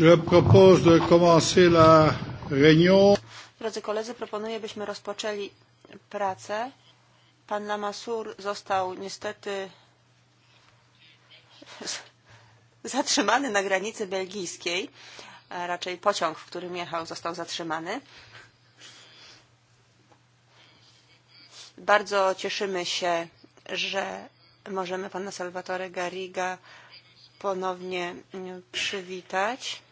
Je propose de commencer la réunion. Drodzy koledzy, proponuję, byśmy rozpoczęli pracę. Pan Lamassur został niestety zatrzymany na granicy belgijskiej. A e, Raczej pociąg, w którym jechał, został zatrzymany. Bardzo cieszymy się, że możemy pana Salvatore Garriga ponownie przywitać.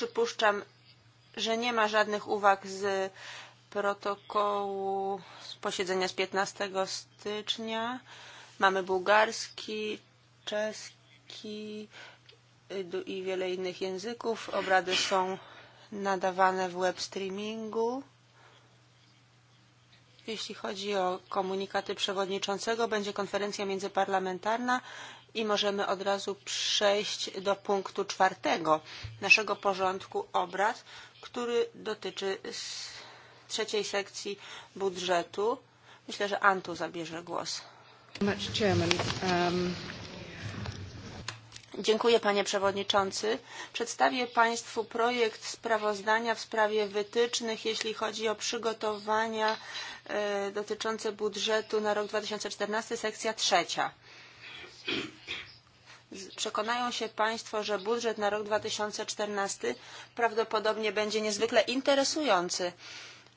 Przypuszczam, że nie ma żadnych uwag z protokołu z posiedzenia z 15 stycznia. Mamy bułgarski, czeski i wiele innych języków. Obrady są nadawane w web streamingu. Jeśli chodzi o komunikaty przewodniczącego, będzie konferencja międzyparlamentarna i możemy od razu przejść do punktu czwartego naszego porządku obrad, który dotyczy trzeciej sekcji budżetu. Myślę, że Antu zabierze głos. Um, Dziękuję panie przewodniczący. Przedstawię państwu projekt sprawozdania w sprawie wytycznych, jeśli chodzi o przygotowania e, dotyczące budżetu na rok 2014, sekcja trzecia. Przekonają się Państwo, że budżet na rok 2014 prawdopodobnie będzie niezwykle interesujący,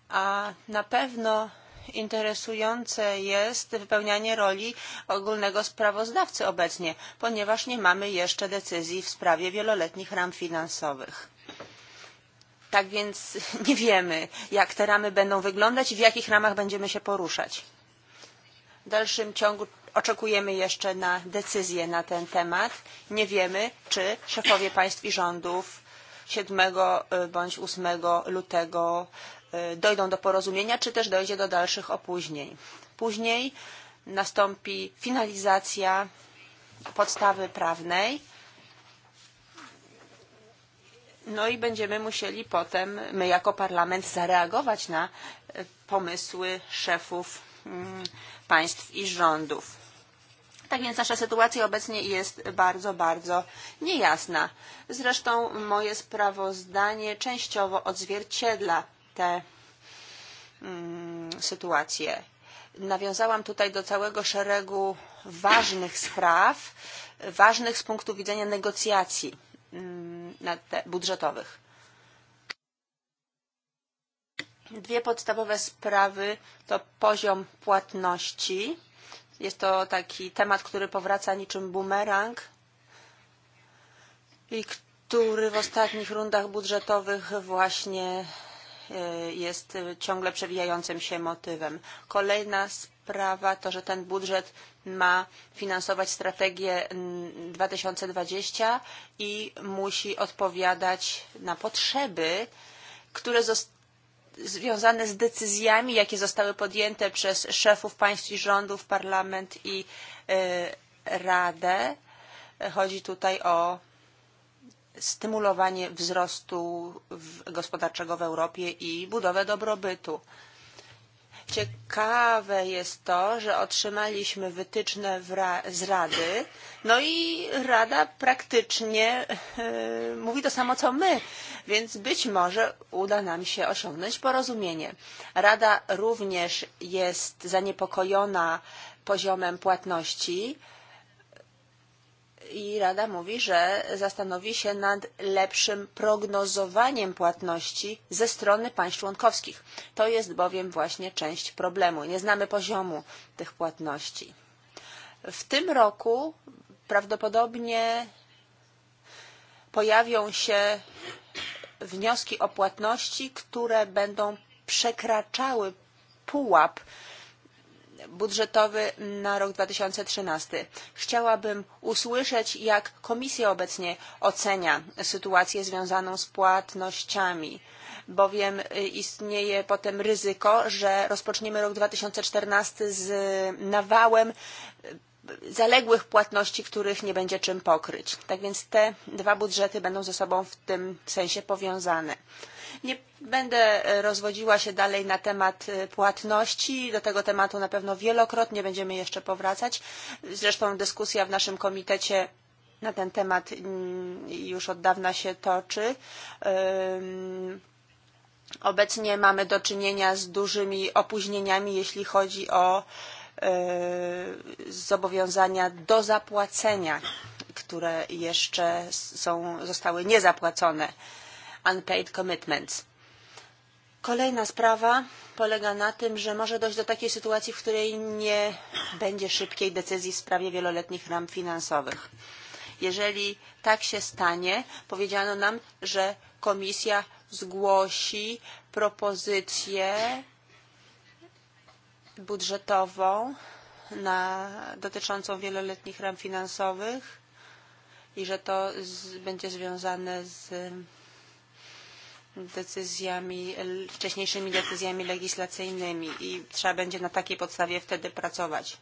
a na pewno interesujące jest wypełnianie roli ogólnego sprawozdawcy obecnie, ponieważ nie mamy jeszcze decyzji w sprawie wieloletnich ram finansowych. Tak więc nie wiemy, jak te ramy będą wyglądać i w jakich ramach będziemy się poruszać. W dalszym ciągu oczekujemy jeszcze na decyzję na ten temat. Nie wiemy, czy szefowie państw i rządów 7 bądź 8 lutego dojdą do porozumienia, czy też dojdzie do dalszych opóźnień. Później nastąpi finalizacja podstawy prawnej. No i będziemy musieli potem, my jako parlament, zareagować na pomysły szefów mm, państw i rządów tak więc nasza sytuacja obecnie jest bardzo, bardzo niejasna. Zresztą moje sprawozdanie częściowo odzwierciedla tę mm, sytuację. Nawiązałam tutaj do całego szeregu ważnych spraw, ważnych z punktu widzenia negocjacji mm, budżetowych. Dwie podstawowe sprawy to poziom płatności Jest to taki temat, który powraca niczym bumerang i który w ostatnich rundach budżetowych właśnie e, jest ciągle przewijającym się motywem. Kolejna sprawa to, że ten budżet ma finansować strategię 2020 i musi odpowiadać na potrzeby, które zostały związane z decyzjami, jakie zostały podjęte przez szefów państw i rządów, parlament i e, radę. Chodzi tutaj o stymulowanie wzrostu gospodarczego w Europie i budowę dobrobytu. Ciekawe jest to, że otrzymaliśmy wytyczne z Rady, no i Rada praktycznie yy, e, mówi to samo co my, więc być może uda nam się osiągnąć porozumienie. Rada również jest zaniepokojona poziomem płatności. Yy, i Rada mówi, że zastanowi się nad lepszym prognozowaniem płatności ze strony państw członkowskich. To jest bowiem właśnie część problemu. Nie znamy poziomu tych płatności. W tym roku prawdopodobnie pojawią się wnioski o płatności, które będą przekraczały pułap budżetowy na rok 2013. Chciałabym usłyszeć, jak Komisja obecnie ocenia sytuację związaną z płatnościami, bowiem istnieje potem ryzyko, że rozpoczniemy rok 2014 z nawałem zaległych płatności, których nie będzie czym pokryć. Tak więc te dwa budżety będą ze sobą w tym sensie powiązane. Nie będę e, rozwodziła się dalej na temat e, płatności. Do tego tematu na pewno wielokrotnie będziemy jeszcze powracać. Zresztą dyskusja w naszym komitecie na ten temat mm, już od dawna się toczy. Obecnie mamy do czynienia z dużymi opóźnieniami, jeśli chodzi o e, zobowiązania do zapłacenia, które jeszcze są, zostały niezapłacone unpaid commitments. Kolejna sprawa polega na tym, że może dojść do takiej sytuacji, w której nie będzie szybkiej decyzji w sprawie wieloletnich ram finansowych. Jeżeli tak się stanie, powiedziano nam, że komisja zgłosi propozycję budżetową na, dotyczącą wieloletnich ram finansowych i że to z, będzie związane z decyzjami, wcześniejszymi decyzjami legislacyjnymi i trzeba będzie na takiej podstawie wtedy pracować.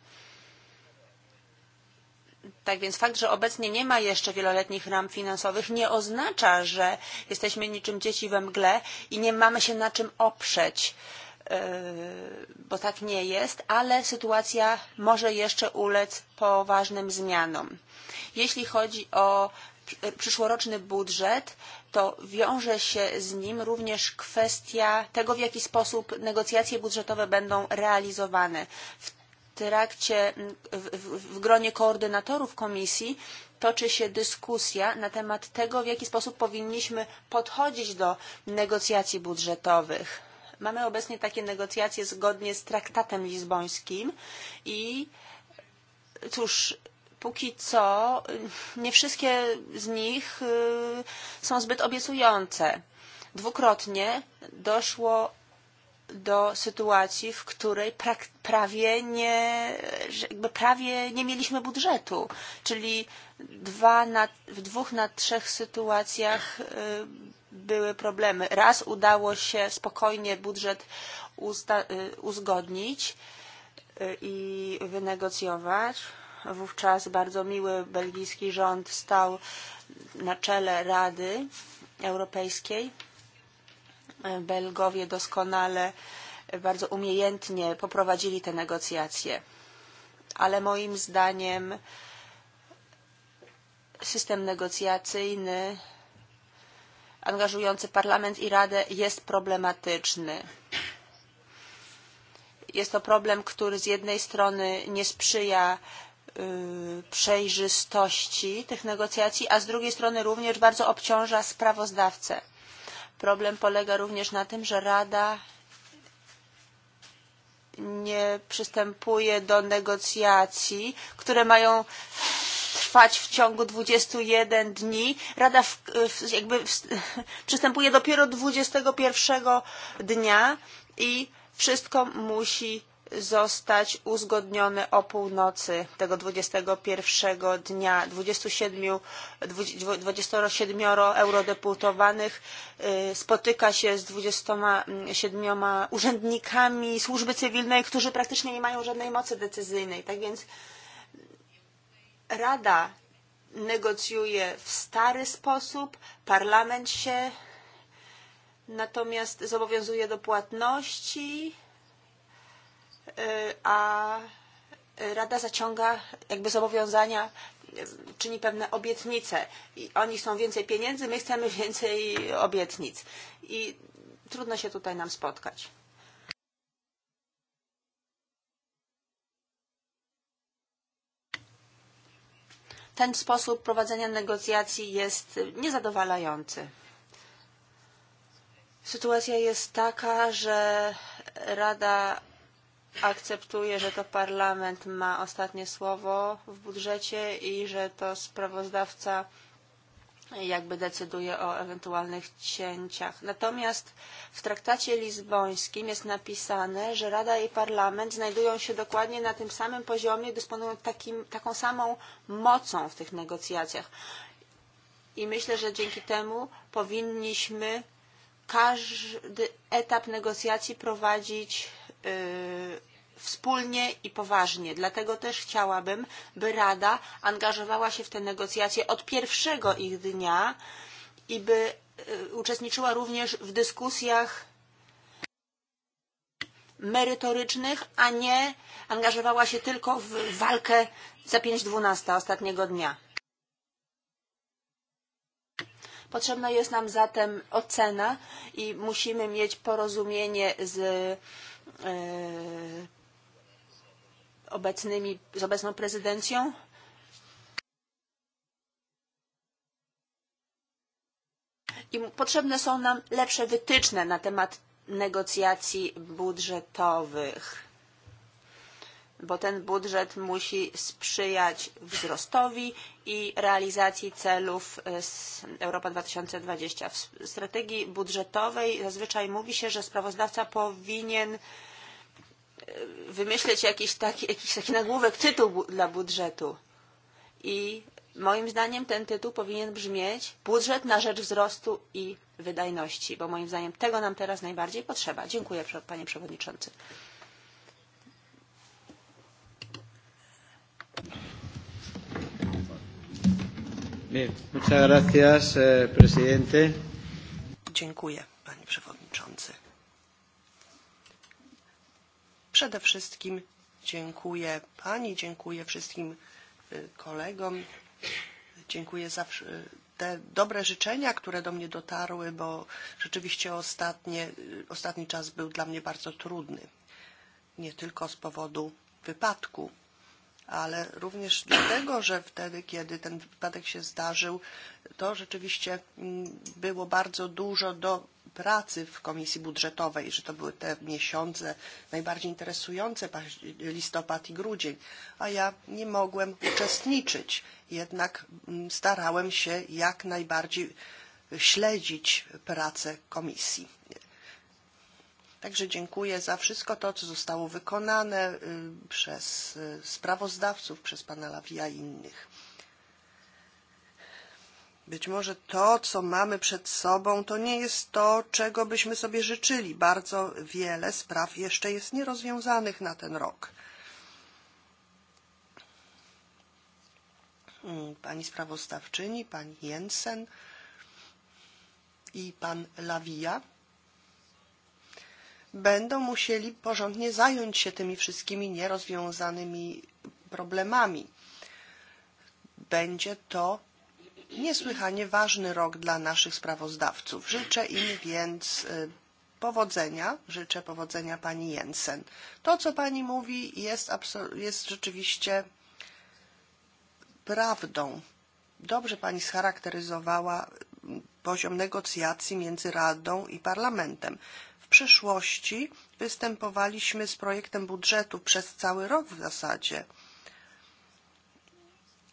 Tak więc fakt, że obecnie nie ma jeszcze wieloletnich ram finansowych nie oznacza, że jesteśmy niczym dzieci we mgle i nie mamy się na czym oprzeć, e, bo tak nie jest, ale sytuacja może jeszcze ulec poważnym zmianom. Jeśli chodzi o przyszłoroczny budżet, to wiąże się z nim również kwestia tego, w jaki sposób negocjacje budżetowe będą realizowane. W trakcie, w, w, w gronie koordynatorów komisji toczy się dyskusja na temat tego, w jaki sposób powinniśmy podchodzić do negocjacji budżetowych. Mamy obecnie takie negocjacje zgodnie z traktatem lizbońskim i cóż, póki co nie wszystkie z nich są zbyt obiecujące. Dwukrotnie doszło do sytuacji, w której pra prawie, nie, jakby prawie nie mieliśmy budżetu. Czyli dwa na, w dwóch na trzech sytuacjach y, były problemy. Raz udało się spokojnie budżet usta- y, uzgodnić y, i wynegocjować. Y, wówczas bardzo miły belgijski rząd stał na czele Rady Europejskiej. Belgowie doskonale, bardzo umiejętnie poprowadzili te negocjacje. Ale moim zdaniem system negocjacyjny angażujący Parlament i Radę jest problematyczny. Jest to problem, który z jednej strony nie sprzyja przejrzystości tych negocjacji, a z drugiej strony również bardzo obciąża sprawozdawcę. Problem polega również na tym, że Rada nie przystępuje do negocjacji, które mają trwać w ciągu 21 dni. Rada w, w, jakby w, przystępuje dopiero 21 dnia i wszystko musi zostać uzgodnione o północy tego 21 dnia. 27, 27 eurodeputowanych spotyka się z 27 urzędnikami służby cywilnej, którzy praktycznie nie mają żadnej mocy decyzyjnej. Tak więc Rada negocjuje w stary sposób, parlament się natomiast zobowiązuje do płatności E, a Rada zaciąga jakby zobowiązania, e, czyni pewne obietnice. I oni chcą więcej pieniędzy, my chcemy więcej obietnic. I trudno się tutaj nam spotkać. Ten sposób prowadzenia negocjacji jest niezadowalający. Sytuacja jest taka, że Rada akceptuje, że to parlament ma ostatnie słowo w budżecie i że to sprawozdawca jakby decyduje o ewentualnych cięciach. Natomiast w traktacie lizbońskim jest napisane, że Rada i Parlament znajdują się dokładnie na tym samym poziomie, dysponują takim, taką samą mocą w tych negocjacjach. I myślę, że dzięki temu powinniśmy każdy etap negocjacji prowadzić wspólnie i poważnie. Dlatego też chciałabym, by Rada angażowała się w te negocjacje od pierwszego ich dnia i by uczestniczyła również w dyskusjach merytorycznych, a nie angażowała się tylko w walkę za 5.12 ostatniego dnia. Potrzebna jest nam zatem ocena i musimy mieć porozumienie z Eh, obecnymi, z obecną prezydencją? I potrzebne są nam lepsze wytyczne na temat negocjacji budżetowych bo ten budżet musi sprzyjać wzrostowi i realizacji celów e, z Europa 2020. W strategii budżetowej zazwyczaj mówi się, że sprawozdawca powinien e, wymyśleć jakiś taki, jakiś taki nagłówek, tytuł dla budżetu. I moim zdaniem ten tytuł powinien brzmieć budżet na rzecz wzrostu i wydajności, bo moim zdaniem tego nam teraz najbardziej potrzeba. Dziękuję, panie przewodniczący. Eh, dziękuję, panie przewodniczący. Przede wszystkim dziękuję pani, dziękuję wszystkim kolegom. Dziękuję za te dobre życzenia, które do mnie dotarły, bo rzeczywiście ostatnie, ostatni czas był dla mnie bardzo trudny. Nie tylko z powodu wypadku ale również dlatego, że wtedy, kiedy ten wypadek się zdarzył, to rzeczywiście mm, było bardzo dużo do pracy w komisji budżetowej, że to były te miesiące najbardziej interesujące, listopad i grudzień, a ja nie mogłem uczestniczyć. Jednak mm, starałem się jak najbardziej śledzić pracę komisji Także dziękuję za wszystko to, co zostało wykonane przez sprawozdawców, przez pana Lawia i innych. Być może to, co mamy przed sobą, to nie jest to, czego byśmy sobie życzyli. Bardzo wiele spraw jeszcze jest nierozwiązanych na ten rok. Mm, pani sprawozdawczyni, pani Jensen i pan Lawia będą musieli porządnie zająć się tymi wszystkimi nierozwiązanymi problemami. Będzie to niesłychanie ważny rok dla naszych sprawozdawców. Życzę im więc powodzenia. Życzę powodzenia pani Jensen. To, co pani mówi, jest, jest rzeczywiście prawdą. Dobrze pani scharakteryzowała poziom negocjacji między Radą i Parlamentem przeszłości występowaliśmy z projektem budżetu przez cały rok w zasadzie.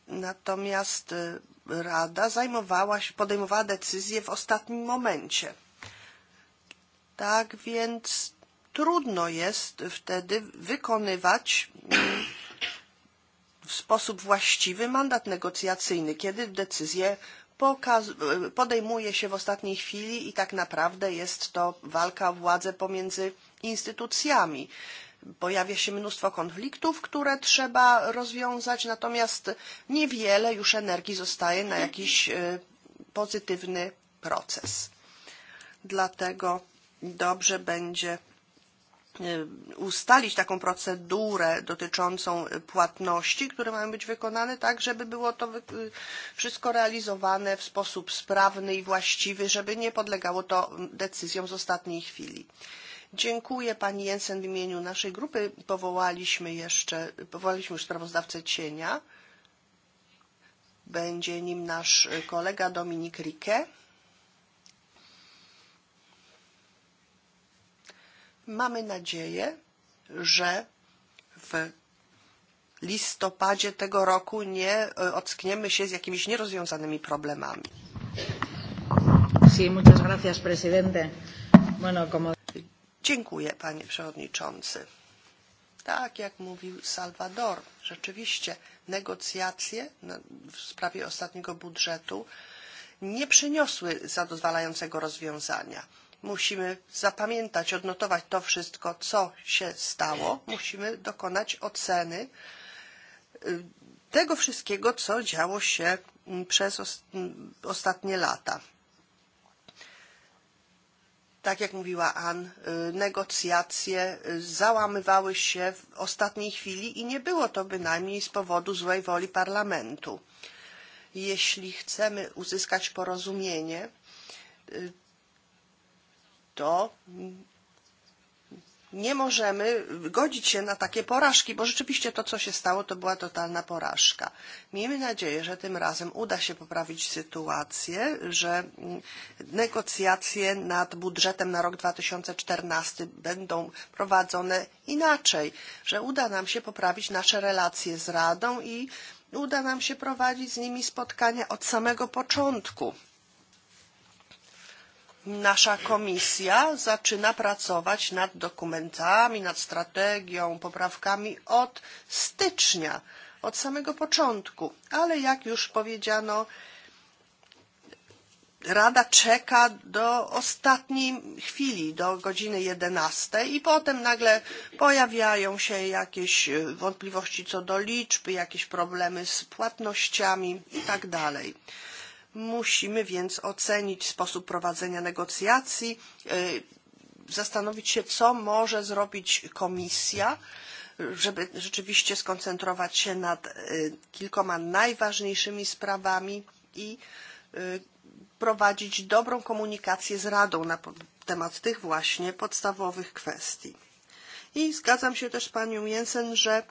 Natomiast Rada zajmowała się, podejmowała decyzję w ostatnim momencie. Tak więc trudno jest wtedy wykonywać mm, w sposób właściwy mandat negocjacyjny, kiedy decyzje podejmuje się w ostatniej chwili i tak naprawdę jest to walka o władzę pomiędzy instytucjami. Pojawia się mnóstwo konfliktów, które trzeba rozwiązać, natomiast niewiele już energii zostaje na jakiś e, pozytywny proces. Dlatego dobrze będzie E, ustalić taką procedurę dotyczącą płatności, które mają być wykonane, tak żeby było to wszystko realizowane w sposób sprawny i właściwy, żeby nie podlegało to decyzjom z ostatniej chwili. Dziękuję pani Jensen w imieniu naszej grupy. Powołaliśmy jeszcze, powołaliśmy już sprawozdawcę cienia. Będzie nim nasz kolega Dominik Rike. Mamy nadzieję, że w listopadzie tego roku nie e, ockniemy się z jakimiś nierozwiązanymi problemami. Sí, muchas gracias, presidente. Bueno, como... Dziękuję, panie przewodniczący. Tak jak mówił Salvador, rzeczywiście negocjacje w sprawie ostatniego budżetu nie przyniosły zadowalającego rozwiązania Musimy zapamiętać, odnotować to wszystko, co się stało. Musimy dokonać oceny tego wszystkiego, co działo się mm, przez mm, ostatnie lata. Tak jak mówiła Ann, negocjacje załamywały się w ostatniej chwili i nie było to bynajmniej z powodu złej woli parlamentu. Jeśli chcemy uzyskać porozumienie, to nie możemy godzić się na takie porażki, bo rzeczywiście to, co się stało, to była totalna porażka. Miejmy nadzieję, że tym razem uda się poprawić sytuację, że negocjacje nad budżetem na rok 2014 będą prowadzone inaczej, że uda nam się poprawić nasze relacje z Radą i uda nam się prowadzić z nimi spotkania od samego początku nasza komisja zaczyna pracować nad dokumentami, nad strategią, poprawkami od stycznia, od samego początku. Ale jak już powiedziano, Rada czeka do ostatniej chwili, do godziny 11 i potem nagle pojawiają się jakieś e, wątpliwości co do liczby, jakieś problemy z płatnościami i tak dalej. Musimy więc ocenić sposób prowadzenia negocjacji, e, zastanowić się, co może zrobić komisja, żeby rzeczywiście skoncentrować się nad e, kilkoma najważniejszymi sprawami i e, prowadzić dobrą komunikację z Radą na temat tych właśnie podstawowych kwestii. I zgadzam się też z panią Jensen, że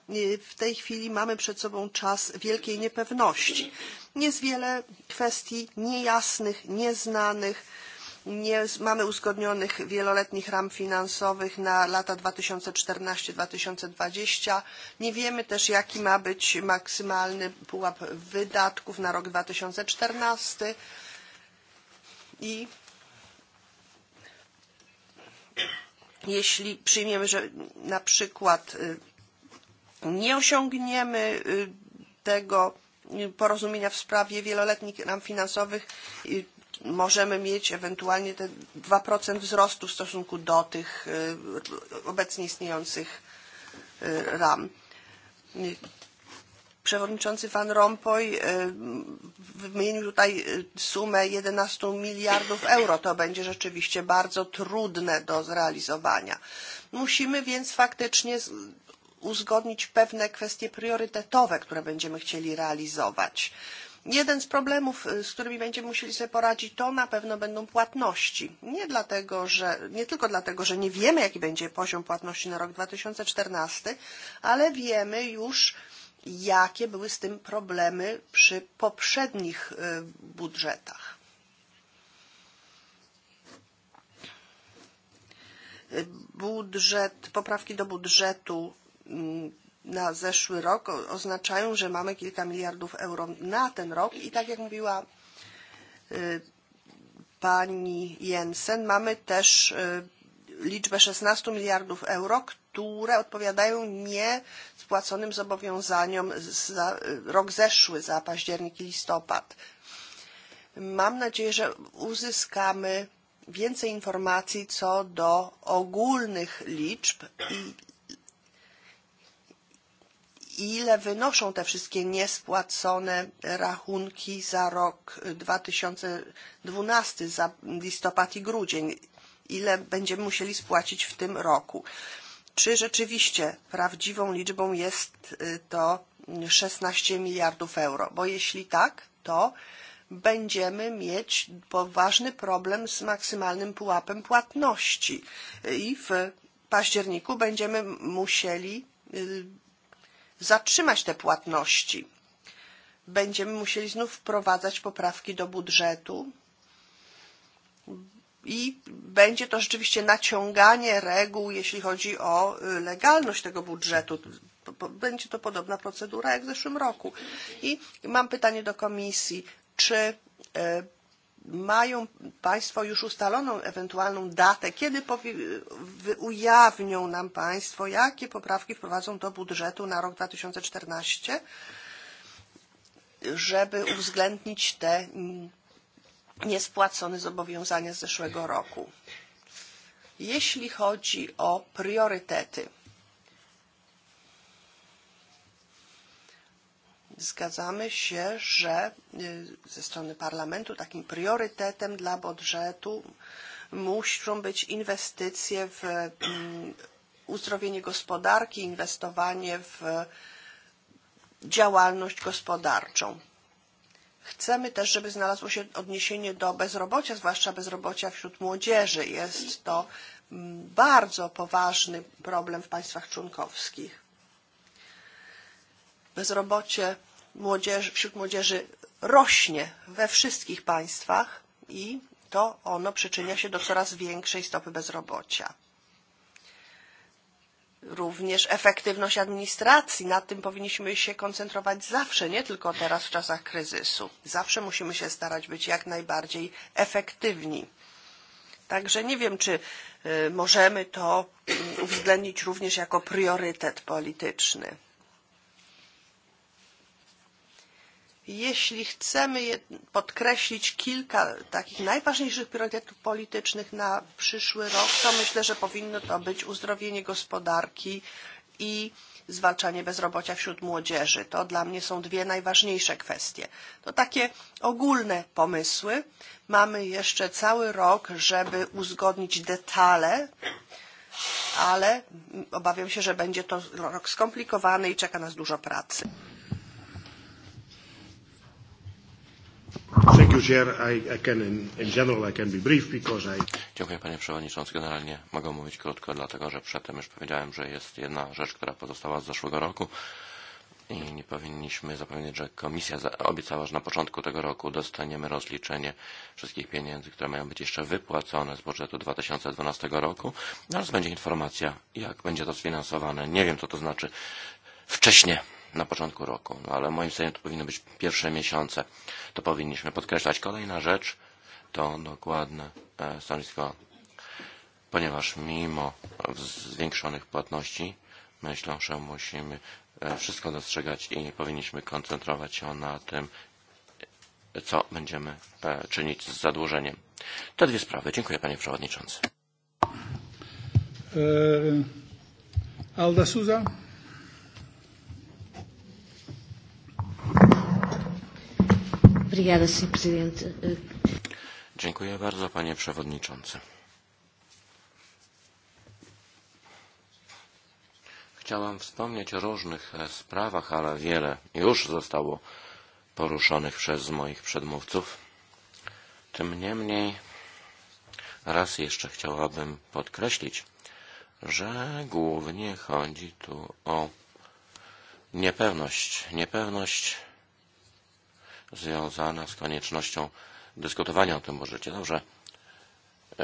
w tej chwili mamy przed sobą czas wielkiej niepewności. Jest wiele kwestii niejasnych, nieznanych. Nie mamy uzgodnionych wieloletnich ram finansowych na lata 2014-2020. Nie wiemy też, jaki ma być maksymalny pułap wydatków na rok 2014. I Jeśli przyjmiemy, że na przykład nie osiągniemy tego porozumienia w sprawie wieloletnich ram finansowych, możemy mieć ewentualnie te 2% wzrostu w stosunku do tych obecnie istniejących ram przewodniczący Van Rompuy wymienił tutaj sumę 11 miliardów euro. To będzie rzeczywiście bardzo trudne do zrealizowania. Musimy więc faktycznie uzgodnić pewne kwestie priorytetowe, które będziemy chcieli realizować. Jeden z problemów, z którymi będziemy musieli sobie poradzić, to na pewno będą płatności. Nie, dlatego, że, nie tylko dlatego, że nie wiemy, jaki będzie poziom płatności na rok 2014, ale wiemy już, jakie były z tym problemy przy poprzednich e, budżetach. Budżet, poprawki do budżetu mm, na zeszły rok oznaczają, że mamy kilka miliardów euro na ten rok i tak jak mówiła e, pani Jensen, mamy też e, liczbę 16 miliardów euro, które odpowiadają niespłaconym zobowiązaniom za rok zeszły, za październik i listopad. Mam nadzieję, że uzyskamy więcej informacji co do ogólnych liczb i ile wynoszą te wszystkie niespłacone rachunki za rok 2012, za listopad i grudzień, ile będziemy musieli spłacić w tym roku czy rzeczywiście prawdziwą liczbą jest to 16 miliardów euro, bo jeśli tak, to będziemy mieć poważny problem z maksymalnym pułapem płatności i w październiku będziemy musieli zatrzymać te płatności. Będziemy musieli znów wprowadzać poprawki do budżetu i będzie to rzeczywiście naciąganie reguł, jeśli chodzi o legalność tego budżetu. Będzie to podobna procedura jak w zeszłym roku. I mam pytanie do komisji, czy mają Państwo już ustaloną ewentualną datę, kiedy ujawnią nam Państwo, jakie poprawki wprowadzą do budżetu na rok 2014, żeby uwzględnić te niespłacone zobowiązania z zeszłego roku. Jeśli chodzi o priorytety, zgadzamy się, że ze strony parlamentu takim priorytetem dla budżetu muszą być inwestycje w mm, uzdrowienie gospodarki, inwestowanie w działalność gospodarczą. Chcemy też, żeby znalazło się odniesienie do bezrobocia, zwłaszcza bezrobocia wśród młodzieży. Jest to mm, bardzo poważny problem w państwach członkowskich. Bezrobocie młodzieży, wśród młodzieży rośnie we wszystkich państwach i to ono przyczynia się do coraz większej stopy bezrobocia również efektywność administracji. Na tym powinniśmy się koncentrować zawsze, nie tylko teraz w czasach kryzysu. Zawsze musimy się starać być jak najbardziej efektywni. Także nie wiem, czy możemy to mm, uwzględnić również jako priorytet polityczny. jeśli chcemy podkreślić kilka takich najważniejszych priorytetów politycznych na przyszły rok, to myślę, że powinno to być uzdrowienie gospodarki i zwalczanie bezrobocia wśród młodzieży. To dla mnie są dwie najważniejsze kwestie. To takie ogólne pomysły. Mamy jeszcze cały rok, żeby uzgodnić detale, ale obawiam się, że będzie to rok skomplikowany i czeka nas dużo pracy. Dziękuję, panie przewodniczący. Generalnie mogę mówić krótko, dlatego że przedtem już powiedziałem, że jest jedna rzecz, która pozostała z zeszłego roku i nie powinniśmy zapomnieć, że komisja obiecała, że na początku tego roku dostaniemy rozliczenie wszystkich pieniędzy, które mają być jeszcze wypłacone z budżetu 2012 roku. Teraz będzie informacja, jak będzie to sfinansowane. Nie wiem, co to znaczy wcześniej na początku roku, no ale moim zdaniem to powinno być pierwsze miesiące. To powinniśmy podkreślać. Kolejna rzecz to dokładne e, stanowisko, ponieważ mimo zwiększonych płatności myślę, że musimy e, wszystko dostrzegać i powinniśmy koncentrować się na tym, co będziemy e, czynić z zadłużeniem. Te dwie sprawy. Dziękuję panie przewodniczący. Alda Souza. Dziękuję bardzo, panie przewodniczący. Chciałam wspomnieć o różnych e, sprawach, ale wiele już zostało poruszonych przez moich przedmówców. Tym niemniej raz jeszcze chciałabym podkreślić, że głównie chodzi tu o niepewność, niepewność związana z koniecznością dyskutowania o tym budżecie. Dobrze,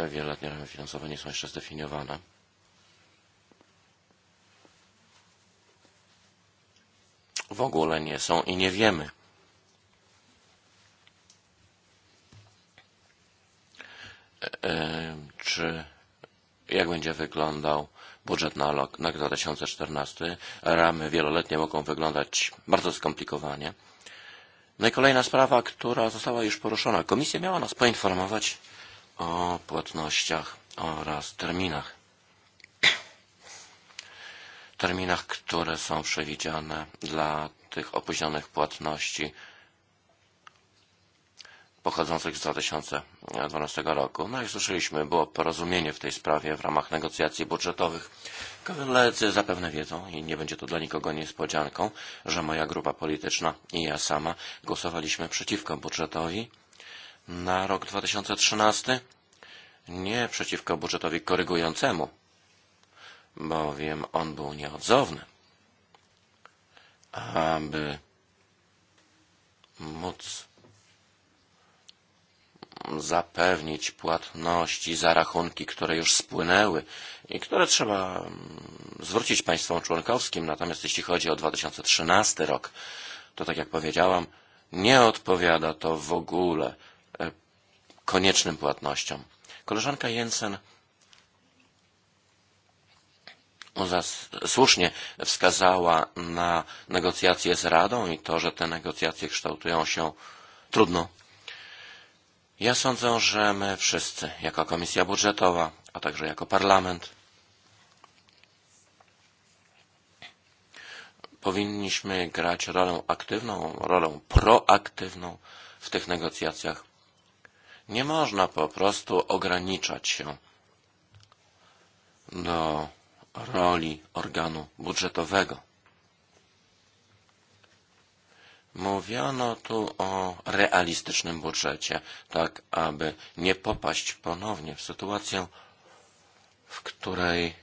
wieloletnie ramy finansowe nie są jeszcze zdefiniowane. W ogóle nie są i nie wiemy. E, e, czy jak będzie wyglądał Budżet na rok na 2014, ramy wieloletnie mogą wyglądać bardzo skomplikowanie. No i kolejna sprawa, która została już poruszona. Komisja miała nas poinformować o płatnościach oraz terminach. Terminach, które są przewidziane dla tych opóźnionych płatności pochodzących z 2012 roku. No i słyszeliśmy, było porozumienie w tej sprawie w ramach negocjacji budżetowych. Koledzy zapewne wiedzą i nie będzie to dla nikogo niespodzianką, że moja grupa polityczna i ja sama głosowaliśmy przeciwko budżetowi na rok 2013. Nie przeciwko budżetowi korygującemu, bowiem on był nieodzowny. Aby móc zapewnić płatności za rachunki, które już spłynęły i które trzeba mm, zwrócić państwom członkowskim. Natomiast jeśli chodzi o 2013 rok, to tak jak powiedziałam, nie odpowiada to w ogóle e, koniecznym płatnościom. Koleżanka Jensen słusznie wskazała na negocjacje z Radą i to, że te negocjacje kształtują się trudno Ja sądzę, że my wszyscy, jako Komisja Budżetowa, a także jako Parlament, powinniśmy grać rolę aktywną, rolę proaktywną w tych negocjacjach. Nie można po prostu ograniczać się do roli organu budżetowego. Mówiono tu o realistycznym budżecie, tak aby nie popaść ponownie w sytuację, w której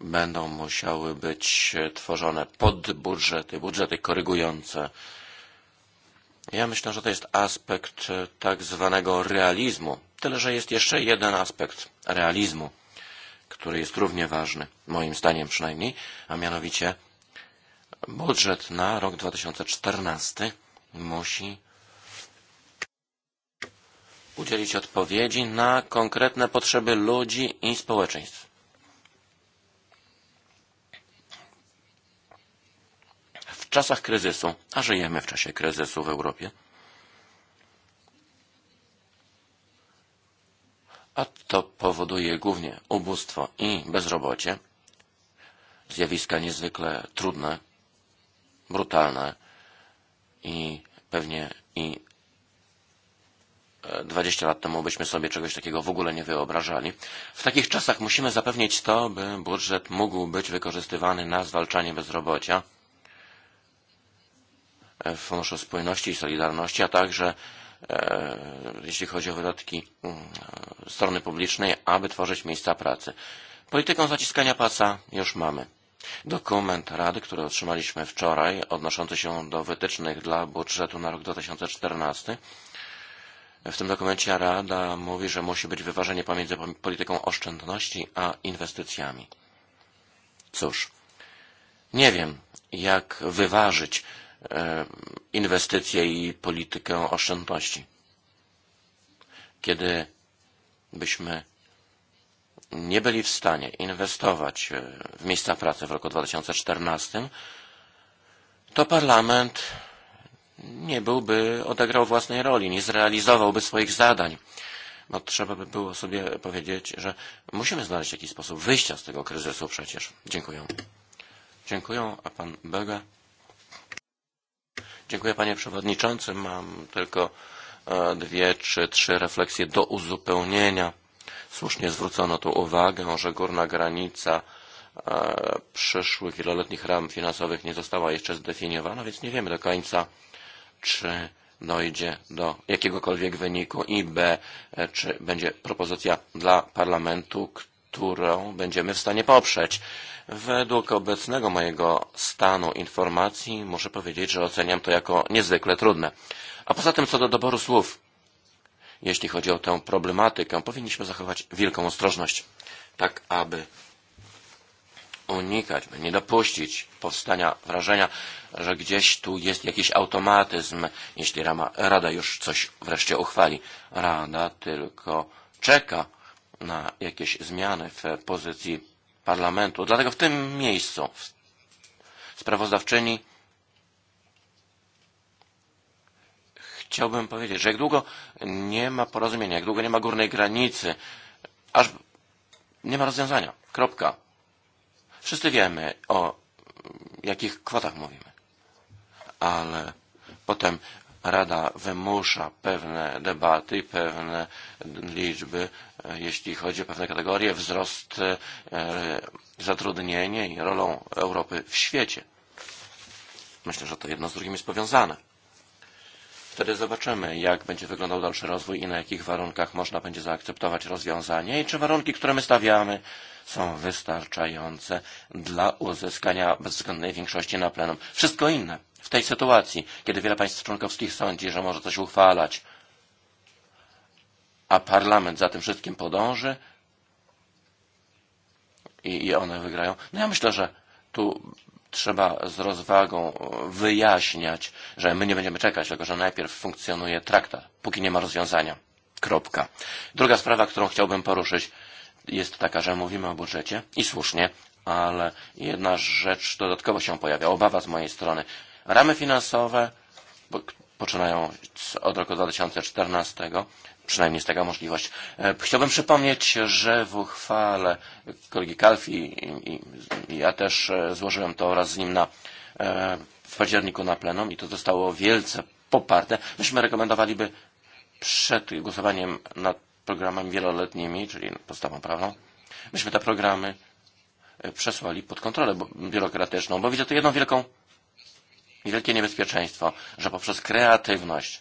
będą musiały być tworzone podbudżety, budżety korygujące. Ja myślę, że to jest aspekt tak zwanego realizmu. Tyle, że jest jeszcze jeden aspekt realizmu, który jest równie ważny, moim zdaniem przynajmniej, a mianowicie Budżet na rok 2014 musi udzielić odpowiedzi na konkretne potrzeby ludzi i społeczeństw. W czasach kryzysu, a żyjemy w czasie kryzysu w Europie, a to powoduje głównie ubóstwo i bezrobocie, zjawiska niezwykle trudne brutalne i pewnie i 20 e, lat temu byśmy sobie czegoś takiego w ogóle nie wyobrażali. W takich czasach musimy zapewnić to, by budżet mógł być wykorzystywany na zwalczanie bezrobocia w Funduszu Spójności i Solidarności, a także e, jeśli chodzi o wydatki mm, e, strony publicznej, aby tworzyć miejsca pracy. Polityką zaciskania pasa już mamy. Do komenta Rady, które otrzymaliśmy wczoraj, odnoszące się do wytycznych dla budżetu na rok 2014, w tym dokumencie Rada mówi, że musi być wyważenie pomiędzy polityką oszczędności a inwestycjami. Cóż, nie wiem, jak wyważyć e, inwestycje i politykę oszczędności. Kiedy byśmy nie byli w stanie inwestować w e, miejsca pracy w roku 2014, to parlament nie byłby odegrał własnej roli, nie zrealizowałby swoich zadań. No, trzeba by było sobie powiedzieć, że musimy znaleźć jakiś sposób wyjścia z tego kryzysu przecież. Dziękuję. Dziękuję, a pan Bega? Dziękuję panie przewodniczący. Mam tylko e, dwie czy trzy refleksje do uzupełnienia Słusznie zwrócono tu uwagę, że górna granica e, przyszłych wieloletnich ram finansowych nie została jeszcze zdefiniowana, więc nie wiemy do końca, czy dojdzie do jakiegokolwiek wyniku i B, e, czy będzie propozycja dla parlamentu, którą będziemy w stanie poprzeć. Według obecnego mojego stanu informacji muszę powiedzieć, że oceniam to jako niezwykle trudne. A poza tym co do doboru słów, jeśli chodzi o tę problematykę, powinniśmy zachować wielką ostrożność, tak aby unikać, by nie dopuścić powstania wrażenia, że gdzieś tu jest jakiś automatyzm, jeśli Rama, Rada już coś wreszcie uchwali. Rada tylko czeka na jakieś zmiany w pozycji parlamentu. Dlatego w tym miejscu sprawozdawczyni Chciałbym powiedzieć, że jak długo nie ma porozumienia, jak długo nie ma górnej granicy, aż nie ma rozwiązania. Kropka. Wszyscy wiemy, o jakich kwotach mówimy. Ale potem Rada wymusza pewne debaty pewne liczby, jeśli chodzi o pewne kategorie, wzrost e, zatrudnienia i rolą Europy w świecie. Myślę, że to jedno z drugim jest powiązane. Wtedy zobaczymy, jak będzie wyglądał dalszy rozwój i na jakich warunkach można będzie zaakceptować rozwiązanie i czy warunki, które my stawiamy, są wystarczające dla uzyskania bezwzględnej większości na plenum. Wszystko inne w tej sytuacji, kiedy wiele państw członkowskich sądzi, że może coś uchwalać, a parlament za tym wszystkim podąży i, i one wygrają. No ja myślę, że tu trzeba z rozwagą wyjaśniać, że my nie będziemy czekać, tylko że najpierw funkcjonuje traktat, póki nie ma rozwiązania. Kropka. Druga sprawa, którą chciałbym poruszyć, jest taka, że mówimy o budżecie i słusznie, ale jedna rzecz dodatkowo się pojawia, obawa z mojej strony. Ramy finansowe, bo poczynają od roku 2014, przynajmniej jest taka możliwość. E, chciałbym przypomnieć, że w uchwale kolegi Kalfi i, i ja też e, złożyłem to oraz z nim na, e, w październiku na plenum i to zostało wielce poparte. Myśmy rekomendowaliby przed głosowaniem nad programami wieloletnimi, czyli podstawą prawną, myśmy te programy przesłali pod kontrolę biurokratyczną, bo widzę tu jedną wielką, wielkie niebezpieczeństwo, że poprzez kreatywność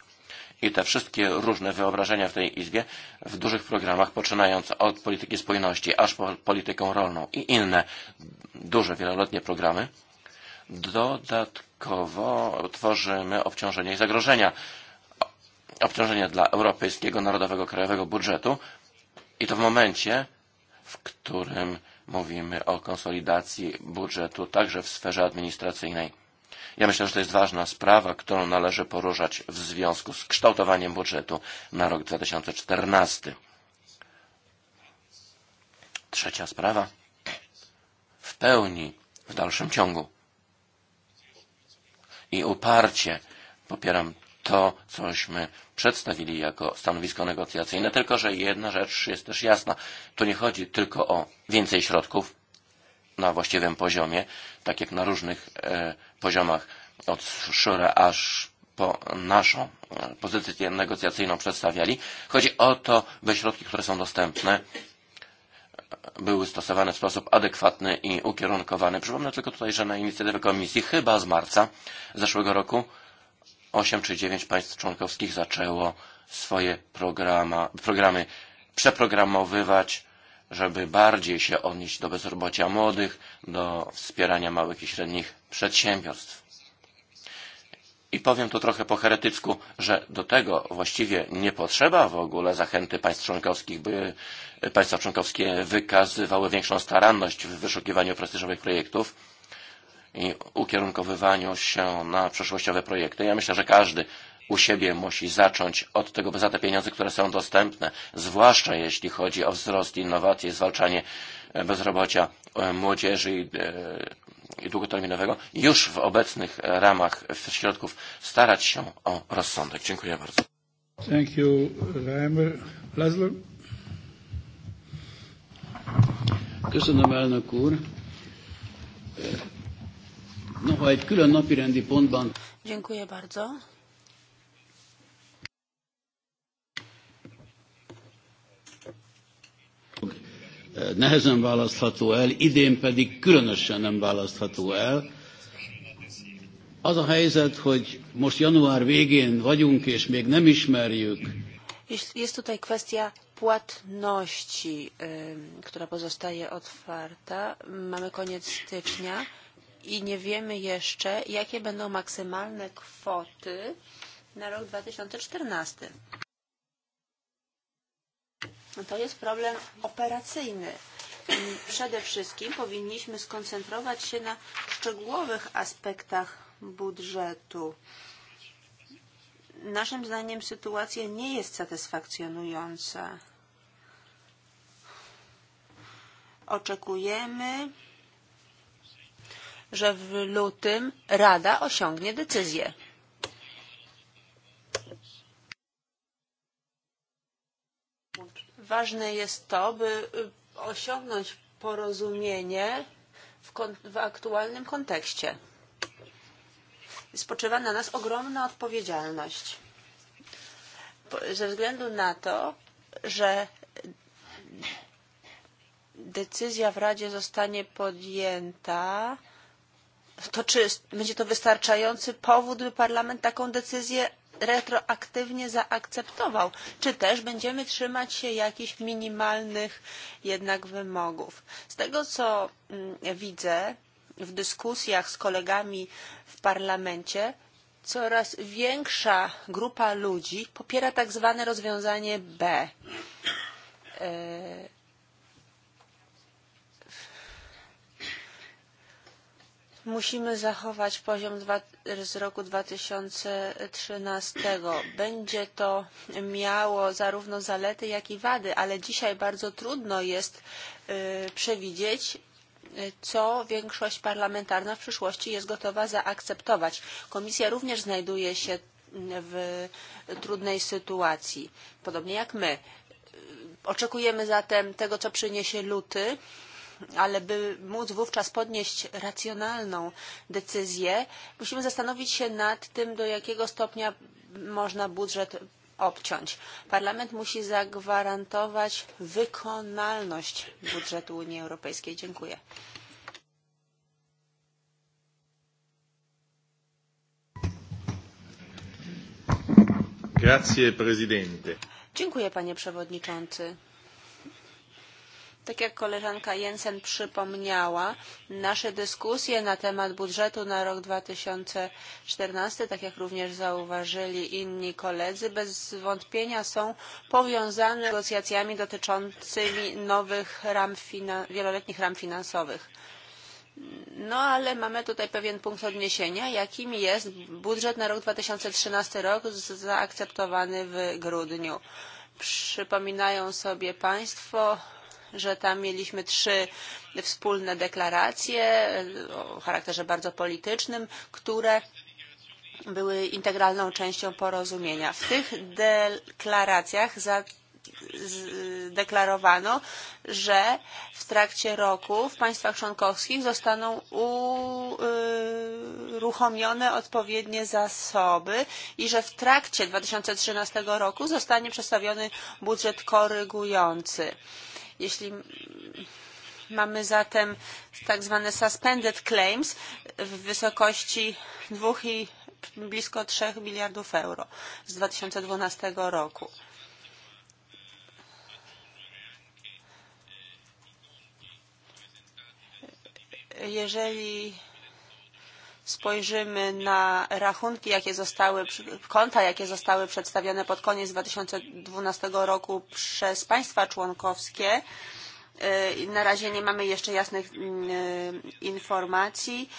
i te wszystkie różne wyobrażenia w tej Izbie w dużych programach, poczynając od polityki spójności aż po politykę rolną i inne duże, wieloletnie programy, dodatkowo tworzymy obciążenie i zagrożenia. Obciążenie dla europejskiego narodowego krajowego budżetu i to w momencie, w którym mówimy o konsolidacji budżetu także w sferze administracyjnej. Ja myślę, że to jest ważna sprawa, którą należy poruszać w związku z kształtowaniem budżetu na rok 2014. Trzecia sprawa. W pełni, w dalszym ciągu i uparcie popieram to, cośmy przedstawili jako stanowisko negocjacyjne, tylko że jedna rzecz jest też jasna. Tu nie chodzi tylko o więcej środków na właściwym poziomie, tak jak na różnych e, poziomach od Szure aż po naszą e, pozycję negocjacyjną przedstawiali. Chodzi o to, by środki, które są dostępne, e, były stosowane w sposób adekwatny i ukierunkowany. Przypomnę tylko tutaj, że na inicjatywę komisji chyba z marca zeszłego roku 8 czy 9 państw członkowskich zaczęło swoje programa, programy przeprogramowywać żeby bardziej się odnieść do bezrobocia młodych, do wspierania małych i średnich przedsiębiorstw. I powiem to trochę po heretycku, że do tego właściwie nie potrzeba w ogóle zachęty państw członkowskich, by państwa członkowskie wykazywały większą staranność w wyszukiwaniu prestiżowych projektów i ukierunkowywaniu się na przyszłościowe projekty. Ja myślę, że każdy u siebie musi zacząć od tego, by za te pieniądze, które są dostępne, zwłaszcza jeśli chodzi o wzrost innowacji, zwalczanie e, bezrobocia e, młodzieży e, i, długoterminowego, już w obecnych ramach środków starać się o rozsądek. Dziękuję bardzo. Thank you, Reimer. Laszlo? Köszönöm, elnök úr. Noha egy külön napi rendi pontban... Dziękuję bardzo. nehezen választható el, idén pedig különösen nem választható el. Az a helyzet, hogy most január végén vagyunk, és még nem ismerjük. Jest tutaj kwestia płatności, która pozostaje otwarta. Mamy koniec stycznia i nie wiemy jeszcze, jakie będą maksymalne kwoty na rok 2014. To jest problem operacyjny. Przede wszystkim powinniśmy skoncentrować się na szczegółowych aspektach budżetu. Naszym zdaniem sytuacja nie jest satysfakcjonująca. Oczekujemy, że w lutym Rada osiągnie decyzję. Ważne jest to, by osiągnąć porozumienie w, kon w aktualnym kontekście. Spoczywa na nas ogromna odpowiedzialność ze względu na to, że decyzja w Radzie zostanie podjęta, to czy będzie to wystarczający powód, by Parlament taką decyzję retroaktywnie zaakceptował, czy też będziemy trzymać się jakichś minimalnych jednak wymogów. Z tego, co mm, widzę w dyskusjach z kolegami w parlamencie, coraz większa grupa ludzi popiera tak zwane rozwiązanie B. E, Musimy zachować poziom dwa, z roku 2013. Będzie to miało zarówno zalety, jak i wady, ale dzisiaj bardzo trudno jest y, przewidzieć, co większość parlamentarna w przyszłości jest gotowa zaakceptować. Komisja również znajduje się mm, w trudnej sytuacji, podobnie jak my. Oczekujemy zatem tego, co przyniesie luty ale by móc wówczas podnieść racjonalną decyzję, musimy zastanowić się nad tym, do jakiego stopnia można budżet obciąć. Parlament musi zagwarantować wykonalność budżetu Unii Europejskiej. Dziękuję. Grazie, Dziękuję, panie przewodniczący. Tak jak koleżanka Jensen przypomniała, nasze dyskusje na temat budżetu na rok 2014, tak jak również zauważyli inni koledzy, bez wątpienia są powiązane z negocjacjami dotyczącymi nowych ram wieloletnich ram finansowych. No ale mamy tutaj pewien punkt odniesienia, jakim jest budżet na rok 2013 rok zaakceptowany w grudniu. Przypominają sobie Państwo że tam mieliśmy trzy wspólne deklaracje e, o charakterze bardzo politycznym, które były integralną częścią porozumienia. W tych deklaracjach za deklarowano, że w trakcie roku w państwach członkowskich zostaną uruchomione odpowiednie zasoby i że w trakcie 2013 roku zostanie przedstawiony budżet korygujący. Jeśli mamy zatem tak zwane suspended claims w wysokości 2 i blisko 3 miliardów euro z 2012 roku. Jeżeli spojrzymy na rachunki, jakie zostały, konta, jakie zostały przedstawione pod koniec 2012 roku przez państwa członkowskie, na razie nie mamy jeszcze jasnych mm, informacji,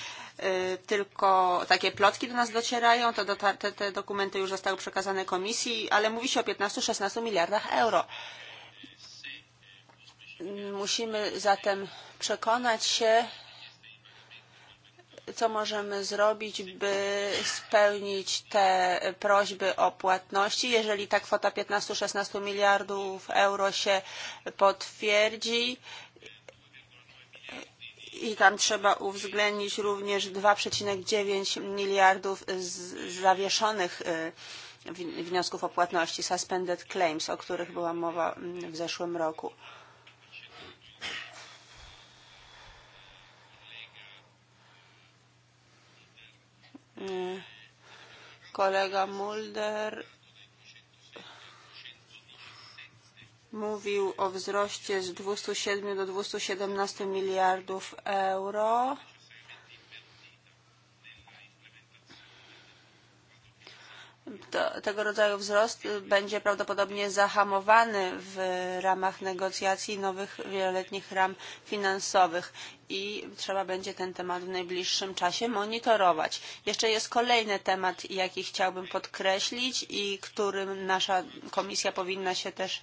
tylko takie plotki do nas docierają. To te, te dokumenty już zostały przekazane komisji, ale mówi się o 15-16 miliardach euro. Musimy zatem przekonać się, co możemy zrobić, by spełnić te prośby o płatności. Jeżeli ta kwota 15-16 miliardów euro się potwierdzi, i tam trzeba uwzględnić również 2,9 miliardów zawieszonych wniosków o płatności, suspended claims, o których była mowa mm, w zeszłym roku. kollega Mulder mówił o wzroście z 207 do 217 miliardów euro to, tego rodzaju wzrost będzie prawdopodobnie zahamowany w ramach negocjacji nowych wieloletnich ram finansowych i trzeba będzie ten temat w najbliższym czasie monitorować. Jeszcze jest kolejny temat, jaki chciałbym podkreślić i którym nasza komisja powinna się też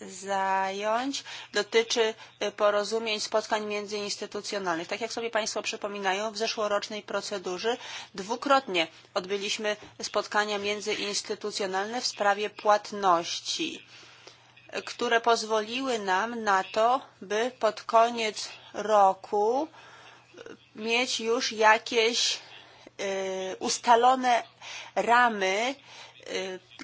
zająć, dotyczy e, porozumień, spotkań międzyinstytucjonalnych. Tak jak sobie Państwo przypominają, w zeszłorocznej procedurze dwukrotnie odbyliśmy spotkania międzyinstytucjonalne w sprawie płatności które pozwoliły nam na to, by pod koniec roku mieć już jakieś e, ustalone ramy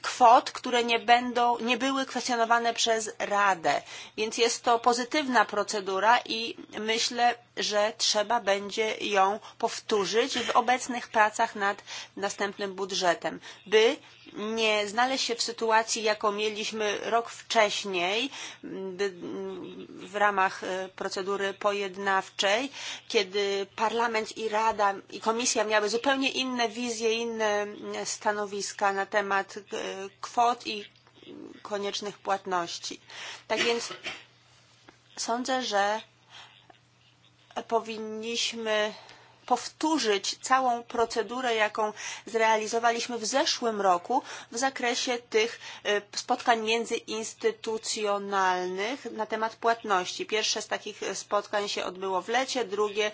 kwot, które nie, będą, nie były kwestionowane przez Radę. Więc jest to pozytywna procedura i myślę, że trzeba będzie ją powtórzyć w obecnych pracach nad następnym budżetem, by nie znaleźć się w sytuacji, jaką mieliśmy rok wcześniej w ramach e, procedury pojednawczej, kiedy Parlament i Rada i Komisja miały zupełnie inne wizje, inne e, stanowiska na temat e, kwot i koniecznych płatności. Tak więc sądzę, że powinniśmy powtórzyć całą procedurę, jaką zrealizowaliśmy w zeszłym roku w zakresie tych e, spotkań międzyinstytucjonalnych na temat płatności. Pierwsze z takich spotkań się odbyło w lecie, drugie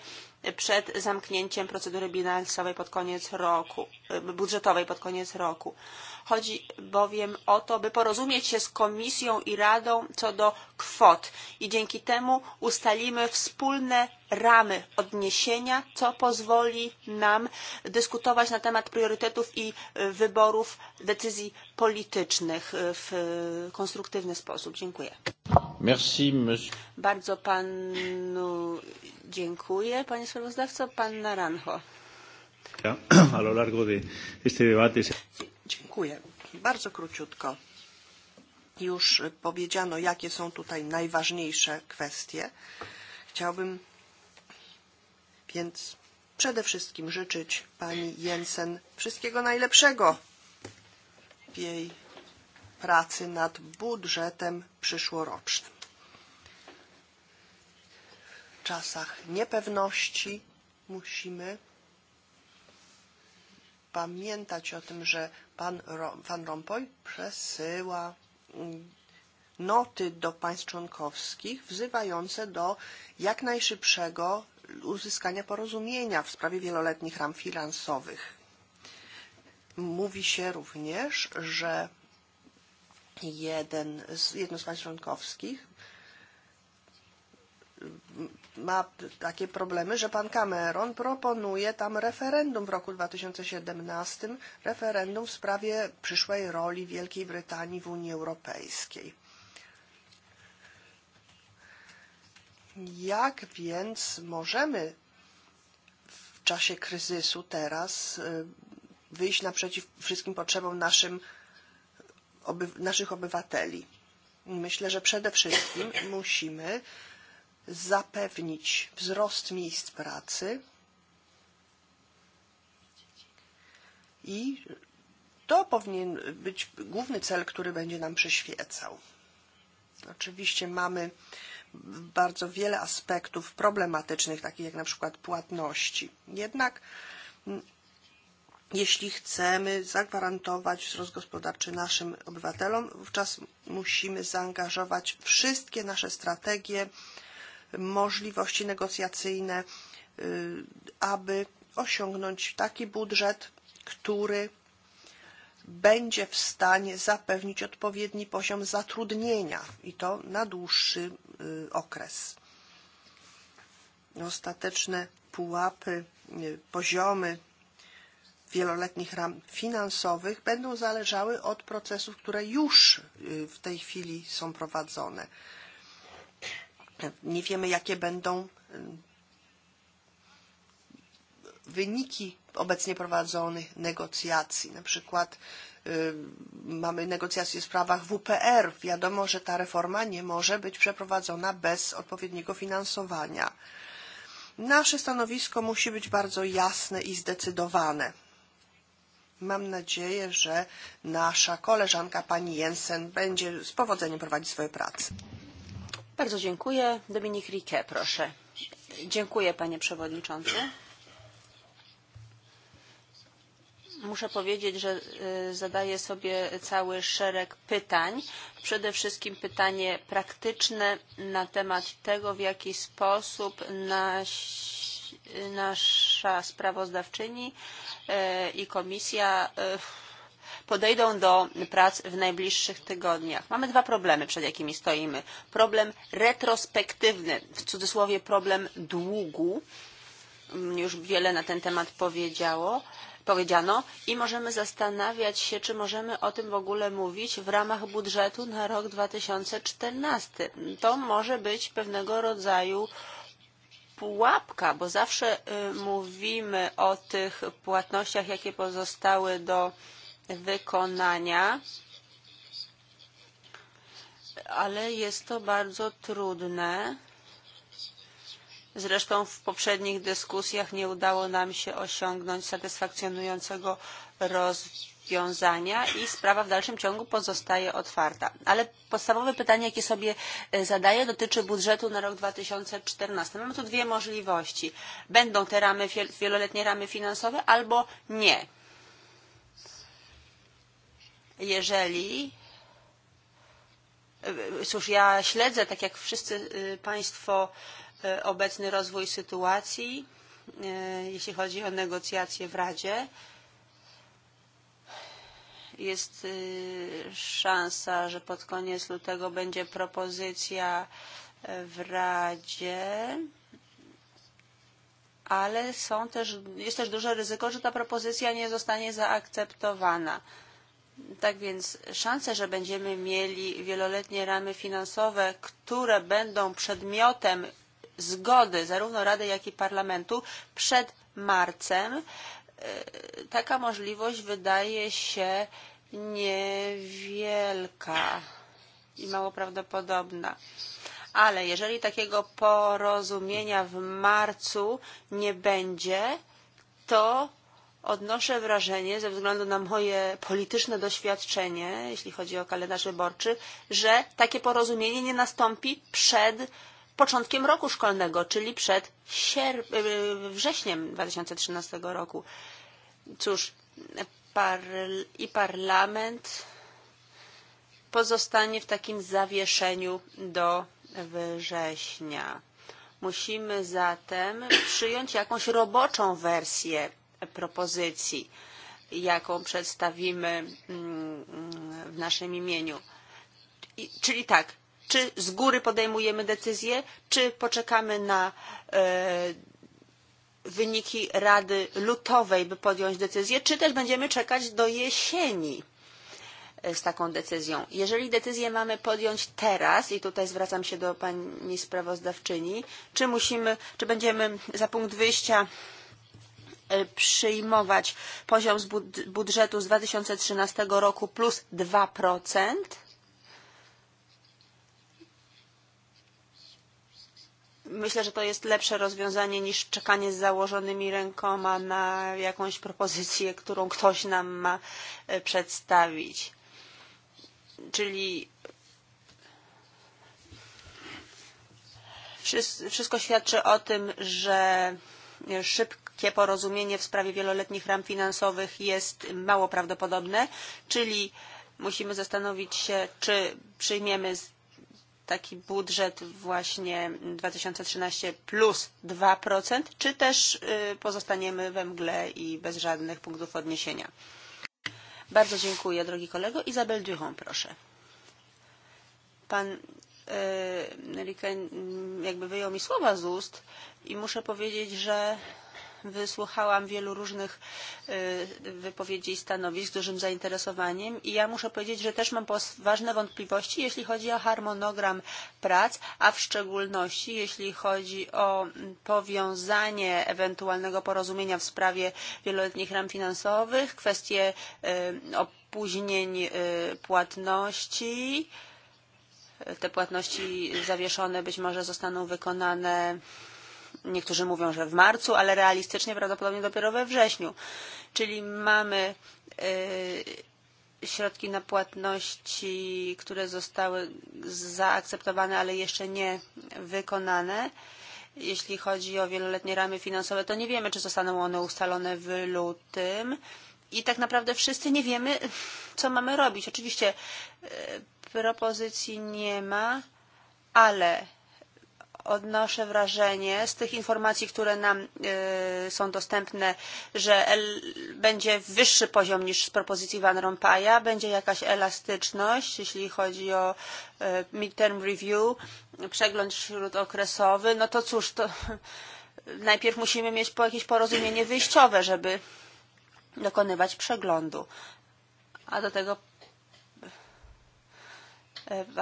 przed zamknięciem procedury bilansowej pod koniec roku, e, budżetowej pod koniec roku. Chodzi bowiem o to, by porozumieć się z Komisją i Radą co do kwot i dzięki temu ustalimy wspólne ramy odniesienia, co pozwoli nam dyskutować na temat priorytetów i e, wyborów decyzji politycznych e, w konstruktywny sposób. Dziękuję. Merci, monsieur. Bardzo panu Dziękuję, panie sprawozdawco. Pan Naranjo. A lo largo de este debate... Dziękuję. Bardzo króciutko. Już powiedziano, jakie są tutaj najważniejsze kwestie. Chciałbym więc przede wszystkim życzyć pani Jensen wszystkiego najlepszego w jej pracy nad budżetem przyszłorocznym czasach niepewności musimy pamiętać o tym, że pan Van Rompuy przesyła mm, noty do państw członkowskich wzywające do jak najszybszego uzyskania porozumienia w sprawie wieloletnich ram finansowych. Mówi się również, że jeden z, jedno z państw członkowskich ma takie problemy, że pan Cameron proponuje tam referendum w roku 2017, referendum w sprawie przyszłej roli Wielkiej Brytanii w Unii Europejskiej. Jak więc możemy w czasie kryzysu teraz wyjść naprzeciw wszystkim potrzebom naszym, oby, naszych obywateli? Myślę, że przede wszystkim musimy zapewnić wzrost miejsc pracy i to powinien być główny cel, który będzie nam przyświecał. Oczywiście mamy bardzo wiele aspektów problematycznych, takich jak na przykład płatności. Jednak jeśli chcemy zagwarantować wzrost gospodarczy naszym obywatelom, wówczas musimy zaangażować wszystkie nasze strategie możliwości negocjacyjne, aby osiągnąć taki budżet, który będzie w stanie zapewnić odpowiedni poziom zatrudnienia i to na dłuższy okres. Ostateczne pułapy, poziomy wieloletnich ram finansowych będą zależały od procesów, które już w tej chwili są prowadzone. Nie wiemy, jakie będą wyniki obecnie prowadzonych negocjacji. Na przykład mamy negocjacje w sprawach WPR. Wiadomo, że ta reforma nie może być przeprowadzona bez odpowiedniego finansowania. Nasze stanowisko musi być bardzo jasne i zdecydowane. Mam nadzieję, że nasza koleżanka pani Jensen będzie z powodzeniem prowadzić swoje prace. Bardzo dziękuję. Dominik Rike, proszę. Dziękuję, panie przewodniczący. Muszę powiedzieć, że zadaję sobie cały szereg pytań. Przede wszystkim pytanie praktyczne na temat tego, w jaki sposób nasi nasza sprawozdawczyni i komisja podejdą do prac w najbliższych tygodniach. Mamy dwa problemy, przed jakimi stoimy. Problem retrospektywny, w cudzysłowie problem długu. Mm, Już wiele na ten temat powiedziało powiedziano i możemy zastanawiać się, czy możemy o tym w ogóle mówić w ramach budżetu na rok 2014. To może być pewnego rodzaju pułapka, bo zawsze y, mówimy o tych płatnościach, jakie pozostały do y, wykonania, ale jest to bardzo trudne. Zresztą w poprzednich dyskusjach nie udało nam się osiągnąć satysfakcjonującego rozwiązania i sprawa w dalszym ciągu pozostaje otwarta. Ale podstawowe pytanie, jakie sobie e, zadaję, dotyczy budżetu na rok 2014. Mamy tu dwie możliwości. Będą te ramy, wieloletnie ramy finansowe albo nie jeżeli e, cóż, ja śledzę, tak jak wszyscy e, Państwo, e, obecny rozwój sytuacji, jeśli chodzi o negocjacje w Radzie. Jest szansa, że pod koniec lutego będzie propozycja w Radzie, ale są też, jest też duże ryzyko, że ta propozycja nie zostanie zaakceptowana. Tak więc szanse, że będziemy mieli wieloletnie ramy finansowe, które będą przedmiotem zgody zarówno Rady, jak i Parlamentu przed marcem, e, taka możliwość wydaje się niewielka i mało prawdopodobna. Ale jeżeli takiego porozumienia w marcu nie będzie, to odnoszę wrażenie, ze względu na moje polityczne doświadczenie, jeśli chodzi o kalendarz wyborczy, że takie porozumienie nie nastąpi przed początkiem roku szkolnego, czyli przed sierp- wrześniem 2013 roku. Cóż, par- i parlament pozostanie w takim zawieszeniu do września. Musimy zatem przyjąć jakąś roboczą wersję propozycji, jaką przedstawimy mm, w naszym imieniu. czyli tak, czy z góry podejmujemy decyzję, czy poczekamy na e, wyniki Rady Lutowej, by podjąć decyzję, czy też będziemy czekać do jesieni e, z taką decyzją. Jeżeli decyzję mamy podjąć teraz, i tutaj zwracam się do pani sprawozdawczyni, czy musimy, czy będziemy za punkt wyjścia E, przyjmować poziom z budżetu z 2013 roku plus 2%. Myślę, że to jest lepsze rozwiązanie niż czekanie z założonymi rękoma na jakąś propozycję, którą ktoś nam ma e, przedstawić. Czyli wszystko świadczy o tym, że szybko takie porozumienie w sprawie wieloletnich ram finansowych jest mało prawdopodobne, czyli musimy zastanowić się, czy przyjmiemy taki budżet właśnie 2013 plus 2%, czy też pozostaniemy we mgle i bez żadnych punktów odniesienia. Bardzo dziękuję, drogi kolego. Izabel Duhon, proszę. Pan Rika jakby wyjął mi słowa z ust i muszę powiedzieć, że wysłuchałam wielu różnych e, wypowiedzi i stanowisk z dużym zainteresowaniem i ja muszę powiedzieć, że też mam ważne wątpliwości, jeśli chodzi o harmonogram prac, a w szczególności jeśli chodzi o mm, powiązanie ewentualnego porozumienia w sprawie wieloletnich ram finansowych, kwestie e, opóźnień e, płatności. Te płatności zawieszone być może zostaną wykonane Niektórzy mówią, że w marcu, ale realistycznie prawdopodobnie dopiero we wrześniu. Czyli mamy e, środki na płatności, które zostały zaakceptowane, ale jeszcze nie wykonane. Jeśli chodzi o wieloletnie ramy finansowe, to nie wiemy, czy zostaną one ustalone w lutym. I tak naprawdę wszyscy nie wiemy, co mamy robić. Oczywiście e, propozycji nie ma, ale odnoszę wrażenie z tych informacji, które nam e, są dostępne, że będzie wyższy poziom niż z propozycji Van Rompaya, będzie jakaś elastyczność, jeśli chodzi o e, midterm review, przegląd śródokresowy. No to cóż, to najpierw musimy mieć jakieś porozumienie wyjściowe, żeby dokonywać przeglądu. A do tego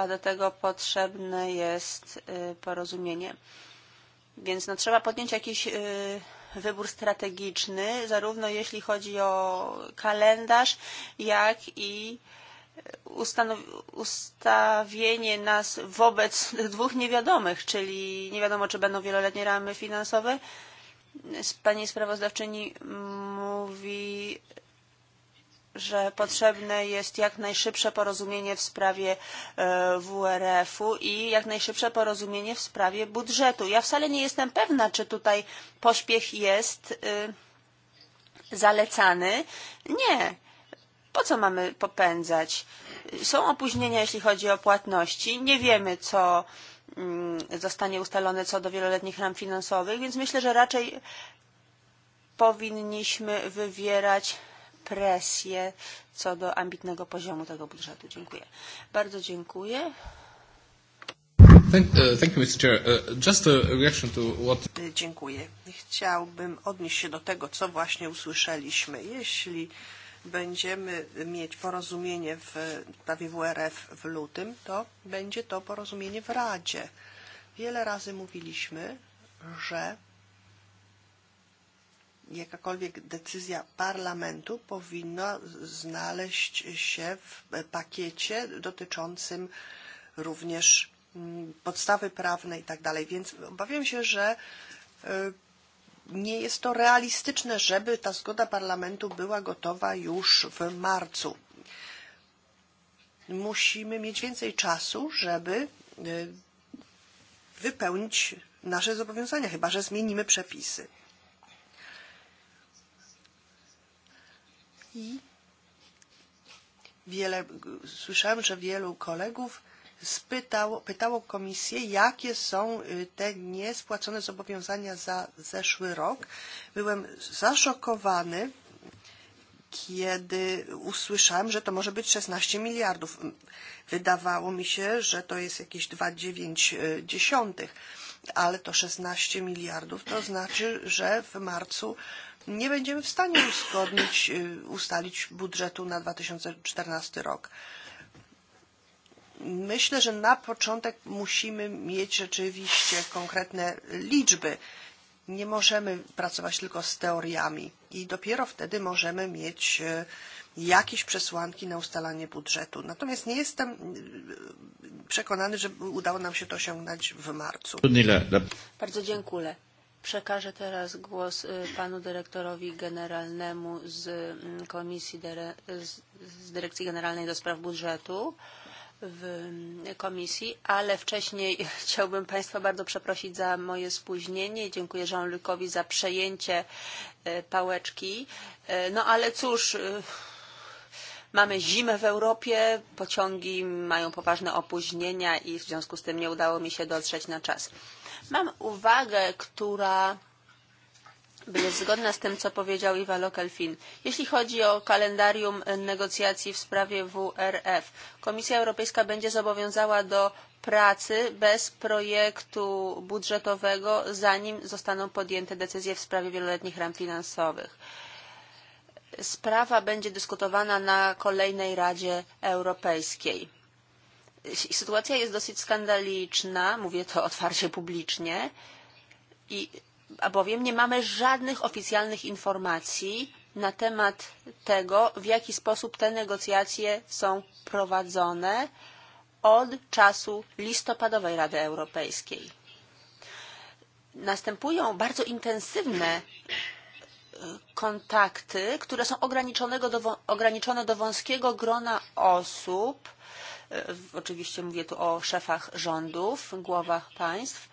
dlatego potrzebne jest porozumienie. Więc no, trzeba podjąć jakiś wybór strategiczny, zarówno jeśli chodzi o kalendarz, jak i ustawienie nas wobec dwóch niewiadomych, czyli nie wiadomo, czy będą wieloletnie ramy finansowe. Pani sprawozdawczyni mówi że potrzebne jest jak najszybsze porozumienie w sprawie e, WRF-u i jak najszybsze porozumienie w sprawie budżetu. Ja wcale nie jestem pewna, czy tutaj pośpiech jest zalecany. Nie. Po co mamy popędzać? Są opóźnienia, jeśli chodzi o płatności. Nie wiemy, co mm, zostanie ustalone co do wieloletnich ram finansowych, więc myślę, że raczej powinniśmy wywierać presję co do ambitnego poziomu tego budżetu. Dziękuję. Bardzo dziękuję. Thank, uh, thank you, Mr. Chair. Uh, just a reaction to what... Dziękuję. Chciałbym odnieść się do tego, co właśnie usłyszeliśmy. Jeśli będziemy mieć porozumienie w prawie WRF w lutym, to będzie to porozumienie w Radzie. Wiele razy mówiliśmy, że jakakolwiek decyzja parlamentu powinna znaleźć się w pakiecie dotyczącym również mm, podstawy prawnej i tak dalej. Więc obawiam się, że nie jest to realistyczne, żeby ta zgoda parlamentu była gotowa już w marcu. Musimy mieć więcej czasu, żeby wypełnić nasze zobowiązania, chyba że zmienimy przepisy. Wiele, słyszałem, że wielu kolegów spytało, pytało komisję, jakie są te niespłacone zobowiązania za zeszły rok. Byłem zaszokowany, kiedy usłyszałem, że to może być 16 miliardów. Wydawało mi się, że to jest jakieś 2,9, ale to 16 miliardów to znaczy, że w marcu nie będziemy w stanie uzgodnić, ustalić budżetu na 2014 rok. Myślę, że na początek musimy mieć rzeczywiście konkretne liczby. Nie możemy pracować tylko z teoriami i dopiero wtedy możemy mieć jakieś przesłanki na ustalanie budżetu. Natomiast nie jestem przekonany, że udało nam się to osiągnąć w marcu. Bardzo dziękuję. Przekażę teraz głos panu dyrektorowi generalnemu z mm, Komisji z Dyrekcji Generalnej do Spraw Budżetu w mm, komisji, ale wcześniej chciałbym Państwa bardzo przeprosić za moje spóźnienie. Dziękuję Jean-Lucowi za przejęcie pałeczki. No ale cóż, mamy zimę w Europie, pociągi mają poważne opóźnienia i w związku z tym nie udało mi się dotrzeć na czas. Mam uwagę, która jest zgodna z tym, co powiedział Iwa Lokelfin. Jeśli chodzi o kalendarium negocjacji w sprawie WRF, Komisja Europejska będzie zobowiązała do pracy bez projektu budżetowego, zanim zostaną podjęte decyzje w sprawie wieloletnich ram finansowych. Sprawa będzie dyskutowana na kolejnej Radzie Europejskiej sytuacja jest dosyć skandaliczna, mówię to otwarcie publicznie, i, a bowiem nie mamy żadnych oficjalnych informacji na temat tego, w jaki sposób te negocjacje są prowadzone od czasu listopadowej Rady Europejskiej. Następują bardzo intensywne e, kontakty, które są ograniczone do, ograniczone do wąskiego grona osób, E, oczywiście mówię tu o szefach rządów, głowach państw.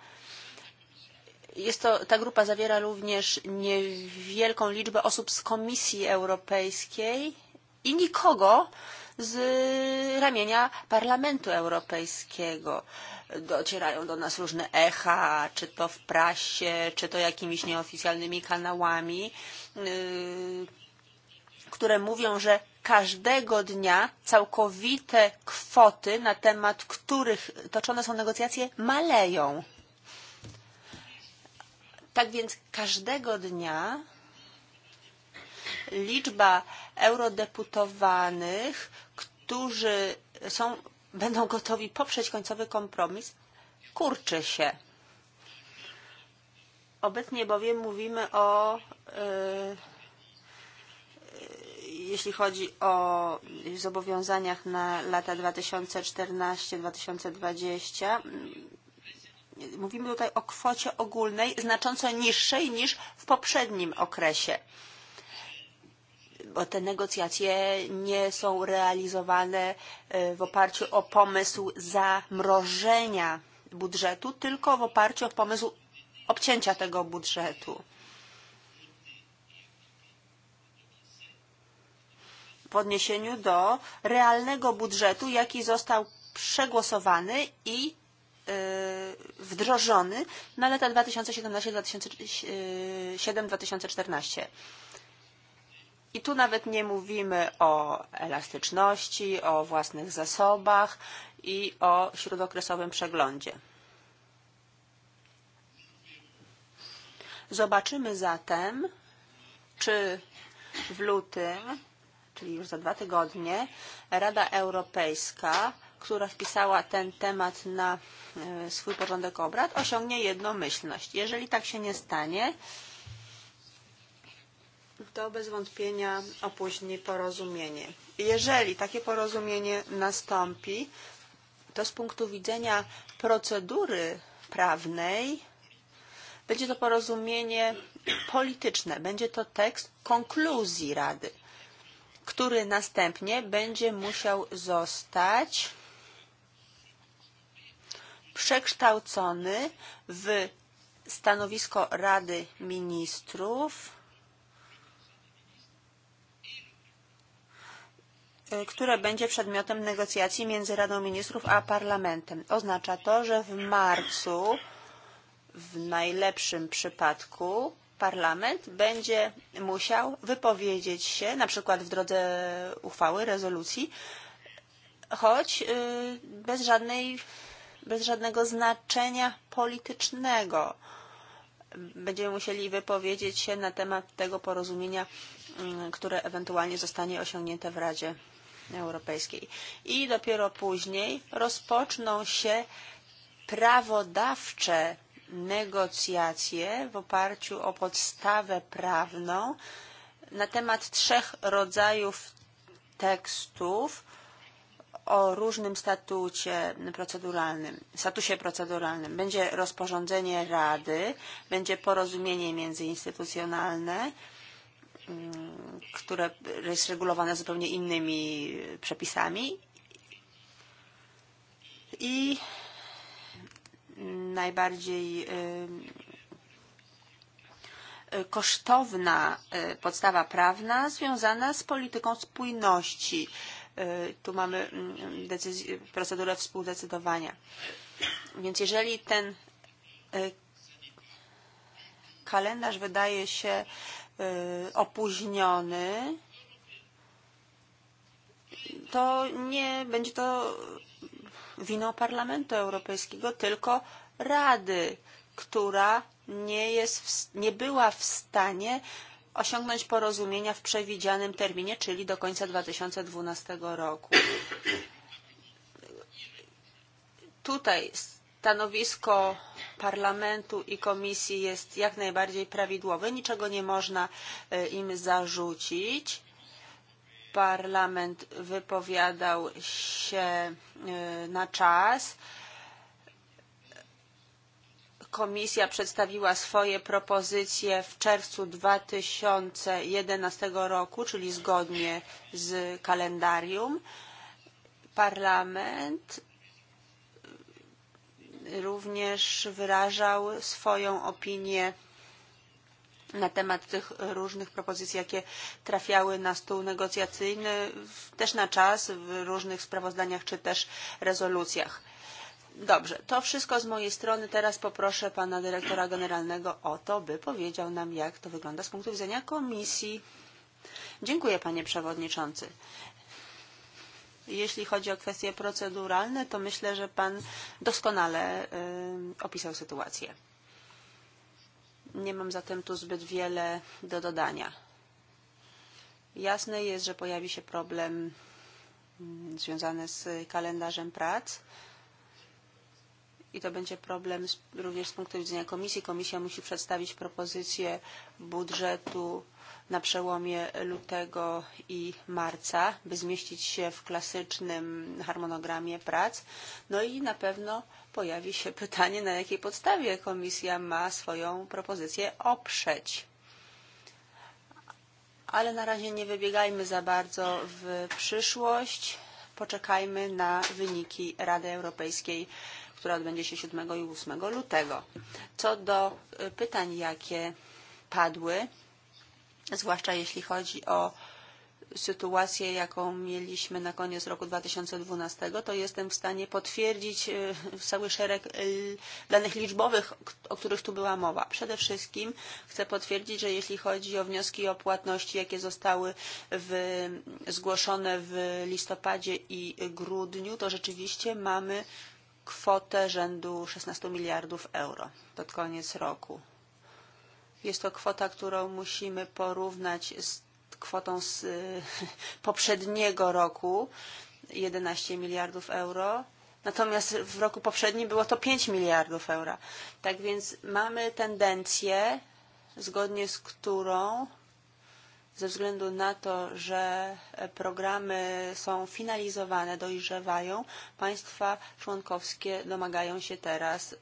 Jest to, ta grupa zawiera również niewielką liczbę osób z Komisji Europejskiej i nikogo z ramienia Parlamentu Europejskiego. Docierają do nas różne echa, czy to w prasie, czy to jakimiś nieoficjalnymi kanałami, które mówią, że każdego dnia całkowite kwoty, na temat których toczone są negocjacje, maleją. Tak więc każdego dnia liczba eurodeputowanych, którzy są, będą gotowi poprzeć końcowy kompromis, kurczy się. Obecnie bowiem mówimy o yy, jeśli chodzi o zobowiązaniach na lata 2014-2020, mm, mówimy tutaj o kwocie ogólnej znacząco niższej niż w poprzednim okresie, bo te negocjacje nie są realizowane e, w oparciu o pomysł zamrożenia budżetu, tylko w oparciu o pomysł obcięcia tego budżetu. w odniesieniu do realnego budżetu, jaki został przegłosowany i wdrożony na lata 2017-2014. I tu nawet nie mówimy o elastyczności, o własnych zasobach i o śródokresowym przeglądzie. Zobaczymy zatem, czy w lutym czyli już za dwa tygodnie, Rada Europejska, która wpisała ten temat na e, swój porządek obrad, osiągnie jednomyślność. Jeżeli tak się nie stanie, to bez wątpienia opóźni porozumienie. Jeżeli takie porozumienie nastąpi, to z punktu widzenia procedury prawnej będzie to porozumienie polityczne, będzie to tekst konkluzji Rady który następnie będzie musiał zostać przekształcony w stanowisko Rady Ministrów, które będzie przedmiotem negocjacji między Radą Ministrów a Parlamentem. Oznacza to, że w marcu w najlepszym przypadku Parlament będzie musiał wypowiedzieć się, na przykład w drodze uchwały, rezolucji, choć bez, żadnej, bez żadnego znaczenia politycznego. Będziemy musieli wypowiedzieć się na temat tego porozumienia, które ewentualnie zostanie osiągnięte w Radzie Europejskiej. I dopiero później rozpoczną się prawodawcze negocjacje w oparciu o podstawę prawną na temat trzech rodzajów tekstów o różnym statucie proceduralnym, statusie proceduralnym. Będzie rozporządzenie Rady, będzie porozumienie międzyinstytucjonalne, mm, które jest regulowane zupełnie innymi przepisami i najbardziej e, kosztowna e, podstawa prawna związana z polityką spójności. E, tu mamy mm, decyzję, procedurę współdecydowania. Więc jeżeli ten kalendarz wydaje się opóźniony, to nie będzie to winą Parlamentu Europejskiego, tylko Rady, która nie, jest nie była w stanie osiągnąć porozumienia w przewidzianym terminie, czyli do końca 2012 roku. Tutaj stanowisko Parlamentu i Komisji jest jak najbardziej prawidłowe, niczego nie można e, im zarzucić. Parlament wypowiadał się na czas. Komisja przedstawiła swoje propozycje w czerwcu 2011 roku, czyli zgodnie z kalendarium. Parlament również wyrażał swoją opinię na temat tych różnych propozycji, jakie trafiały na stół negocjacyjny, też na czas w różnych sprawozdaniach czy też rezolucjach. Dobrze, to wszystko z mojej strony. Teraz poproszę pana dyrektora generalnego o to, by powiedział nam, jak to wygląda z punktu widzenia komisji. Dziękuję, panie przewodniczący. Jeśli chodzi o kwestie proceduralne, to myślę, że pan doskonale y, opisał sytuację. Nie mam zatem tu zbyt wiele do dodania. Jasne jest, że pojawi się problem mm, związany z kalendarzem prac i to będzie problem również z punktu widzenia komisji. Komisja musi przedstawić propozycję budżetu na przełomie lutego i marca, by zmieścić się w klasycznym harmonogramie prac. No i na pewno pojawi się pytanie, na jakiej podstawie komisja ma swoją propozycję oprzeć. Ale na razie nie wybiegajmy za bardzo w przyszłość. Poczekajmy na wyniki Rady Europejskiej która odbędzie się 7 i 8 lutego. Co do pytań, jakie padły, zwłaszcza jeśli chodzi o sytuację, jaką mieliśmy na koniec roku 2012, to jestem w stanie potwierdzić e, cały szereg e, danych liczbowych, o których tu była mowa. Przede wszystkim chcę potwierdzić, że jeśli chodzi o wnioski o płatności, jakie zostały w, zgłoszone w listopadzie i grudniu, to rzeczywiście mamy kwotę rzędu 16 miliardów euro pod koniec roku. Jest to kwota, którą musimy porównać z kwotą z poprzedniego roku 11 miliardów euro. Natomiast w roku poprzednim było to 5 miliardów euro. Tak więc mamy tendencję, zgodnie z którą ze względu na to, że programy są finalizowane, dojrzewają, państwa członkowskie domagają się teraz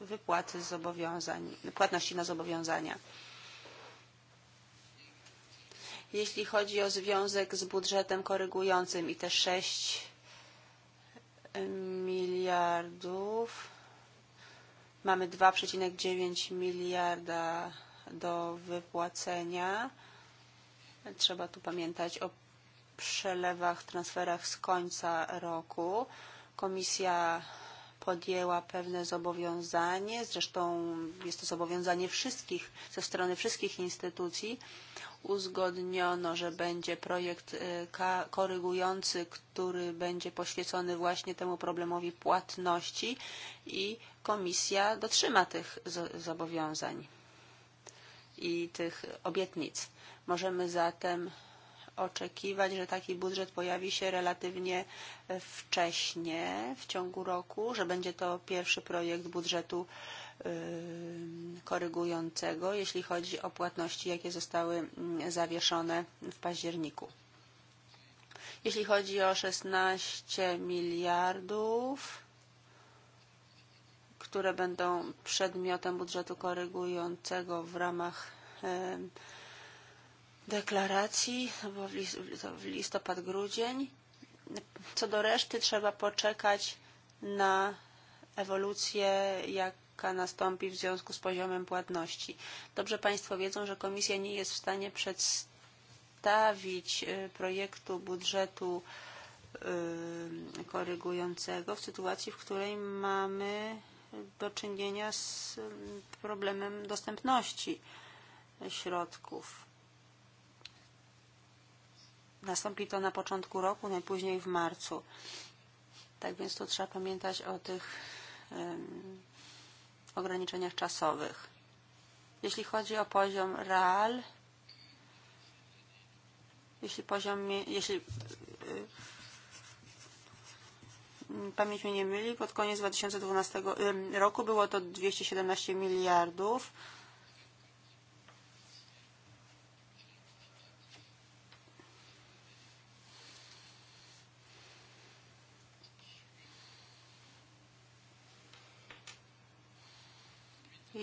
wypłaty zobowiązań, płatności na zobowiązania. Jeśli chodzi o związek z budżetem korygującym i te 6 miliardów, mamy 2,9 miliarda do wypłacenia. Trzeba tu pamiętać o przelewach, transferach z końca roku. Komisja podjęła pewne zobowiązanie, zresztą jest to zobowiązanie wszystkich, ze strony wszystkich instytucji. Uzgodniono, że będzie projekt korygujący, który będzie poświęcony właśnie temu problemowi płatności i komisja dotrzyma tych zobowiązań i tych obietnic. Możemy zatem oczekiwać, że taki budżet pojawi się relatywnie e, wcześnie w ciągu roku, że będzie to pierwszy projekt budżetu korygującego, jeśli chodzi o płatności, jakie zostały mm, zawieszone w październiku. Jeśli chodzi o 16 miliardów, które będą przedmiotem budżetu korygującego w ramach deklaracji w listopad, grudzień. Co do reszty trzeba poczekać na ewolucję, jaka nastąpi w związku z poziomem płatności. Dobrze Państwo wiedzą, że Komisja nie jest w stanie przedstawić projektu budżetu korygującego w sytuacji, w której mamy do czynienia z problemem dostępności środków. Nastąpi to na początku roku, najpóźniej w marcu. Tak więc tu trzeba pamiętać o tych um, ograniczeniach czasowych. Jeśli chodzi o poziom real, jeśli poziom, jeśli yy, pamięć mnie nie myli, pod koniec 2012 yy, roku było to 217 miliardów,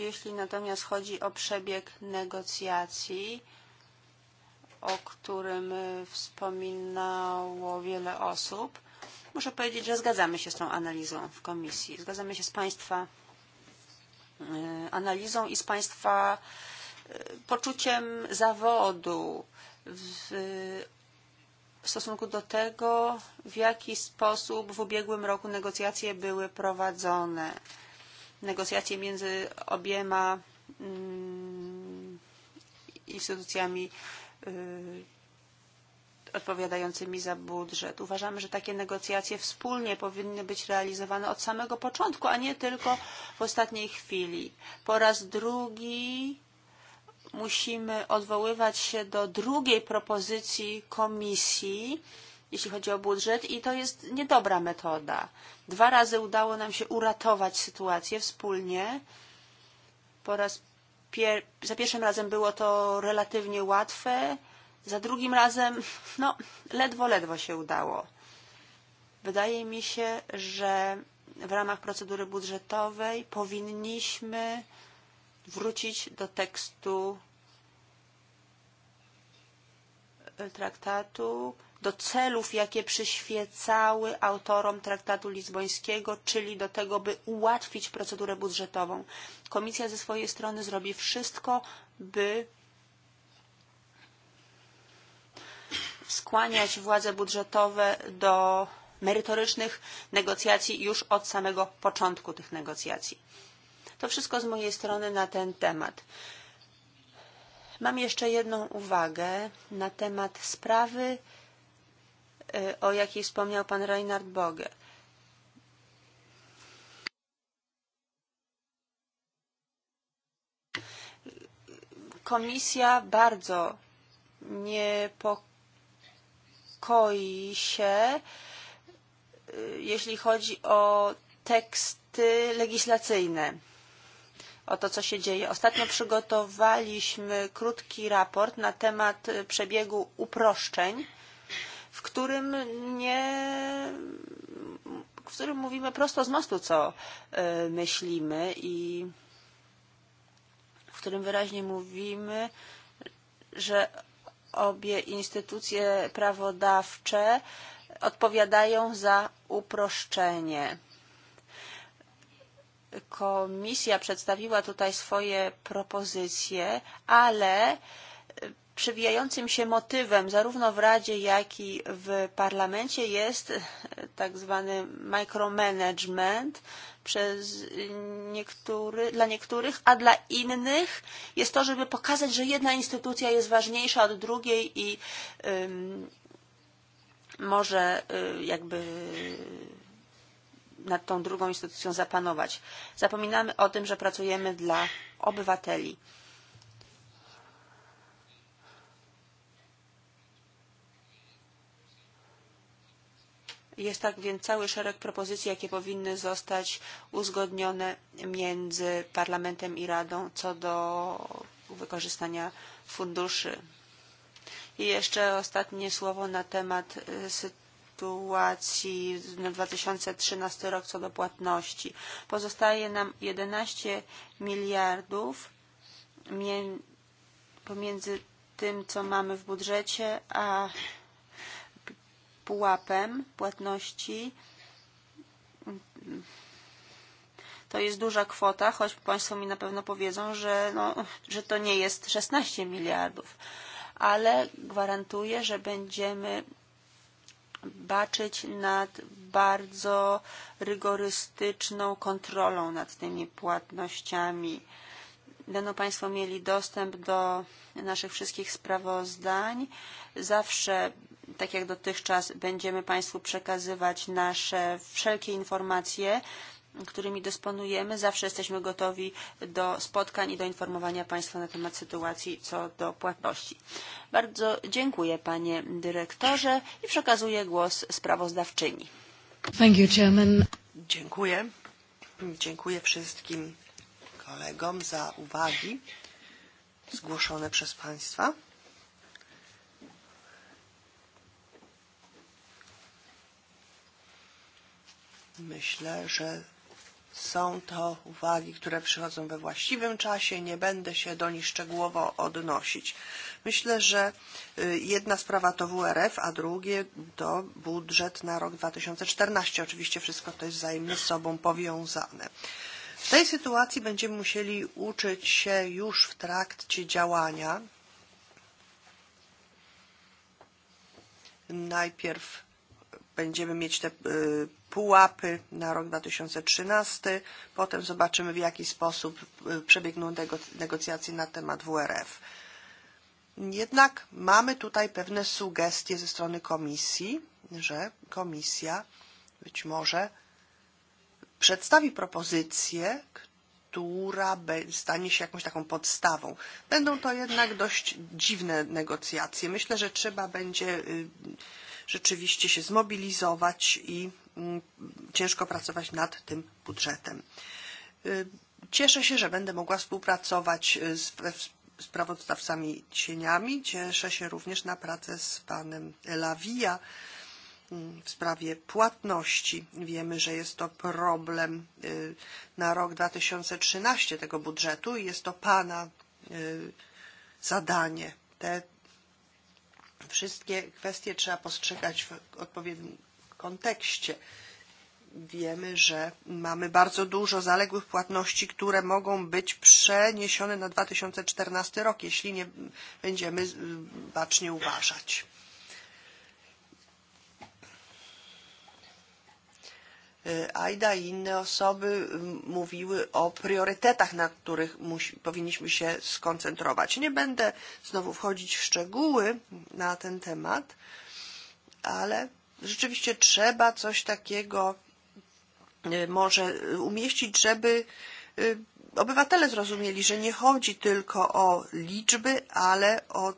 Jeśli natomiast chodzi o przebieg negocjacji, o którym wspominało wiele osób, muszę powiedzieć, że zgadzamy się z tą analizą w komisji. Zgadzamy się z Państwa analizą i z Państwa poczuciem zawodu w w stosunku do tego, w jaki sposób w ubiegłym roku negocjacje były prowadzone negocjacje między obiema mm, instytucjami odpowiadającymi za budżet. Uważamy, że takie negocjacje wspólnie powinny być realizowane od samego początku, a nie tylko w ostatniej chwili. Po raz drugi musimy odwoływać się do drugiej propozycji komisji, jeśli chodzi o budżet i to jest niedobra metoda. Dwa razy udało nam się uratować sytuację wspólnie. Po raz pier za pierwszym razem było to relatywnie łatwe, za drugim razem no ledwo, ledwo się udało. Wydaje mi się, że w ramach procedury budżetowej powinniśmy wrócić do tekstu e, traktatu, do celów, jakie przyświecały autorom traktatu lizbońskiego, czyli do tego, by ułatwić procedurę budżetową. Komisja ze swojej strony zrobi wszystko, by skłaniać władze budżetowe do merytorycznych negocjacji już od samego początku tych negocjacji. To wszystko z mojej strony na ten temat. Mam jeszcze jedną uwagę na temat sprawy o jakiej wspomniał pan Reinhard Boge. Komisja bardzo niepokoi się, jeśli chodzi o teksty legislacyjne o to, co się dzieje. Ostatnio przygotowaliśmy krótki raport na temat przebiegu uproszczeń w którym nie w którym mówimy prosto z mostu, co e, myślimy i w którym wyraźnie mówimy, że obie instytucje prawodawcze odpowiadają za uproszczenie. Komisja przedstawiła tutaj swoje propozycje, ale yy, przewijającym się motywem zarówno w Radzie, jak i w Parlamencie jest e, tak zwany micromanagement przez niektóry, dla niektórych, a dla innych jest to, żeby pokazać, że jedna instytucja jest ważniejsza od drugiej i ym, może y, jakby nad tą drugą instytucją zapanować. Zapominamy o tym, że pracujemy dla obywateli. Jest tak więc cały szereg propozycji, jakie powinny zostać uzgodnione między Parlamentem i Radą co do wykorzystania funduszy. I jeszcze ostatnie słowo na temat sytuacji na 2013 rok co do płatności. Pozostaje nam 11 miliardów pomiędzy tym, co mamy w budżecie, a pułapem płatności. To jest duża kwota, choć Państwo mi na pewno powiedzą, że, no, że to nie jest 16 miliardów, ale gwarantuję, że będziemy baczyć nad bardzo rygorystyczną kontrolą nad tymi płatnościami. Będą Państwo mieli dostęp do naszych wszystkich sprawozdań. Zawsze tak jak dotychczas będziemy Państwu przekazywać nasze wszelkie informacje, którymi dysponujemy. Zawsze jesteśmy gotowi do spotkań i do informowania Państwa na temat sytuacji co do płatności. Bardzo dziękuję Panie Dyrektorze i przekazuję głos sprawozdawczyni. Thank you, Chairman. Dziękuję. Dziękuję wszystkim kolegom za uwagi zgłoszone przez Państwa. Myślę, że są to uwagi, które przychodzą we właściwym czasie. Nie będę się do nich szczegółowo odnosić. Myślę, że jedna sprawa to WRF, a drugie to budżet na rok 2014. Oczywiście wszystko to jest wzajemnie z sobą powiązane. W tej sytuacji będziemy musieli uczyć się już w trakcie działania. Najpierw będziemy mieć te pułapy na rok 2013. Potem zobaczymy, w jaki sposób przebiegną negocjacje na temat WRF. Jednak mamy tutaj pewne sugestie ze strony komisji, że komisja być może przedstawi propozycję, która stanie się jakąś taką podstawą. Będą to jednak dość dziwne negocjacje. Myślę, że trzeba będzie rzeczywiście się zmobilizować i Mm, ciężko pracować nad tym budżetem. Cieszę się, że będę mogła współpracować z sprawozdawcami cieniami. Cieszę się również na pracę z panem Lawija mm, w sprawie płatności. Wiemy, że jest to problem na rok 2013 tego budżetu i jest to Pana zadanie. Te wszystkie kwestie trzeba postrzegać w odpowiednim kontekście. Wiemy, że mamy bardzo dużo zaległych płatności, które mogą być przeniesione na 2014 rok, jeśli nie będziemy bacznie uważać. Aida i inne osoby mówiły o priorytetach, na których musi, powinniśmy się skoncentrować. Nie będę znowu wchodzić w szczegóły na ten temat, ale rzeczywiście trzeba coś takiego może umieścić, żeby obywatele zrozumieli, że nie chodzi tylko o liczby, ale o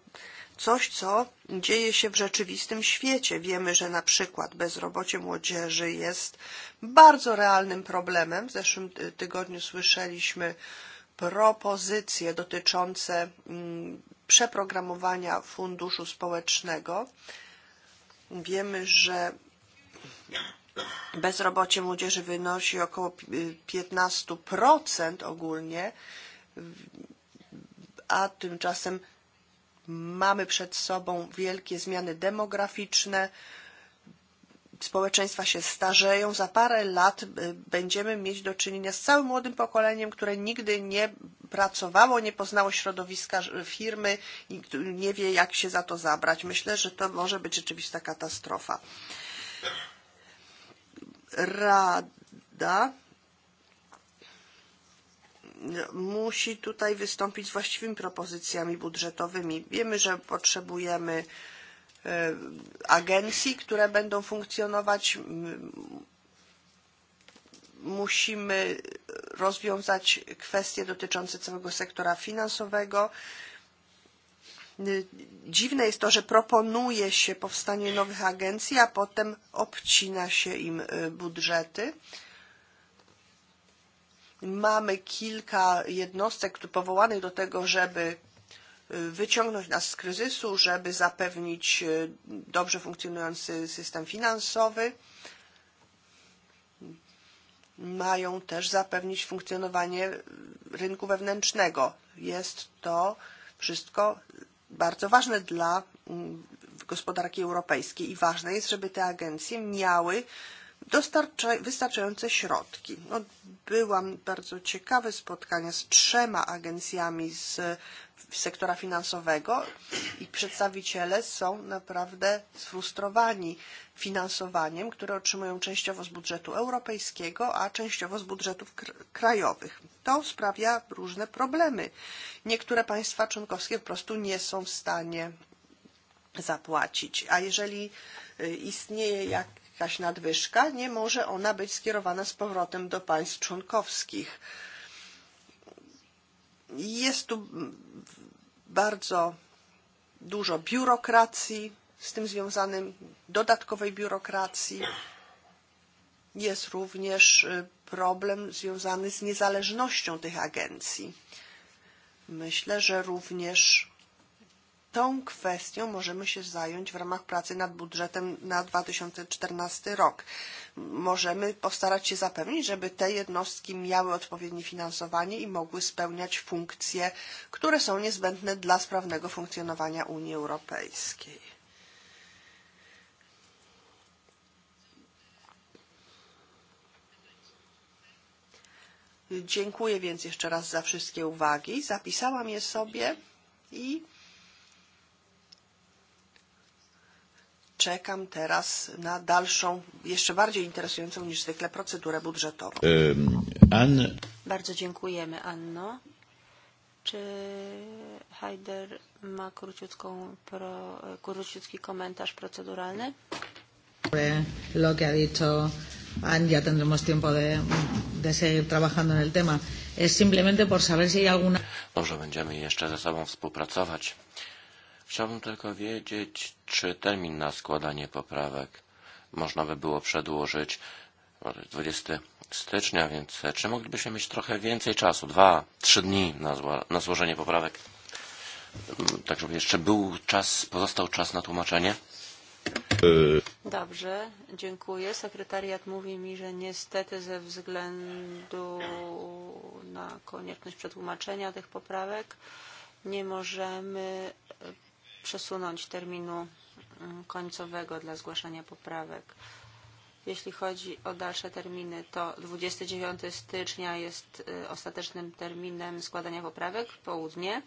coś, co dzieje się w rzeczywistym świecie. Wiemy, że na przykład bezrobocie młodzieży jest bardzo realnym problemem. W zeszłym tygodniu słyszeliśmy propozycje dotyczące mm, przeprogramowania funduszu społecznego Wiemy, że bezrobocie młodzieży wynosi około 15% ogólnie, a tymczasem mamy przed sobą wielkie zmiany demograficzne, społeczeństwa się starzeją, za parę lat będziemy mieć do czynienia z całym młodym pokoleniem, które nigdy nie pracowało, nie poznało środowiska firmy i nie wie, jak się za to zabrać. Myślę, że to może być rzeczywista katastrofa. Rada musi tutaj wystąpić z właściwymi propozycjami budżetowymi. Wiemy, że potrzebujemy E, agencji, które będą funkcjonować. Musimy rozwiązać kwestie dotyczące całego sektora finansowego. E, dziwne jest to, że proponuje się powstanie nowych agencji, a potem obcina się im e, budżety. Mamy kilka jednostek powołanych do tego, żeby wyciągnąć nas z kryzysu, żeby zapewnić e, dobrze funkcjonujący system finansowy. Mają też zapewnić funkcjonowanie rynku wewnętrznego. Jest to wszystko bardzo ważne dla mm, gospodarki europejskiej i ważne jest, żeby te agencje miały dostarcza, wystarczające środki. Odbyłam bardzo ciekawe spotkanie z trzema agencjami z sektora finansowego i przedstawiciele są naprawdę sfrustrowani finansowaniem, które otrzymują częściowo z budżetu europejskiego, a częściowo z budżetów krajowych. To sprawia różne problemy. Niektóre państwa członkowskie po prostu nie są w stanie zapłacić. A jeżeli istnieje jak, jakaś nadwyżka, nie może ona być skierowana z powrotem do państw członkowskich. Jest tu bardzo dużo biurokracji z tym związanym, dodatkowej biurokracji. Jest również problem związany z niezależnością tych agencji. Myślę, że również tą kwestią możemy się zająć w ramach pracy nad budżetem na 2014 rok. Możemy postarać się zapewnić, żeby te jednostki miały odpowiednie finansowanie i mogły spełniać funkcje, które są niezbędne dla sprawnego funkcjonowania Unii Europejskiej. Dziękuję więc jeszcze raz za wszystkie uwagi. Zapisałam je sobie i czekam teraz na dalszą, jeszcze bardziej interesującą niż zwykle procedurę budżetową. Um, an... Bardzo dziękujemy, Anno. Czy Heider ma króciutką pro, króciutki komentarz proceduralny? Lo que ha dicho Anne, ya tendremos tiempo de, de seguir trabajando en el tema. Es simplemente por saber si hay alguna... Może będziemy jeszcze ze sobą współpracować Chciałbym tylko wiedzieć, czy termin na składanie poprawek można by było przedłożyć 20 stycznia, więc czy moglibyśmy mieć trochę więcej czasu, dwa, trzy dni na, zło na złożenie poprawek, mm, tak żeby jeszcze był czas, pozostał czas na tłumaczenie? E. Dobrze, dziękuję. Sekretariat mówi mi, że niestety ze względu na konieczność przetłumaczenia tych poprawek nie możemy przesunąć terminu mm, końcowego dla zgłaszania poprawek. Jeśli chodzi o dalsze terminy, to 29 stycznia jest ostatecznym terminem składania poprawek, południe.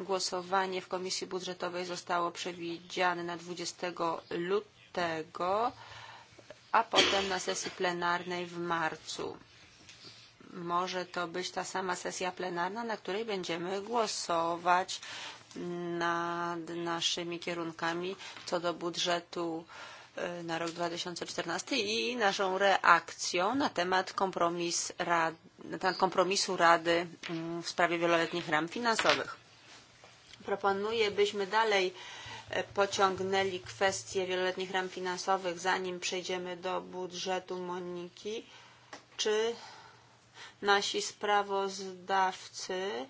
Głosowanie w Komisji Budżetowej zostało przewidziane na 20 lutego, a potem na sesji plenarnej w marcu. Może to być ta sama sesja plenarna, na której będziemy głosować nad naszymi kierunkami co do budżetu e, na rok 2014 i naszą reakcją na temat, kompromis rad, na temat kompromisu Rady mm, w sprawie wieloletnich ram finansowych. Proponuję, byśmy dalej e, pociągnęli kwestie wieloletnich ram finansowych, zanim przejdziemy do budżetu Moniki. Czy nasi sprawozdawcy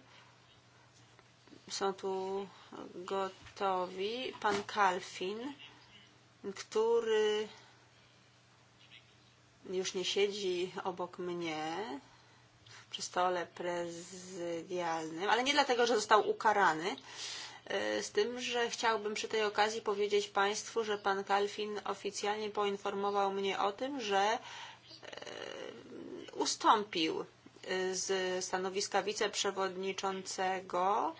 są tu gotowi. Pan Kalfin, który już nie siedzi obok mnie przy stole prezydialnym, ale nie dlatego, że został ukarany, e, z tym, że chciałbym przy tej okazji powiedzieć Państwu, że pan Kalfin oficjalnie poinformował mnie o tym, że e, ustąpił e, z stanowiska wiceprzewodniczącego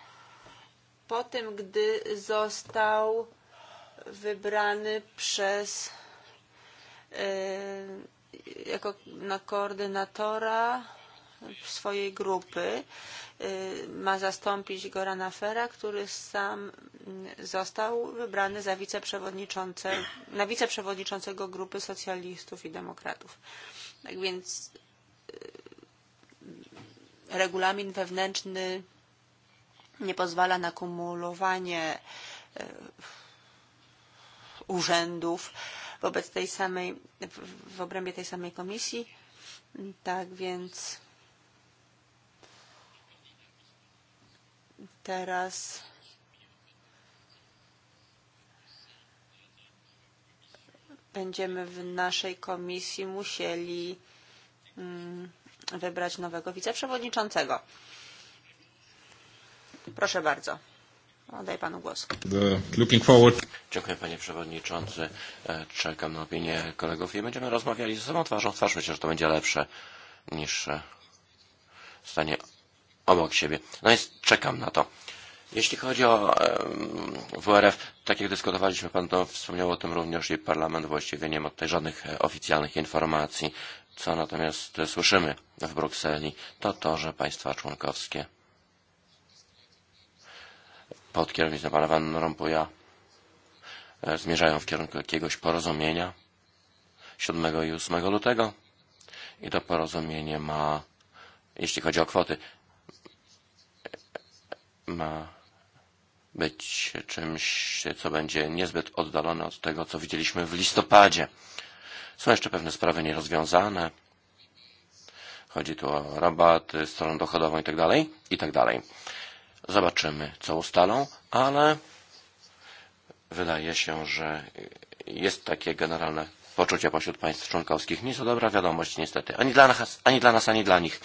po tym, gdy został wybrany przez jako na koordynatora swojej grupy. Ma zastąpić Gorana Fera, który sam został wybrany za wiceprzewodniczące, na wiceprzewodniczącego grupy socjalistów i demokratów. Tak więc regulamin wewnętrzny nie pozwala na kumulowanie e, urzędów wobec tej samej, w obrębie tej samej komisji. Tak więc teraz będziemy w naszej komisji musieli mm, wybrać nowego wiceprzewodniczącego. Proszę bardzo. Oddaję panu głos. Looking forward. Dziękuję panie przewodniczący. E, czekam na opinię kolegów i będziemy rozmawiali ze sobą twarzą w twarz. Myślę, że to będzie lepsze niż e, stanie obok siebie. No więc czekam na to. Jeśli chodzi o WRF, tak jak dyskutowaliśmy, pan to wspomniał o tym również i parlament właściwie nie ma tutaj żadnych e, oficjalnych informacji. Co natomiast słyszymy w Brukseli, to to, że państwa członkowskie pod kierownictwem pana Van Rompuya e, zmierzają w kierunku jakiegoś porozumienia 7 i 8 lutego i to porozumienie ma, jeśli chodzi o kwoty, ma być czymś, co będzie niezbyt oddalone od tego, co widzieliśmy w listopadzie. Są jeszcze pewne sprawy nierozwiązane. Chodzi tu o rabaty, stronę dochodową itd. itd. Zobaczymy, co ustalą, ale wydaje się, że jest takie generalne poczucie pośród państw członkowskich. Nie jest to dobra wiadomość niestety, ani dla nas, ani dla, nas, ani dla nich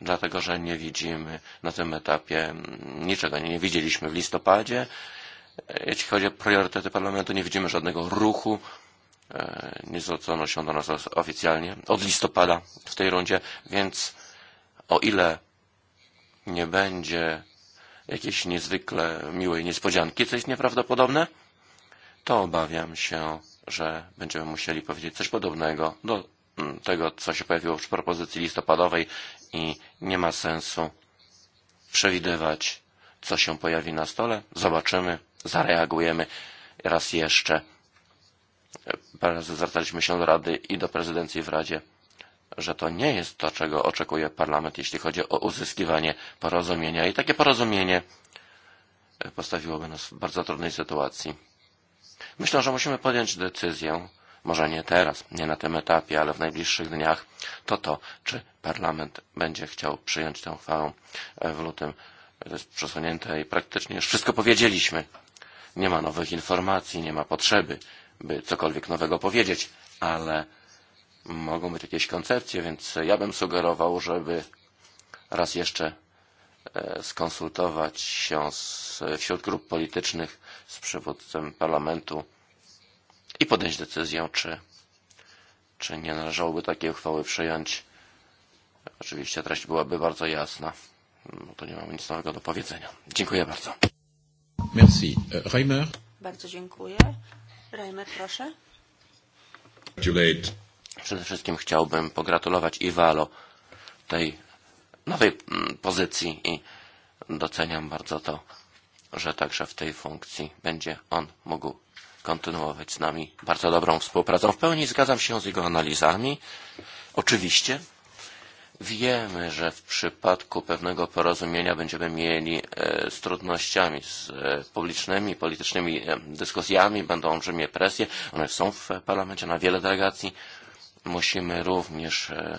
dlatego że nie widzimy na tym etapie niczego. Nie widzieliśmy w listopadzie. Jeśli chodzi o priorytety parlamentu, nie widzimy żadnego ruchu. E, nie zwrócono się do nas oficjalnie od listopada w tej rundzie, więc o ile nie będzie jakieś niezwykle miłej niespodzianki, co jest nieprawdopodobne, to obawiam się, że będziemy musieli powiedzieć coś podobnego do mm, tego, co się pojawiło w propozycji listopadowej i nie ma sensu przewidywać, co się pojawi na stole. Zobaczymy, zareagujemy raz jeszcze. Bardzo e, zwracaliśmy się do Rady i do prezydencji w Radzie że to nie jest to, czego oczekuje parlament, jeśli chodzi o uzyskiwanie porozumienia. I takie porozumienie e, postawiłoby nas w bardzo trudnej sytuacji. Myślę, że musimy podjąć decyzję, może nie teraz, nie na tym etapie, ale w najbliższych dniach, to to, czy parlament będzie chciał przyjąć tę uchwałę e, w lutym. To jest przesunięte i praktycznie już wszystko powiedzieliśmy. Nie ma nowych informacji, nie ma potrzeby, by cokolwiek nowego powiedzieć, ale mogą być jakieś koncepcje, więc ja bym sugerował, żeby raz jeszcze e, skonsultować się z, wśród grup politycznych z przywódcą parlamentu i podjąć decyzję, czy, czy nie należałoby takiej uchwały przyjąć. Oczywiście treść byłaby bardzo jasna. No to nie mam nic nowego do powiedzenia. Dziękuję bardzo. Merci. E, Reimer. Bardzo dziękuję. Reimer, proszę. Gratulate Przede wszystkim chciałbym pogratulować Iwalo tej nowej mm, pozycji i doceniam bardzo to, że także w tej funkcji będzie on mógł kontynuować z nami bardzo dobrą współpracę. W pełni zgadzam się z jego analizami. Oczywiście wiemy, że w przypadku pewnego porozumienia będziemy mieli e, z trudnościami, z e, publicznymi, politycznymi dyskusjami, będą olbrzymie presje. One są w parlamencie na wiele delegacji musimy również e,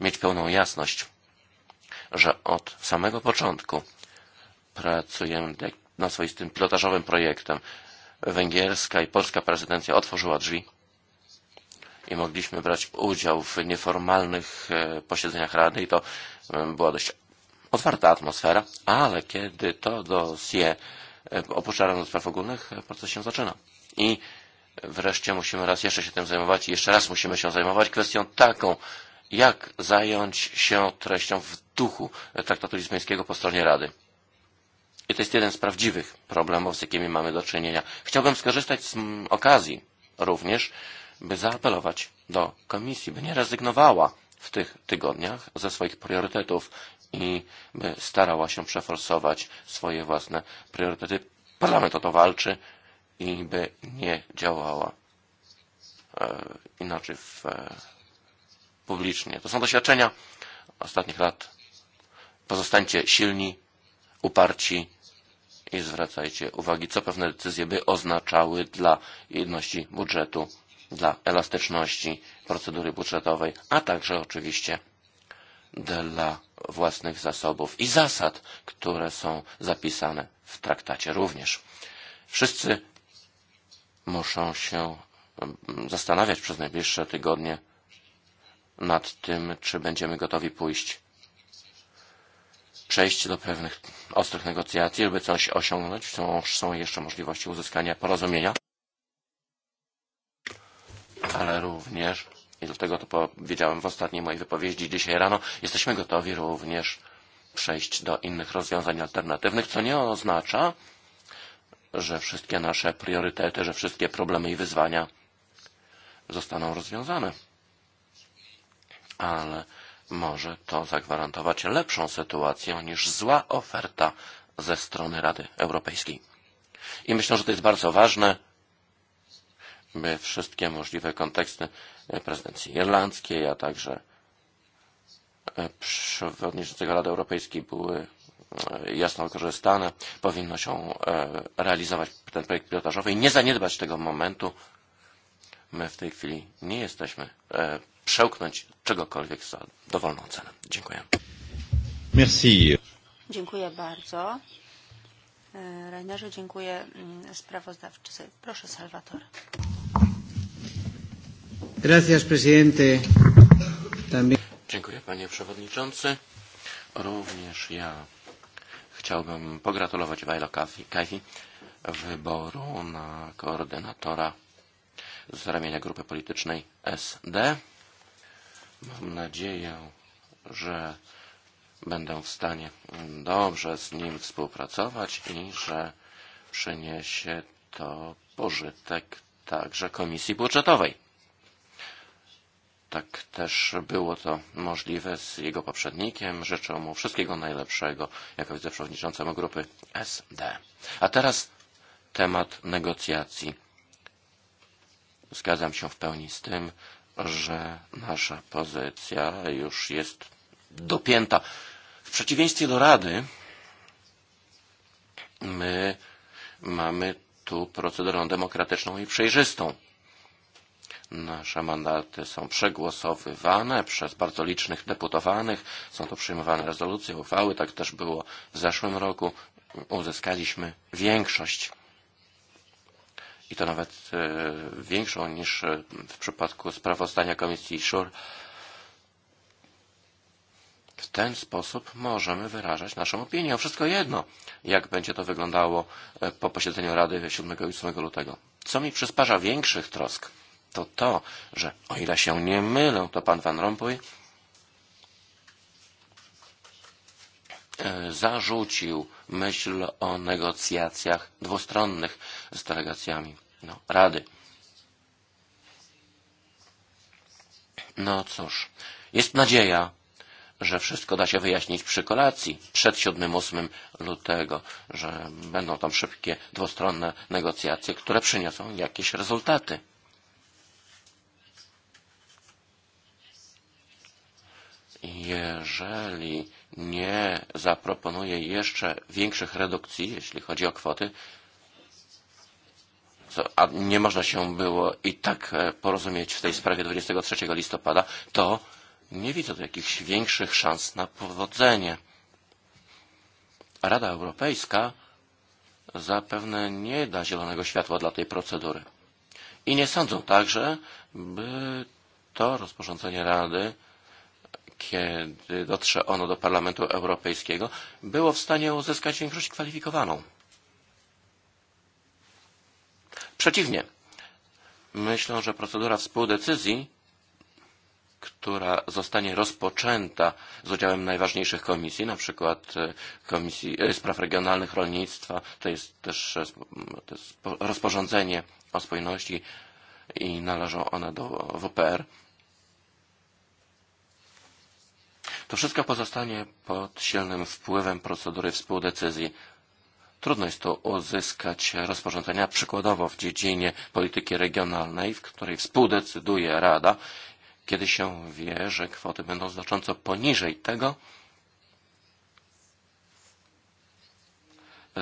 mieć pełną jasność, że od samego początku pracujemy nad swoistym pilotażowym projektem. Węgierska i polska prezydencja otworzyła drzwi i mogliśmy brać udział w nieformalnych e, posiedzeniach Rady i to e, była dość otwarta atmosfera, ale kiedy to dosie opuszcza do Spraw Ogólnych, proces się zaczyna. I wreszcie musimy raz jeszcze się tym zajmować i jeszcze raz musimy się zajmować kwestią taką, jak zająć się treścią w duchu traktatu lizbońskiego po stronie Rady. I to jest jeden z prawdziwych problemów, z jakimi mamy do czynienia. Chciałbym skorzystać z mm, okazji również, by zaapelować do komisji, by nie rezygnowała w tych tygodniach ze swoich priorytetów i by starała się przeforsować swoje własne priorytety. Parlament o to walczy i by nie działała e, inaczej w, e, publicznie. To są doświadczenia ostatnich lat. Pozostańcie silni, uparci i zwracajcie uwagi, co pewne decyzje by oznaczały dla jedności budżetu, dla elastyczności procedury budżetowej, a także oczywiście dla własnych zasobów i zasad, które są zapisane w traktacie również. Wszyscy muszą się zastanawiać przez najbliższe tygodnie nad tym, czy będziemy gotowi pójść, przejść do pewnych ostrych negocjacji, żeby coś osiągnąć. Wciąż są jeszcze możliwości uzyskania porozumienia, ale również, i dlatego to powiedziałem w ostatniej mojej wypowiedzi dzisiaj rano, jesteśmy gotowi również przejść do innych rozwiązań alternatywnych, co nie oznacza, że wszystkie nasze priorytety, że wszystkie problemy i wyzwania zostaną rozwiązane. Ale może to zagwarantować lepszą sytuację niż zła oferta ze strony Rady Europejskiej. I myślę, że to jest bardzo ważne, by wszystkie możliwe konteksty prezydencji irlandzkiej, a także przewodniczącego Rady Europejskiej były jasno wykorzystane, powinno się e, realizować ten projekt pilotażowy i nie zaniedbać tego momentu. My w tej chwili nie jesteśmy e, przełknąć czegokolwiek za dowolną cenę. Dziękuję. Merci. Dziękuję bardzo. E, Rainerze, dziękuję mm, sprawozdawczycy. Proszę, Salvatore. Gracias, presidente. También... Dziękuję, panie przewodniczący. Również ja Chciałbym pogratulować Wajla Kajfi wyboru na koordynatora z ramienia grupy politycznej SD. Mam nadzieję, że będę w stanie dobrze z nim współpracować i że przyniesie to pożytek także Komisji Budżetowej tak też było to możliwe z jego poprzednikiem. Życzę mu wszystkiego najlepszego jako wiceprzewodniczącemu grupy SD. A teraz temat negocjacji. Zgadzam się w pełni z tym, że nasza pozycja już jest dopięta. W przeciwieństwie do Rady, my mamy tu procedurę demokratyczną i przejrzystą Nasze mandaty są przegłosowywane przez bardzo licznych deputowanych. Są to przyjmowane rezolucje, uchwały. Tak też było w zeszłym roku. Uzyskaliśmy większość i to nawet e, większą niż e, w przypadku sprawozdania Komisji Szur. W ten sposób możemy wyrażać naszą opinię. O Wszystko jedno, jak będzie to wyglądało e, po posiedzeniu Rady 7 i 8 lutego. Co mi przysparza większych trosk? to to, że o ile się nie mylę, to pan Van Rompuy e, zarzucił myśl o negocjacjach dwustronnych z delegacjami no, Rady. No cóż, jest nadzieja, że wszystko da się wyjaśnić przy kolacji przed 7-8 lutego, że będą tam szybkie dwustronne negocjacje, które przyniosą jakieś rezultaty. jeżeli nie zaproponuje jeszcze większych redukcji, jeśli chodzi o kwoty, co, a nie można się było i tak e, porozumieć w tej sprawie 23 listopada, to nie widzę tu jakichś większych szans na powodzenie. Rada Europejska zapewne nie da zielonego światła dla tej procedury. I nie sądzą także, by to rozporządzenie Rady kiedy dotrze ono do Parlamentu Europejskiego, było w stanie uzyskać większość kwalifikowaną. Przeciwnie, myślę, że procedura współdecyzji, która zostanie rozpoczęta z udziałem najważniejszych komisji, na przykład e, Komisji e, Spraw Regionalnych Rolnictwa, to jest też e, to jest rozporządzenie o spójności i należą one do WPR, To wszystko pozostanie pod silnym wpływem procedury współdecyzji. Trudno jest to uzyskać rozporządzenia przykładowo w dziedzinie polityki regionalnej, w której współdecyduje Rada, kiedy się wie, że kwoty będą znacząco poniżej tego,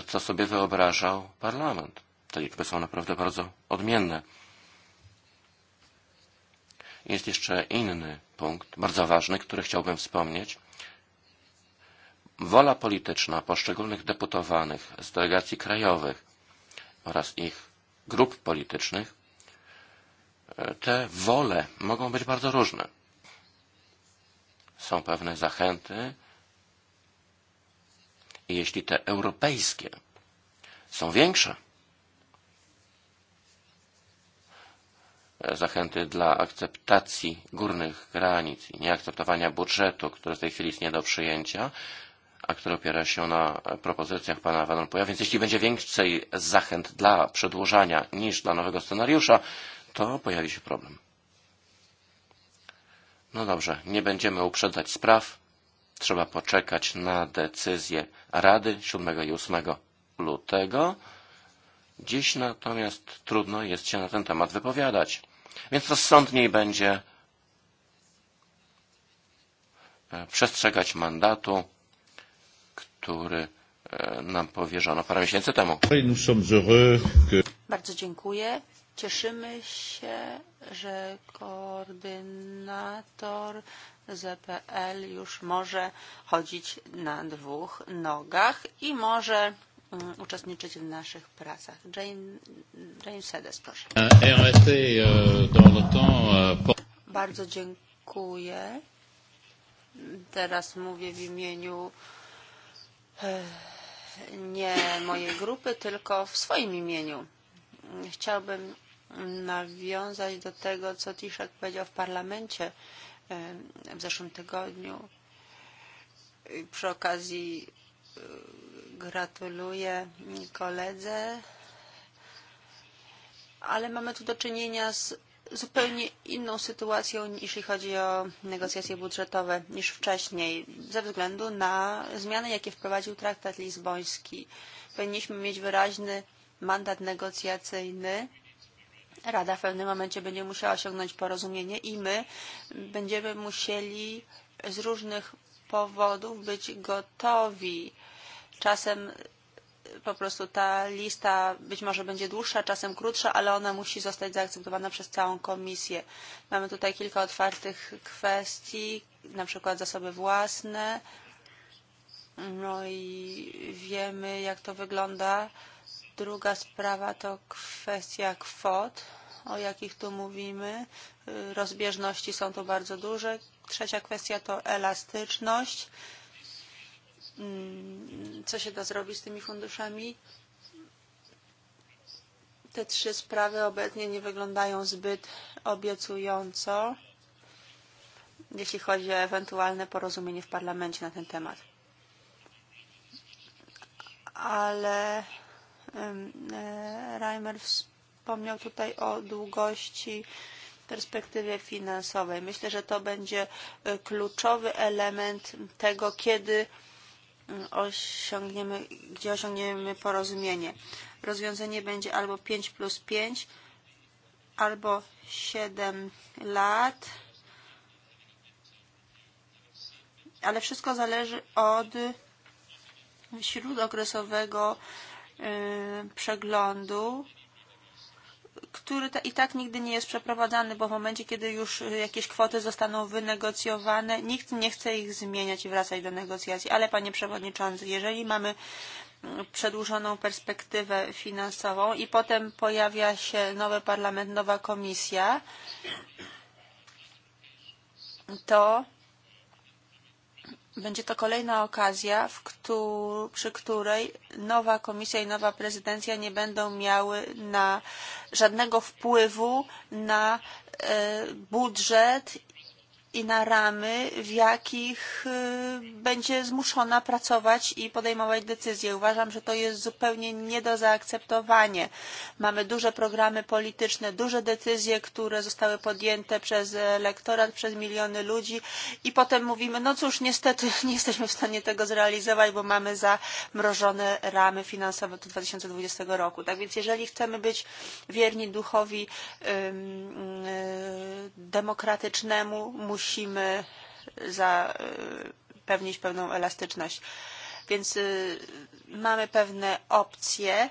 co sobie wyobrażał parlament. Te liczby są naprawdę bardzo odmienne. Jest jeszcze inny punkt, bardzo ważny, który chciałbym wspomnieć. Wola polityczna poszczególnych deputowanych z delegacji krajowych oraz ich grup politycznych, te wole mogą być bardzo różne. Są pewne zachęty i jeśli te europejskie są większe, zachęty dla akceptacji górnych granic i nieakceptowania budżetu, który w tej chwili jest nie do przyjęcia, a który opiera się na propozycjach pana Van Rompuya. Więc jeśli będzie więcej zachęt dla przedłużania niż dla nowego scenariusza, to pojawi się problem. No dobrze, nie będziemy uprzedzać spraw. Trzeba poczekać na decyzję Rady 7 i 8 lutego. Dziś natomiast trudno jest się na ten temat wypowiadać. Więc rozsądniej będzie e, przestrzegać mandatu, który e, nam powierzono parę miesięcy temu. Bardzo dziękuję. Cieszymy się, że koordynator ZPL już może chodzić na dwóch nogach i może uczestniczyć w naszych pracach. James, James Sedes, proszę. Bardzo dziękuję. Teraz mówię w imieniu e, nie mojej grupy, tylko w swoim imieniu. Chciałbym nawiązać do tego, co Tiszek powiedział w parlamencie e, w zeszłym tygodniu przy okazji gratuluję koledze, ale mamy tu do czynienia z zupełnie inną sytuacją, jeśli chodzi o negocjacje budżetowe niż wcześniej, ze względu na zmiany, jakie wprowadził traktat lizboński. Powinniśmy mieć wyraźny mandat negocjacyjny. Rada w pewnym momencie będzie musiała osiągnąć porozumienie i my będziemy musieli z różnych powodów być gotowi Czasem po prostu ta lista być może będzie dłuższa, czasem krótsza, ale ona musi zostać zaakceptowana przez całą komisję. Mamy tutaj kilka otwartych kwestii, na przykład zasoby własne. No i wiemy, jak to wygląda. Druga sprawa to kwestia kwot, o jakich tu mówimy. Rozbieżności są tu bardzo duże. Trzecia kwestia to elastyczność. Mm, co się da zrobić z tymi funduszami. Te trzy sprawy obecnie nie wyglądają zbyt obiecująco, jeśli chodzi o ewentualne porozumienie w parlamencie na ten temat. Ale e, Reimer wspomniał tutaj o długości perspektywie finansowej. Myślę, że to będzie e, kluczowy element tego, kiedy osiągniemy, gdzie osiągniemy porozumienie. Rozwiązanie będzie albo 5 plus 5, albo 7 lat, ale wszystko zależy od śródokresowego przeglądu który i tak nigdy nie jest przeprowadzany, bo w momencie, kiedy już jakieś kwoty zostaną wynegocjowane, nikt nie chce ich zmieniać i wracać do negocjacji. Ale panie przewodniczący, jeżeli mamy mm, przedłużoną perspektywę finansową i potem pojawia się nowy parlament, nowa komisja, to będzie to kolejna okazja, w któr, przy której nowa komisja i nowa prezydencja nie będą miały na żadnego wpływu na e, budżet i na ramy, w jakich będzie zmuszona pracować i podejmować decyzje. Uważam, że to jest zupełnie nie do zaakceptowania. Mamy duże programy polityczne, duże decyzje, które zostały podjęte przez elektorat, przez miliony ludzi i potem mówimy, no cóż, niestety nie jesteśmy w stanie tego zrealizować, bo mamy zamrożone ramy finansowe do 2020 roku. Tak więc jeżeli chcemy być wierni duchowi yy, yy, demokratycznemu, musimy musimy zapewnić e, pewną elastyczność. Więc e, mamy pewne opcje.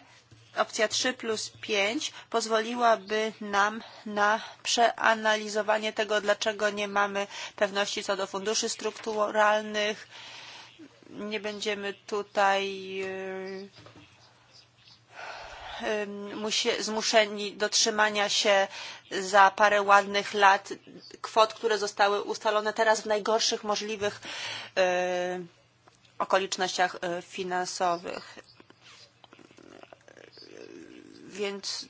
Opcja 3 plus 5 pozwoliłaby nam na przeanalizowanie tego, dlaczego nie mamy pewności co do funduszy strukturalnych. Nie będziemy tutaj e, zmuszeni do trzymania się za parę ładnych lat kwot, które zostały ustalone teraz w najgorszych możliwych okolicznościach e, finansowych. Więc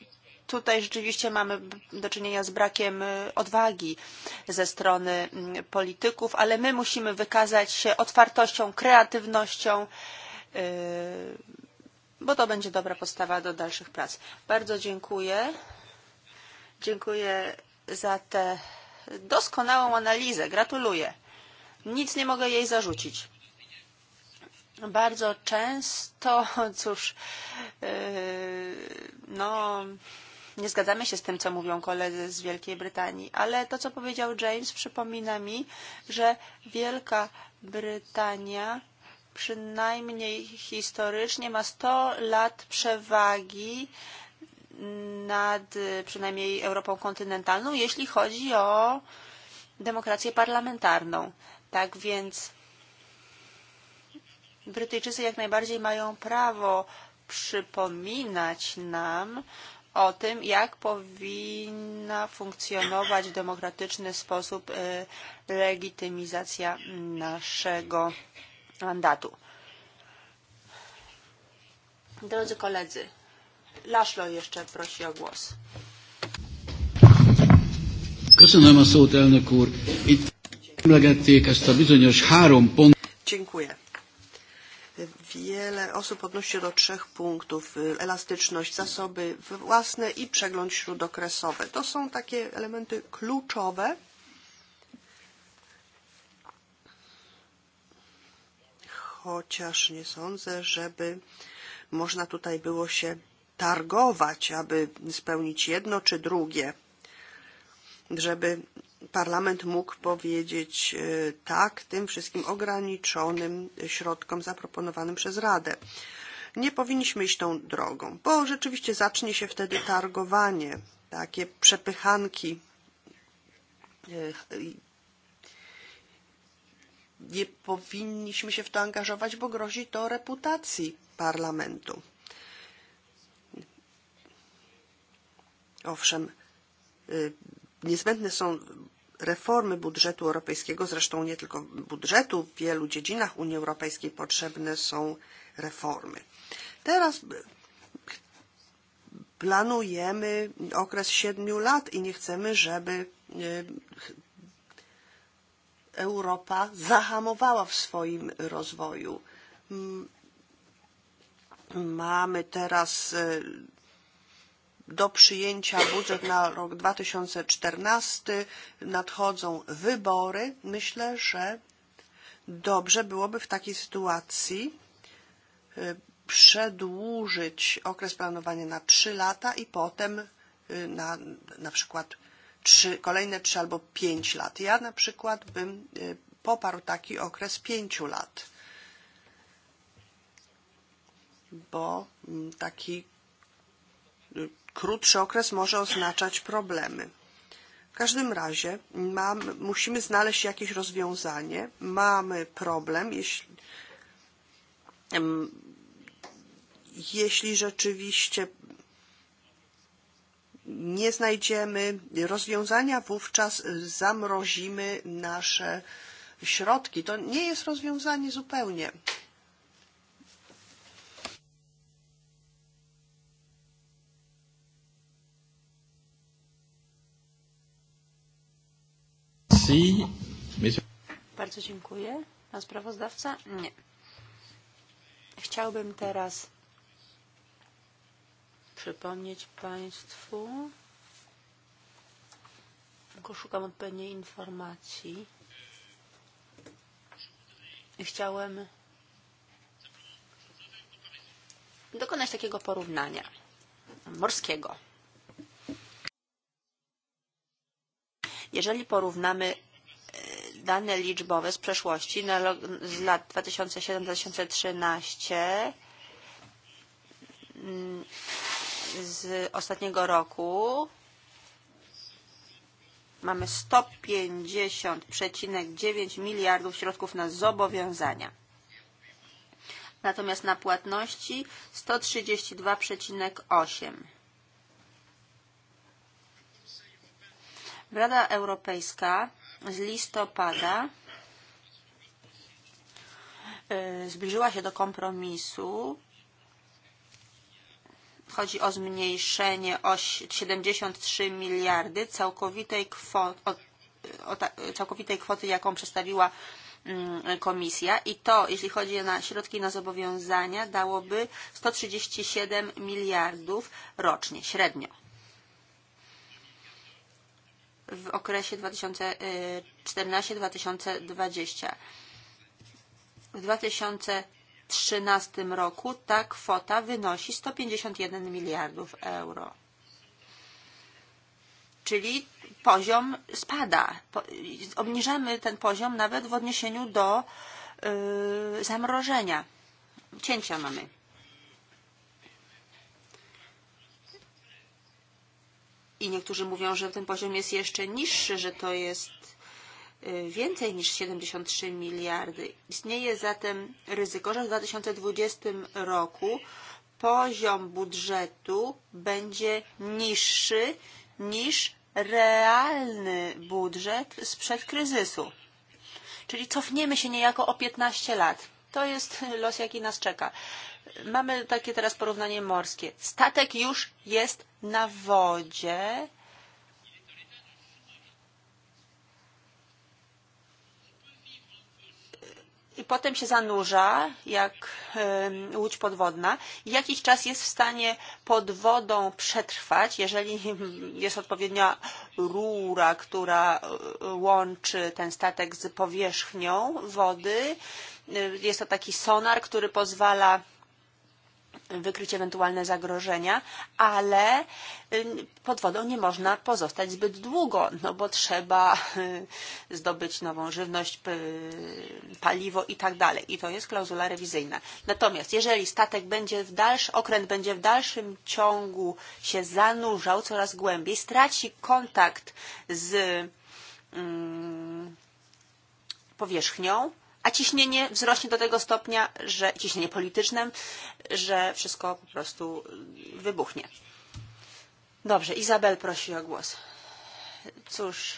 tutaj rzeczywiście mamy do czynienia z brakiem e, odwagi ze strony mm, polityków, ale my musimy wykazać się otwartością, kreatywnością, e, bo to będzie dobra postawa do dalszych prac. Bardzo dziękuję. Dziękuję za tę doskonałą analizę. Gratuluję. Nic nie mogę jej zarzucić. Bardzo często, cóż, yy, e, no, nie zgadzamy się z tym, co mówią koledzy z Wielkiej Brytanii, ale to, co powiedział James, przypomina mi, że Wielka Brytania przynajmniej historycznie ma 100 lat przewagi nad przynajmniej Europą kontynentalną, jeśli chodzi o demokrację parlamentarną. Tak więc Brytyjczycy jak najbardziej mają prawo przypominać nam o tym, jak powinna funkcjonować w demokratyczny sposób legitymizacja naszego mandátu. Drodzy koledzy, Laszlo jeszcze prosi o głos. Köszönöm a szót, elnök úr. Itt emlegették ezt a bizonyos három pont. Dziękuję. Wiele osób odnosi się do trzech punktów. Elastyczność, zasoby własne i przegląd śródokresowy. To są takie elementy kluczowe chociaż nie sądzę, żeby można tutaj było się targować, aby spełnić jedno czy drugie, żeby parlament mógł powiedzieć e, tak tym wszystkim ograniczonym środkom zaproponowanym przez Radę. Nie powinniśmy iść tą drogą, bo rzeczywiście zacznie się wtedy targowanie, takie przepychanki e, nie powinniśmy się w to angażować, bo grozi to reputacji parlamentu. Owszem, niezbędne są reformy budżetu europejskiego, zresztą nie tylko budżetu, w wielu dziedzinach Unii Europejskiej potrzebne są reformy. Teraz planujemy okres siedmiu lat i nie chcemy, żeby Europa zahamowała w swoim rozwoju. Mm, mamy teraz e, do przyjęcia budżet na rok 2014, nadchodzą wybory. Myślę, że dobrze byłoby w takiej sytuacji e, przedłużyć okres planowania na 3 lata i potem e, na, na przykład trzy, kolejne trzy albo pięć lat. Ja na przykład bym poparł taki okres pięciu lat, bo mm, taki krótszy okres może oznaczać problemy. W każdym razie mam, musimy znaleźć jakieś rozwiązanie. Mamy problem, jeśli, jeśli rzeczywiście nie znajdziemy rozwiązania, wówczas zamrozimy nasze środki. To nie jest rozwiązanie zupełnie. Bardzo dziękuję. Pan sprawozdawca? Nie. Chciałbym teraz przypomnieć Państwu, tylko szukam odpowiedniej informacji. Chciałem dokonać takiego porównania morskiego. Jeżeli porównamy e, dane liczbowe z przeszłości na, z lat 2007-2013, z ostatniego roku mamy 150,9 miliardów środków na zobowiązania. Natomiast na płatności 132,8. Rada Europejska z listopada e, zbliżyła się do kompromisu Chodzi o zmniejszenie o 73 miliardy całkowitej kwoty, o, o całkowitej kwoty, jaką przedstawiła mm, komisja i to, jeśli chodzi na środki na zobowiązania, dałoby 137 miliardów rocznie, średnio. W okresie 2014-2020. W 2000 2013 roku ta kwota wynosi 151 miliardów euro. Czyli poziom spada. Obniżamy ten poziom nawet w odniesieniu do yy, zamrożenia. Cięcia mamy. I niektórzy mówią, że ten poziom jest jeszcze niższy, że to jest więcej niż 73 miliardy. Istnieje zatem ryzyko, że w 2020 roku poziom budżetu będzie niższy niż realny budżet sprzed kryzysu. Czyli cofniemy się niejako o 15 lat. To jest los, jaki nas czeka. Mamy takie teraz porównanie morskie. Statek już jest na wodzie, i potem się zanurza jak łódź podwodna. Jakiś czas jest w stanie pod wodą przetrwać, jeżeli jest odpowiednia rura, która e, łączy ten statek z powierzchnią wody. E, jest to taki sonar, który pozwala wykryć ewentualne zagrożenia, ale pod wodą nie można pozostać zbyt długo, no bo trzeba zdobyć nową żywność, paliwo i tak dalej. I to jest klauzula rewizyjna. Natomiast jeżeli statek będzie w dalszy, okręt będzie w dalszym ciągu się zanurzał coraz głębiej, straci kontakt z mm, powierzchnią, a ciśnienie wzrośnie do tego stopnia, że ciśnienie polityczne, że wszystko po prostu wybuchnie. Dobrze, Izabel prosi o głos. Cóż,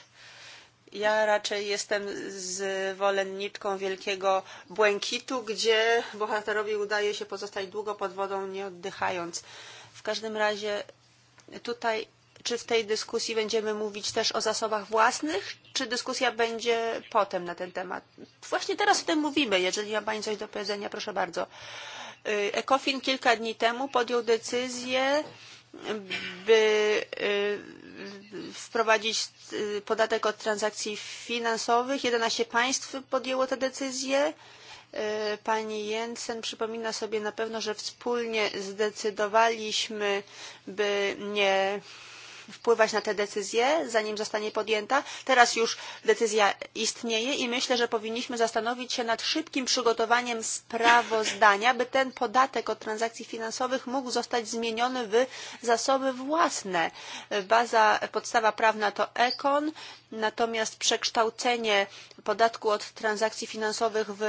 ja raczej jestem zwolenniczką wielkiego błękitu, gdzie bohaterowi udaje się pozostać długo pod wodą, nie oddychając. W każdym razie tutaj Czy w tej dyskusji będziemy mówić też o zasobach własnych, czy dyskusja będzie potem na ten temat? Właśnie teraz o tym mówimy. Jeżeli ma Pani coś do powiedzenia, proszę bardzo. ECOFIN kilka dni temu podjął decyzję, by wprowadzić podatek od transakcji finansowych. 11 państw podjęło tę decyzję. Pani Jensen przypomina sobie na pewno, że wspólnie zdecydowaliśmy, by nie wpływać na te decyzje, zanim zostanie podjęta. Teraz już decyzja istnieje i myślę, że powinniśmy zastanowić się nad szybkim przygotowaniem sprawozdania, by ten podatek od transakcji finansowych mógł zostać zmieniony w zasoby własne. Baza, podstawa prawna to ekon, natomiast przekształcenie podatku od transakcji finansowych w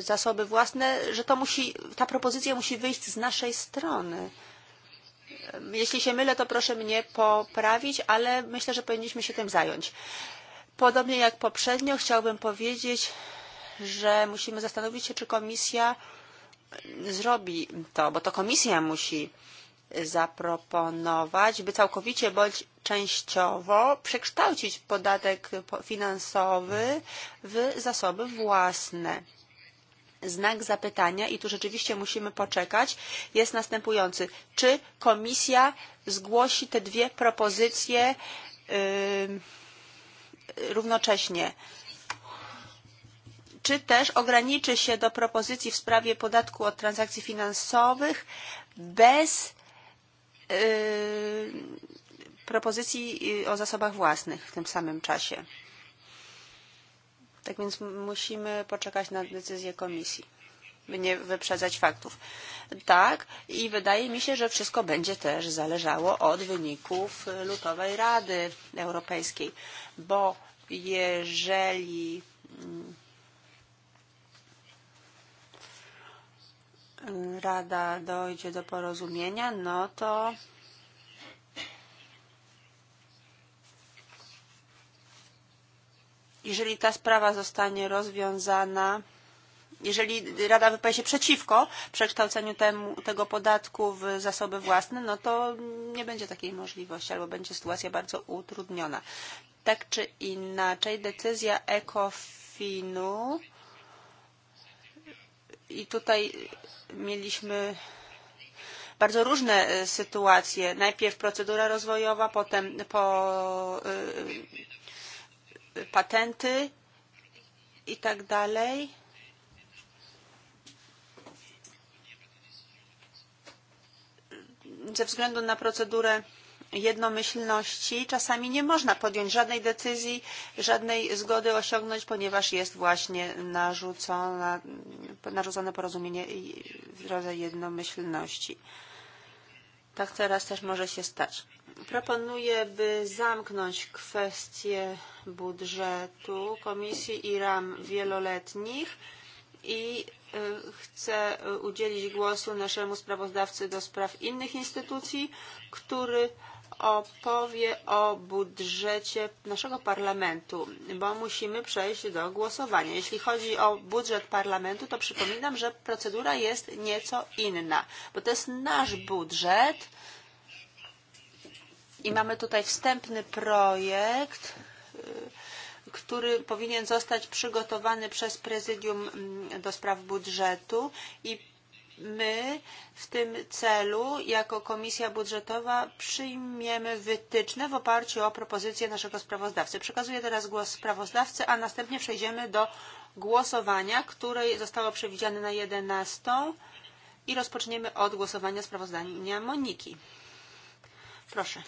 zasoby własne, że to musi, ta propozycja musi wyjść z naszej strony. Jeśli się mylę, to proszę mnie poprawić, ale myślę, że powinniśmy się tym zająć. Podobnie jak poprzednio chciałbym powiedzieć, że musimy zastanowić się, czy komisja zrobi to, bo to komisja musi zaproponować, by całkowicie bądź częściowo przekształcić podatek finansowy w zasoby własne znak zapytania i tu rzeczywiście musimy poczekać, jest następujący. Czy komisja zgłosi te dwie propozycje yy, równocześnie? Czy też ograniczy się do propozycji w sprawie podatku od transakcji finansowych bez yy, propozycji o zasobach własnych w tym samym czasie? Tak więc musimy poczekać na decyzję komisji, by nie wyprzedzać faktów. Tak, i wydaje mi się, że wszystko będzie też zależało od wyników lutowej Rady Europejskiej, bo jeżeli mm, Rada dojdzie do porozumienia, no to jeżeli ta sprawa zostanie rozwiązana, jeżeli Rada wypowie się przeciwko przekształceniu temu, tego podatku w zasoby własne, no to nie będzie takiej możliwości albo będzie sytuacja bardzo utrudniona. Tak czy inaczej, decyzja ECOFINu i tutaj mieliśmy bardzo różne e, sytuacje. Najpierw procedura rozwojowa, potem po e, patenty i tak dalej. Ze względu na procedurę jednomyślności czasami nie można podjąć żadnej decyzji, żadnej zgody osiągnąć, ponieważ jest właśnie narzucone porozumienie w drodze jednomyślności. Tak teraz też może się stać. Proponuję, by zamknąć kwestię budżetu komisji i ram wieloletnich i chcę udzielić głosu naszemu sprawozdawcy do spraw innych instytucji, który opowie o budżecie naszego parlamentu, bo musimy przejść do głosowania. Jeśli chodzi o budżet parlamentu, to przypominam, że procedura jest nieco inna, bo to jest nasz budżet i mamy tutaj wstępny projekt który powinien zostać przygotowany przez prezydium mm, do spraw budżetu i my w tym celu jako Komisja Budżetowa przyjmiemy wytyczne w oparciu o propozycję naszego sprawozdawcy. Przekazuję teraz głos sprawozdawcy, a następnie przejdziemy do głosowania, które zostało przewidziane na 11 i rozpoczniemy od głosowania sprawozdania Moniki. Proszę.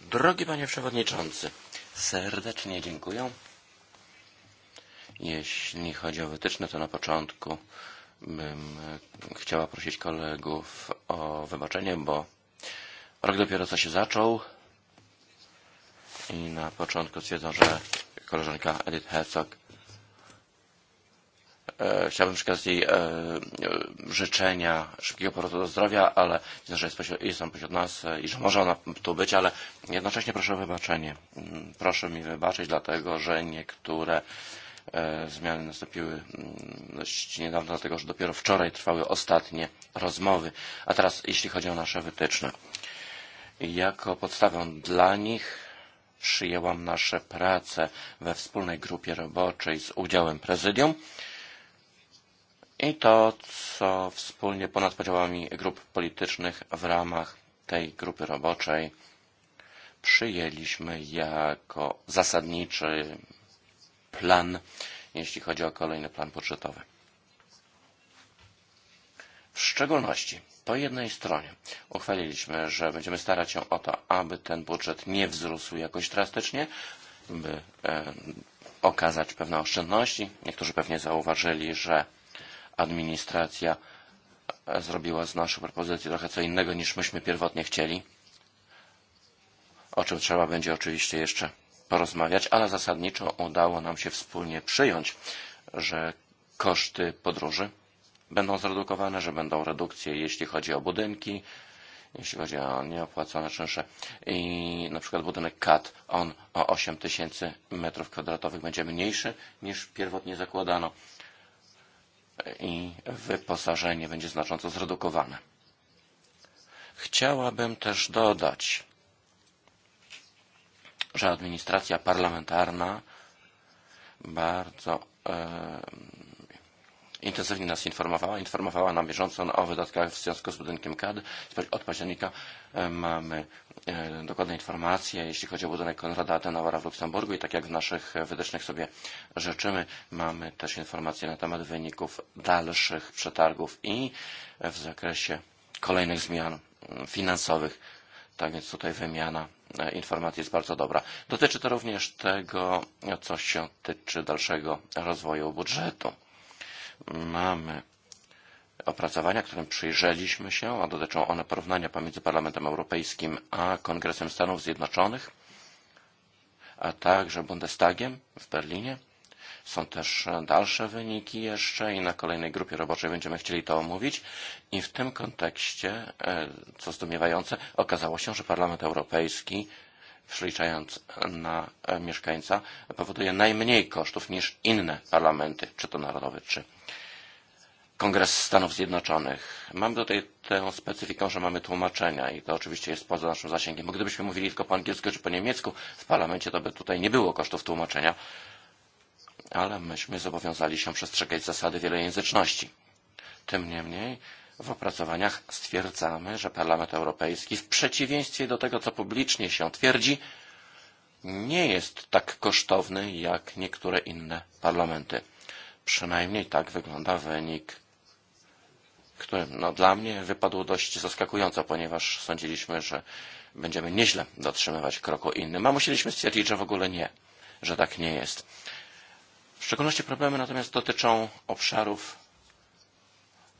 Drogi panie przewodniczący, serdecznie dziękuję Jeśli chodzi o wytyczne, to na początku bym chciała prosić kolegów o wybaczenie, bo rok dopiero co się zaczął i na początku stwierdzam, że koleżanka Edith Herzog e, Chciałbym przekazać jej e, życzenia szybkiego powrotu do zdrowia, ale widzę, że jest, pośród, jest on pośród nas i że może ona tu być, ale jednocześnie proszę o wybaczenie. Mm, proszę mi wybaczyć, dlatego że niektóre E, zmiany nastąpiły mm, dość niedawno, dlatego że dopiero wczoraj trwały ostatnie rozmowy. A teraz jeśli chodzi o nasze wytyczne. Jako podstawę dla nich przyjęłam nasze prace we wspólnej grupie roboczej z udziałem prezydium i to, co wspólnie ponad podziałami grup politycznych w ramach tej grupy roboczej przyjęliśmy jako zasadniczy plan, jeśli chodzi o kolejny plan budżetowy. W szczególności po jednej stronie uchwaliliśmy, że będziemy starać się o to, aby ten budżet nie wzrósł jakoś drastycznie, by e, okazać pewne oszczędności. Niektórzy pewnie zauważyli, że administracja e, zrobiła z naszych propozycji trochę co innego niż myśmy pierwotnie chcieli, o czym trzeba będzie oczywiście jeszcze porozmawiać, ale zasadniczo udało nam się wspólnie przyjąć, że koszty podróży będą zredukowane, że będą redukcje, jeśli chodzi o budynki, jeśli chodzi o nieopłacone czynsze i na przykład budynek CAT, on o 8 tysięcy metrów kwadratowych będzie mniejszy niż pierwotnie zakładano i wyposażenie będzie znacząco zredukowane. Chciałabym też dodać, że administracja parlamentarna bardzo e, intensywnie nas informowała. Informowała na bieżąco o wydatkach w związku z budynkiem KAD. Od października e, mamy e, dokładne informacje, jeśli chodzi o budynek Konrada Atenowara w Luksemburgu i tak jak w naszych wytycznych sobie życzymy, mamy też informacje na temat wyników dalszych przetargów i w zakresie kolejnych zmian finansowych. Tak więc tutaj wymiana E, informacja jest bardzo dobra. Dotyczy to również tego, co się tyczy dalszego rozwoju budżetu. Mamy opracowania, którym przyjrzeliśmy się, a dotyczą one porównania pomiędzy Parlamentem Europejskim a Kongresem Stanów Zjednoczonych, a także Bundestagiem w Berlinie. Są też dalsze wyniki jeszcze i na kolejnej grupie roboczej będziemy chcieli to omówić. I w tym kontekście, e, co zdumiewające, okazało się, że Parlament Europejski przeliczając na e, mieszkańca, powoduje najmniej kosztów niż inne parlamenty, czy to narodowy, czy Kongres Stanów Zjednoczonych. Mamy tutaj tę specyfikę, że mamy tłumaczenia i to oczywiście jest poza naszym zasięgiem, bo gdybyśmy mówili tylko po angielsku czy po niemiecku w parlamencie, to by tutaj nie było kosztów tłumaczenia, ale myśmy zobowiązali się przestrzegać zasady wielojęzyczności. Tym niemniej w opracowaniach stwierdzamy, że Parlament Europejski w przeciwieństwie do tego, co publicznie się twierdzi, nie jest tak kosztowny jak niektóre inne parlamenty. Przynajmniej tak wygląda wynik, który no, dla mnie wypadł dość zaskakująco, ponieważ sądziliśmy, że będziemy nieźle dotrzymywać kroku innym, a musieliśmy stwierdzić, że w ogóle nie, że tak nie jest. W szczególności problemy natomiast dotyczą obszarów,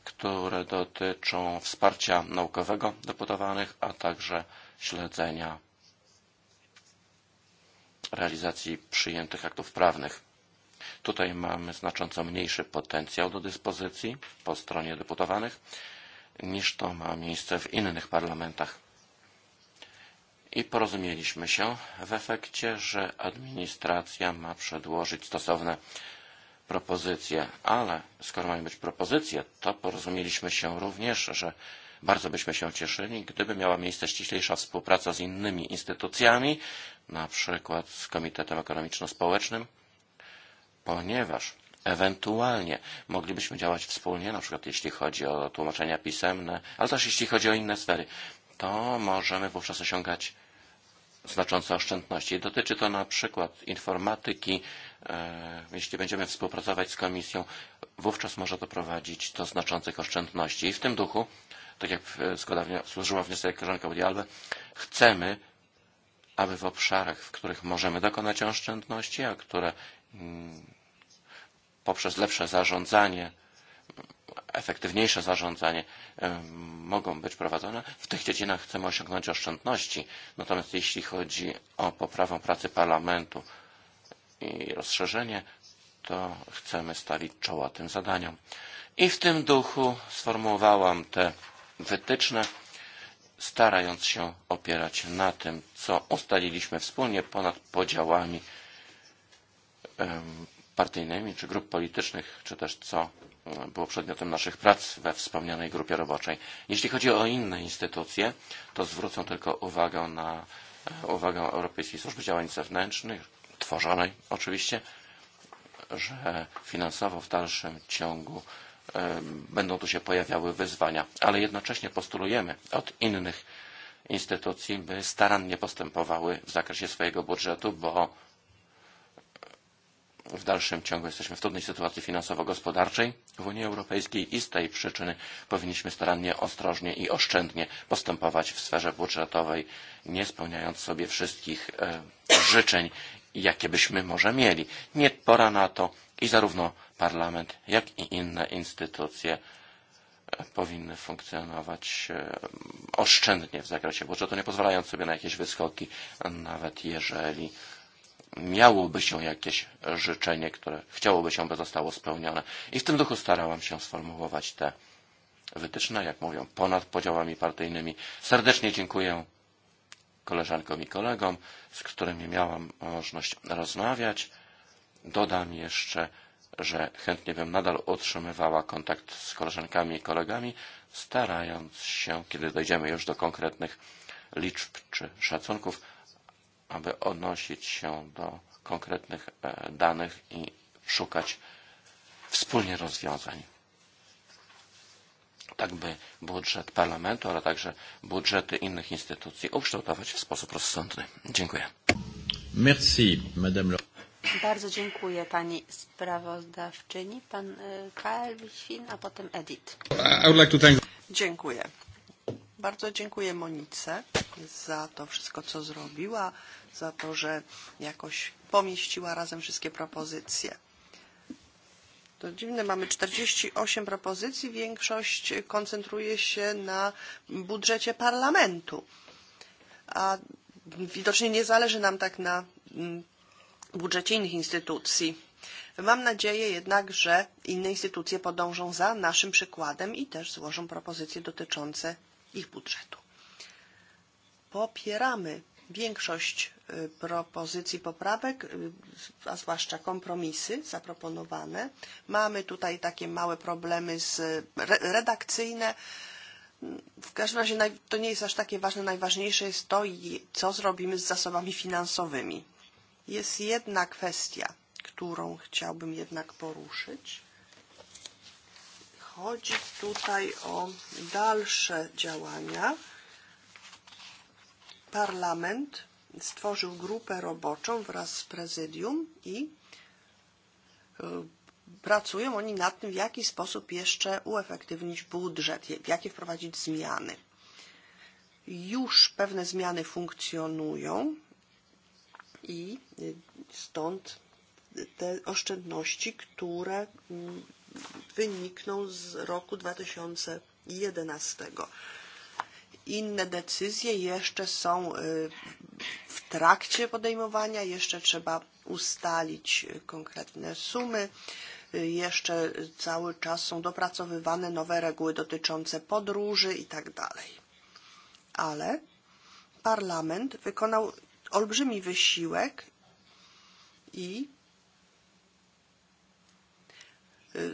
które dotyczą wsparcia naukowego deputowanych, a także śledzenia realizacji przyjętych aktów prawnych. Tutaj mamy znacząco mniejszy potencjał do dyspozycji po stronie deputowanych niż to ma miejsce w innych parlamentach i porozumieliśmy się w efekcie, że administracja ma przedłożyć stosowne propozycje, ale skoro mają być propozycje, to porozumieliśmy się również, że bardzo byśmy się cieszyli, gdyby miała miejsce ściślejsza współpraca z innymi instytucjami, na przykład z Komitetem Ekonomiczno-Społecznym, ponieważ ewentualnie moglibyśmy działać wspólnie, na przykład jeśli chodzi o tłumaczenia pisemne, ale też jeśli chodzi o inne sfery to możemy wówczas osiągać znaczące oszczędności. Dotyczy to na przykład informatyki. E, jeśli będziemy współpracować z komisją, wówczas może to prowadzić do znaczących oszczędności. I w tym duchu, tak jak służyła wniosek koleżanka Udialbe, chcemy, aby w obszarach, w których możemy dokonać oszczędności, a które mm, poprzez lepsze zarządzanie efektywniejsze zarządzanie e, mogą być prowadzone. W tych dziedzinach chcemy osiągnąć oszczędności. Natomiast jeśli chodzi o poprawę pracy parlamentu i rozszerzenie, to chcemy stawić czoła tym zadaniom. I w tym duchu sformułowałam te wytyczne, starając się opierać na tym, co ustaliliśmy wspólnie ponad podziałami partyjnymi, czy grup politycznych, czy też co było przedmiotem naszych prac we wspomnianej grupie roboczej. Jeśli chodzi o inne instytucje, to zwrócę tylko uwagę na e, uwagę Europejskiej Służby Działań Zewnętrznych, tworzonej oczywiście, że finansowo w dalszym ciągu e, będą tu się pojawiały wyzwania, ale jednocześnie postulujemy od innych instytucji, by starannie postępowały w zakresie swojego budżetu, bo w dalszym ciągu jesteśmy w trudnej sytuacji finansowo-gospodarczej w Unii Europejskiej i z tej przyczyny powinniśmy starannie, ostrożnie i oszczędnie postępować w sferze budżetowej, nie spełniając sobie wszystkich e, życzeń, jakie byśmy może mieli. Nie pora na to i zarówno parlament, jak i inne instytucje e, powinny funkcjonować e, oszczędnie w zakresie budżetu, nie pozwalając sobie na jakieś wyskoki, nawet jeżeli miałoby się jakieś życzenie, które chciałoby się, by zostało spełnione. I w tym duchu starałam się sformułować te wytyczne, jak mówią, ponad podziałami partyjnymi. Serdecznie dziękuję koleżankom i kolegom, z którymi miałam możliwość rozmawiać. Dodam jeszcze, że chętnie bym nadal otrzymywała kontakt z koleżankami i kolegami, starając się, kiedy dojdziemy już do konkretnych liczb czy szacunków, aby odnosić się do konkretnych e, danych i szukać wspólnie rozwiązań. Tak by budżet parlamentu, ale także budżety innych instytucji ukształtować w sposób rozsądny. Dziękuję. Merci, madame. Bardzo dziękuję pani sprawozdawczyni, pan e, Karl Wiświn, a potem Edith. like thank... Dziękuję. Bardzo dziękuję Monice za to wszystko, co zrobiła, za to, że jakoś pomieściła razem wszystkie propozycje. To dziwne, mamy 48 propozycji, większość koncentruje się na budżecie parlamentu. A widocznie nie zależy nam tak na mm, budżecie innych instytucji. Mam nadzieję jednak, że inne instytucje podążą za naszym przykładem i też złożą propozycje dotyczące ich budżetu. Popieramy większość propozycji poprawek, a zwłaszcza kompromisy zaproponowane. Mamy tutaj takie małe problemy z redakcyjne. W każdym razie to nie jest aż takie ważne. Najważniejsze jest to, co zrobimy z zasobami finansowymi. Jest jedna kwestia, którą chciałbym jednak poruszyć chodzi tutaj o dalsze działania. Parlament stworzył grupę roboczą wraz z prezydium i pracują oni nad tym, w jaki sposób jeszcze uefektywnić budżet, w jakie wprowadzić zmiany. Już pewne zmiany funkcjonują i stąd te oszczędności, które mm, wynikną z roku 2011. Inne decyzje jeszcze są w trakcie podejmowania, jeszcze trzeba ustalić konkretne sumy. Jeszcze cały czas są dopracowywane nowe reguły dotyczące podróży i tak dalej. Ale parlament wykonał olbrzymi wysiłek i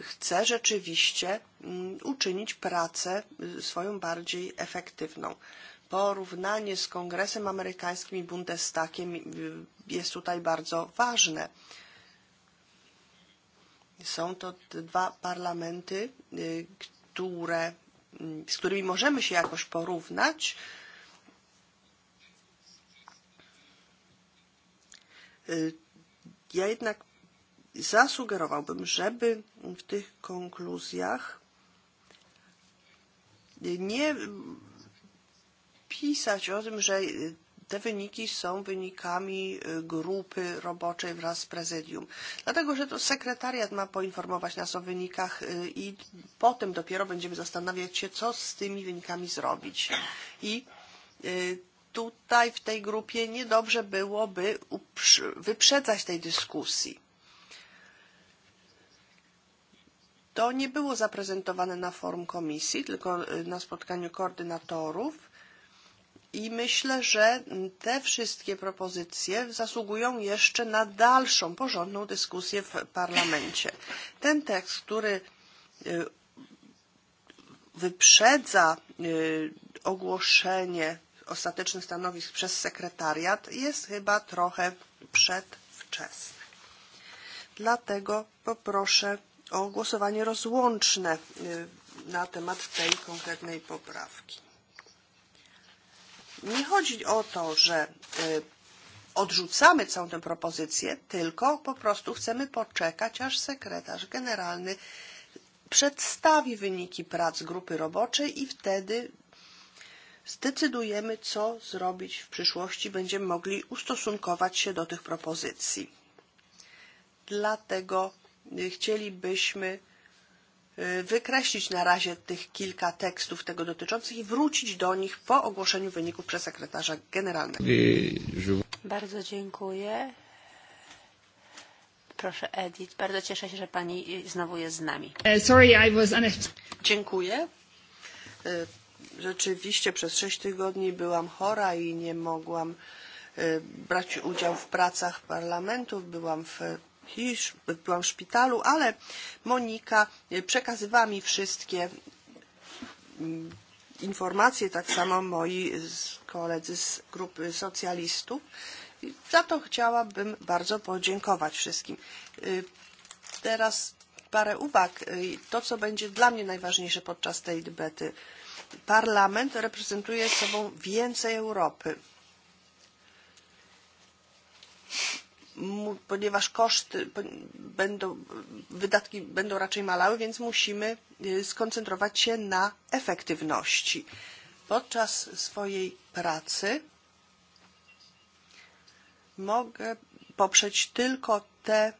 chce rzeczywiście mm, uczynić pracę swoją bardziej efektywną. Porównanie z Kongresem Amerykańskim i Bundestagiem jest tutaj bardzo ważne. Są to dwa parlamenty, które, mm, z którymi możemy się jakoś porównać. Ja jednak zasugerowałbym, żeby w tych konkluzjach nie pisać o tym, że te wyniki są wynikami grupy roboczej wraz z prezydium. Dlatego, że to sekretariat ma poinformować nas o wynikach i potem dopiero będziemy zastanawiać się, co z tymi wynikami zrobić. I tutaj w tej grupie niedobrze byłoby wyprzedzać tej dyskusji. To nie było zaprezentowane na forum komisji, tylko na spotkaniu koordynatorów. I myślę, że te wszystkie propozycje zasługują jeszcze na dalszą porządną dyskusję w parlamencie. Ten tekst, który wyprzedza ogłoszenie ostatecznych stanowisk przez sekretariat, jest chyba trochę przedwczesny. Dlatego poproszę o głosowanie rozłączne na temat tej konkretnej poprawki. Nie chodzi o to, że odrzucamy całą tę propozycję, tylko po prostu chcemy poczekać, aż sekretarz generalny przedstawi wyniki prac grupy roboczej i wtedy zdecydujemy, co zrobić w przyszłości. Będziemy mogli ustosunkować się do tych propozycji. Dlatego chcielibyśmy e, wykreślić na razie tych kilka tekstów tego dotyczących i wrócić do nich po ogłoszeniu wyników przez sekretarza generalnego. Bardzo dziękuję. Proszę Edith, bardzo cieszę się, że Pani e, znowu jest z nami. E, sorry, I was Dziękuję. Rzeczywiście przez sześć tygodni byłam chora i nie mogłam brać udział w pracach parlamentów. Byłam w byłam w szpitalu, ale Monika e, przekazywała mi wszystkie mm, informacje, tak samo moi koledzy z grupy socjalistów. I za to chciałabym bardzo podziękować wszystkim. E, teraz parę uwag. E, to, co będzie dla mnie najważniejsze podczas tej debaty. Parlament reprezentuje sobą więcej Europy. ponieważ koszty będą, wydatki będą raczej malały, więc musimy skoncentrować się na efektywności. Podczas swojej pracy mogę poprzeć tylko te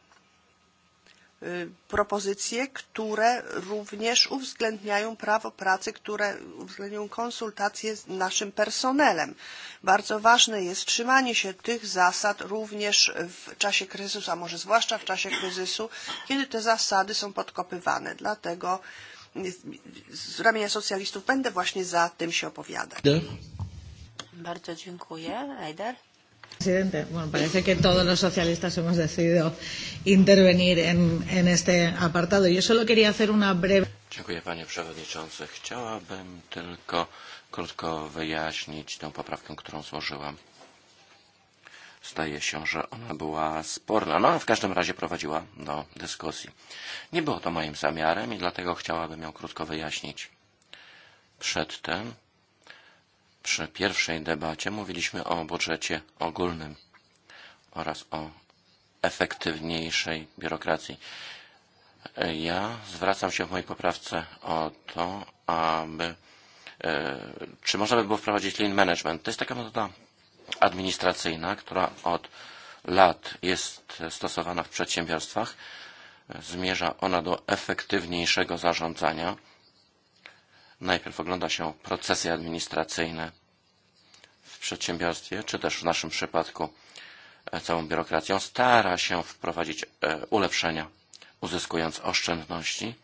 propozycje, które również uwzględniają prawo pracy, które uwzględniają konsultacje z naszym personelem. Bardzo ważne jest trzymanie się tych zasad również w czasie kryzysu, a może zwłaszcza w czasie kryzysu, kiedy te zasady są podkopywane. Dlatego z ramienia socjalistów będę właśnie za tym się opowiadać. Bardzo dziękuję. Ejder? Presidente, bueno, parece que todos los socialistas hemos decidido intervenir en, en este apartado. Yo solo quería hacer una breve. Dziękuję panie przewodniczący. Chciałabym tylko krótko wyjaśnić tę poprawkę, którą złożyłam. Zdaje się, że ona była sporna, no a w każdym razie prowadziła do dyskusji. Nie było to moim zamiarem i dlatego chciałabym ją krótko wyjaśnić. Przedtem przy pierwszej debacie mówiliśmy o budżecie ogólnym oraz o efektywniejszej biurokracji. Ja zwracam się w mojej poprawce o to, aby e, czy można by było wprowadzić lean management. To jest taka metoda administracyjna, która od lat jest stosowana w przedsiębiorstwach. Zmierza ona do efektywniejszego zarządzania najpierw ogląda się procesy administracyjne w przedsiębiorstwie, czy też w naszym przypadku e, całą biurokracją, stara się wprowadzić e, ulepszenia, uzyskując oszczędności,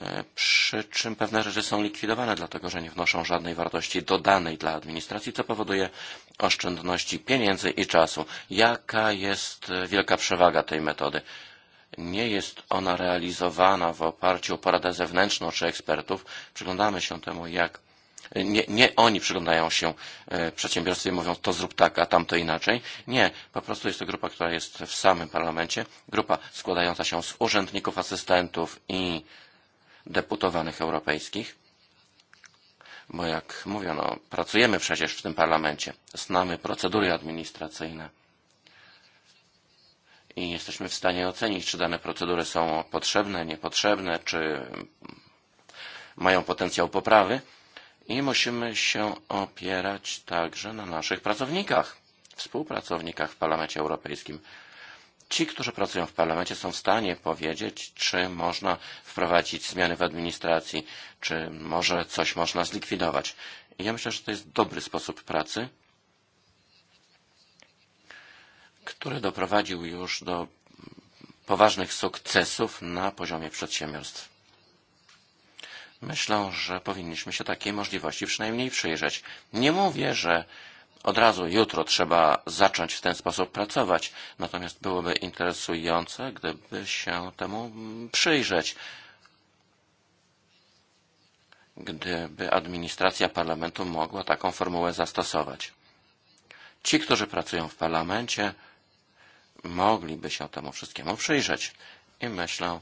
e, przy czym pewne rzeczy są likwidowane, dlatego że nie wnoszą żadnej wartości dodanej dla administracji, co powoduje oszczędności pieniędzy i czasu. Jaka jest wielka przewaga tej metody? nie jest ona realizowana w oparciu o poradę zewnętrzną czy ekspertów. Przyglądamy się temu, jak e, nie, nie oni przyglądają się e, przedsiębiorstwie i mówią to zrób tak, a tamto inaczej. Nie, po prostu jest to grupa, która jest w samym parlamencie. Grupa składająca się z urzędników, asystentów i deputowanych europejskich. Bo jak mówiono, pracujemy przecież w tym parlamencie, znamy procedury administracyjne i jesteśmy w stanie ocenić, czy dane procedury są potrzebne, niepotrzebne, czy mają potencjał poprawy i musimy się opierać także na naszych pracownikach, współpracownikach w Parlamencie Europejskim. Ci, którzy pracują w parlamencie, są w stanie powiedzieć, czy można wprowadzić zmiany w administracji, czy może coś można zlikwidować. I ja myślę, że to jest dobry sposób pracy który doprowadził już do poważnych sukcesów na poziomie przedsiębiorstw. Myślę, że powinniśmy się takiej możliwości przynajmniej przyjrzeć. Nie mówię, że od razu jutro trzeba zacząć w ten sposób pracować, natomiast byłoby interesujące, gdyby się temu przyjrzeć. Gdyby administracja parlamentu mogła taką formułę zastosować. Ci, którzy pracują w parlamencie, mogliby się temu wszystkiemu przyjrzeć. I myślę,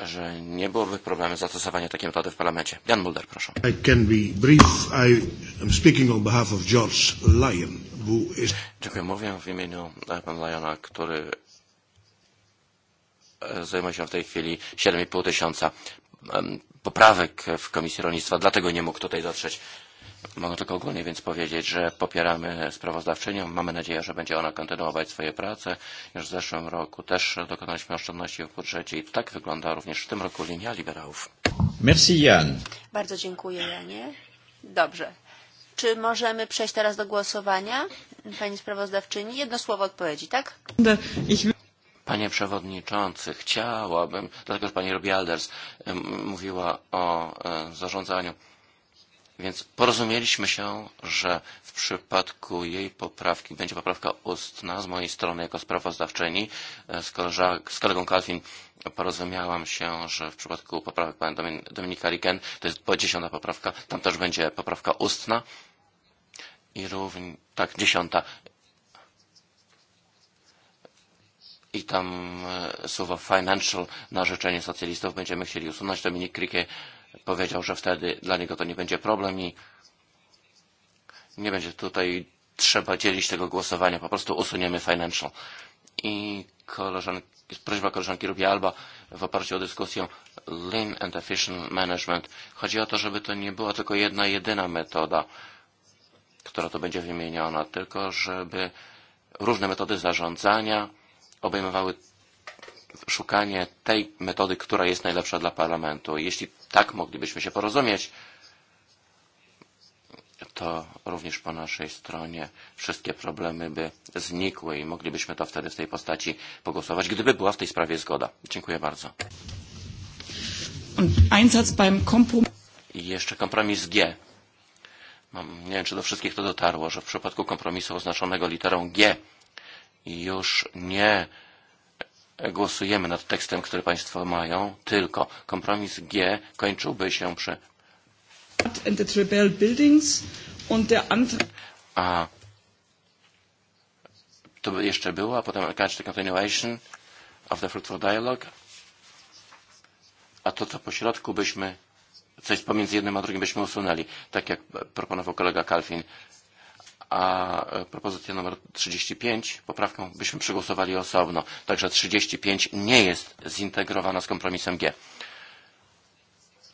że nie byłoby problemu zastosowania takiej metody w parlamencie. Jan Mulder, proszę. I can be brief. I am speaking on behalf of George Lyon, who is... Dziękuję. Mówię w imieniu eh, pana Lyona, który eh, zajmuje się w tej chwili 7,5 tysiąca eh, poprawek w Komisji Rolnictwa, dlatego nie mógł tutaj dotrzeć. Mogę tylko ogólnie więc powiedzieć, że popieramy sprawozdawczynią. Mamy nadzieję, że będzie ona kontynuować swoje prace. Już w zeszłym roku też dokonaliśmy oszczędności w budżecie i tak wygląda również w tym roku linia liberałów. Merci Jan. Bardzo dziękuję Janie. Dobrze. Czy możemy przejść teraz do głosowania? Pani sprawozdawczyni, jedno słowo odpowiedzi, tak? Panie przewodniczący, chciałabym, dlatego że pani Rubialders mówiła o e, zarządzaniu Więc porozumieliśmy się, że w przypadku jej poprawki będzie poprawka ustna z mojej strony jako sprawozdawczyni. Z, koleżak, z kolegą Kalfin porozumiałam się, że w przypadku poprawek pana Dominika Riken, to jest po dziesiąta poprawka, tam też będzie poprawka ustna. I równie, tak, dziesiąta. i tam e, słowo financial na życzenie socjalistów będziemy chcieli usunąć. Dominik Krike Powiedział, że wtedy dla niego to nie będzie problem i nie będzie tutaj trzeba dzielić tego głosowania, po prostu usuniemy financial. I koleżanki, prośba koleżanki Rubia Alba w oparciu o dyskusję Lean and Efficient Management. Chodzi o to, żeby to nie była tylko jedna, jedyna metoda, która to będzie wymieniona, tylko żeby różne metody zarządzania obejmowały szukanie tej metody, która jest najlepsza dla parlamentu. Jeśli tak moglibyśmy się porozumieć, to również po naszej stronie wszystkie problemy by znikły i moglibyśmy to wtedy w tej postaci pogłosować, gdyby była w tej sprawie zgoda. Dziękuję bardzo. I jeszcze kompromis G. Mam, nie wiem, czy do wszystkich to dotarło, że w przypadku kompromisu oznaczonego literą G już nie Głosujemy nad tekstem, który Państwo mają, tylko kompromis G kończyłby się przy. And the Trebel buildings und der A to by jeszcze było, a potem catch the continuation of the fruitful dialogue. A to, co po środku byśmy, coś pomiędzy jednym a drugim byśmy usunęli, tak jak proponował kolega Kalfin a propozycję numer 35, poprawkę byśmy przegłosowali osobno. Także 35 nie jest zintegrowana z kompromisem G.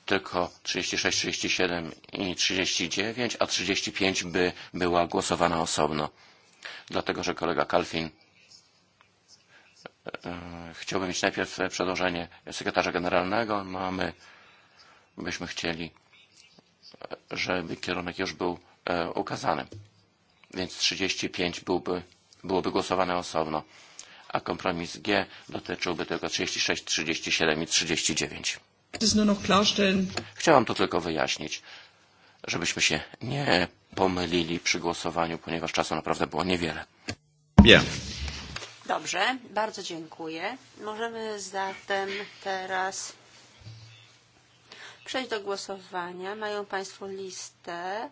Tylko 36, 37 i 39, a 35 by była głosowana osobno. Dlatego, że kolega Kalfin e, e, chciałby mieć najpierw przedłożenie sekretarza generalnego. no a my byśmy chcieli, e, żeby kierunek już był ukazany więc 35 byłby, byłoby głosowane osobno, a kompromis G dotyczyłby tylko 36, 37 i 39. Chciałam to tylko wyjaśnić, żebyśmy się nie pomylili przy głosowaniu, ponieważ czasu naprawdę było niewiele. Yeah. Dobrze, bardzo dziękuję. Możemy zatem teraz przejść do głosowania. Mają Państwo listę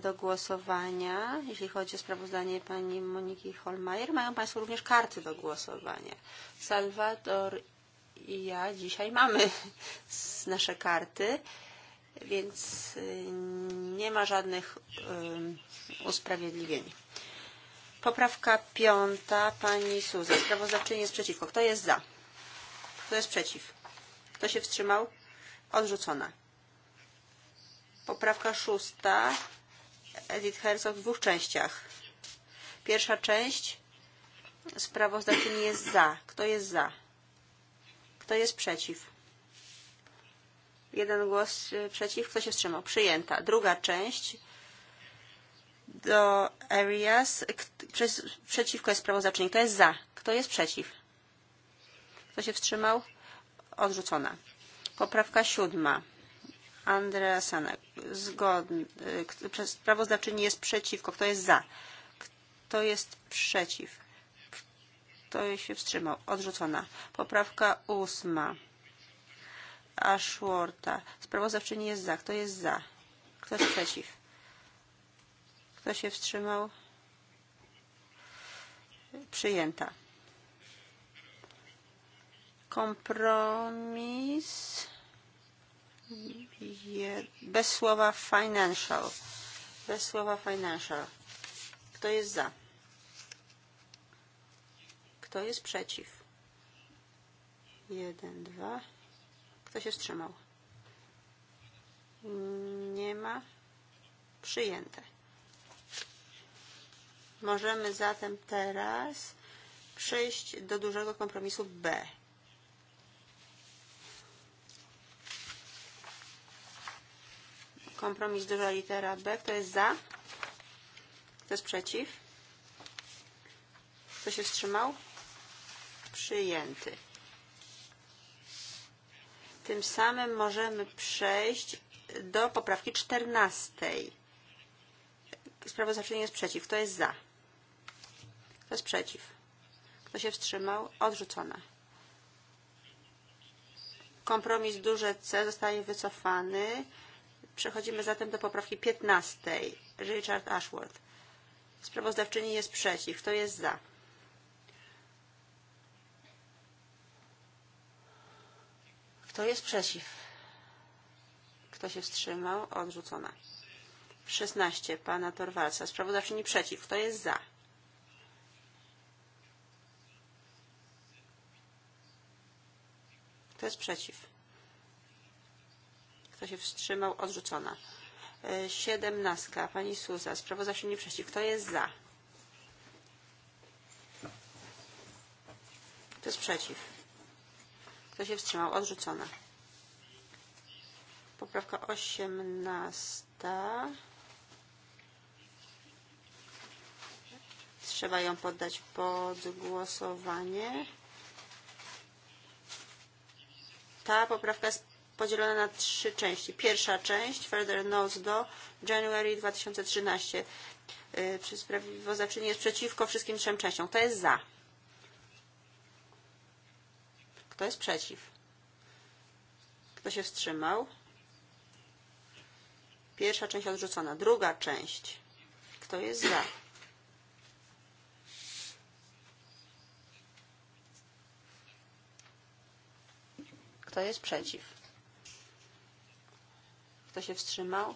do głosowania, jeśli chodzi o sprawozdanie pani Moniki Holmajer. Mają Państwo również karty do głosowania. Salwador i ja dzisiaj mamy nasze karty, więc nie ma żadnych usprawiedliwień. Poprawka piąta, pani Suza. Sprawozdawczyni jest przeciwko. Kto jest za? Kto jest przeciw? Kto się wstrzymał? Odrzucona. Poprawka szósta, Edith Herzog w dwóch częściach. Pierwsza część sprawozdawczyni jest za. Kto jest za? Kto jest przeciw? Jeden głos przeciw. Kto się wstrzymał? Przyjęta. Druga część do areas. Przeciwko jest sprawozdawczyni. Kto jest za? Kto jest przeciw? Kto się wstrzymał? Odrzucona. Poprawka siódma. Andreasenek. Zgodny. E, Sprawozdawczyni jest przeciwko. Kto jest za? Kto jest przeciw? Kto się wstrzymał? Odrzucona. Poprawka ósma. Ashworta. Sprawozdawczyni jest za. Kto jest za? Kto jest przeciw? Kto się wstrzymał? Przyjęta. Kompromis bez słowa financial. Bez słowa financial. Kto jest za? Kto jest przeciw? Jeden, dwa. Kto się wstrzymał? Nie ma. Przyjęte. Możemy zatem teraz przejść do dużego kompromisu B. Kompromis duża litera B. Kto jest za? Kto jest przeciw? Kto się wstrzymał? Przyjęty. Tym samym możemy przejść do poprawki 14. Sprawozdawczyni jest przeciw. Kto jest za? Kto jest przeciw? Kto się wstrzymał? Odrzucona. Kompromis duże C zostaje wycofany. Przechodzimy zatem do poprawki 15. Richard Ashworth. Sprawozdawczyni jest przeciw. Kto jest za? Kto jest przeciw? Kto się wstrzymał? Odrzucona. 16. Pana Torwalca. Sprawozdawczyni przeciw. Kto jest za? Kto jest przeciw? Kto się wstrzymał? Odrzucona. E, siedemnastka. Pani Suza. Sprawozdawca nie przeciw. Kto jest za? Kto jest przeciw? Kto się wstrzymał? Odrzucona. Poprawka osiemnasta. Trzeba ją poddać pod głosowanie. Ta poprawka jest podzielone na trzy części. Pierwsza część, Further Notes do January 2013. Czy sprawozdawczyni jest przeciwko wszystkim trzem częściom? Kto jest za? Kto jest przeciw? Kto się wstrzymał? Pierwsza część odrzucona. Druga część. Kto jest za? Kto jest przeciw? Kto się wstrzymał?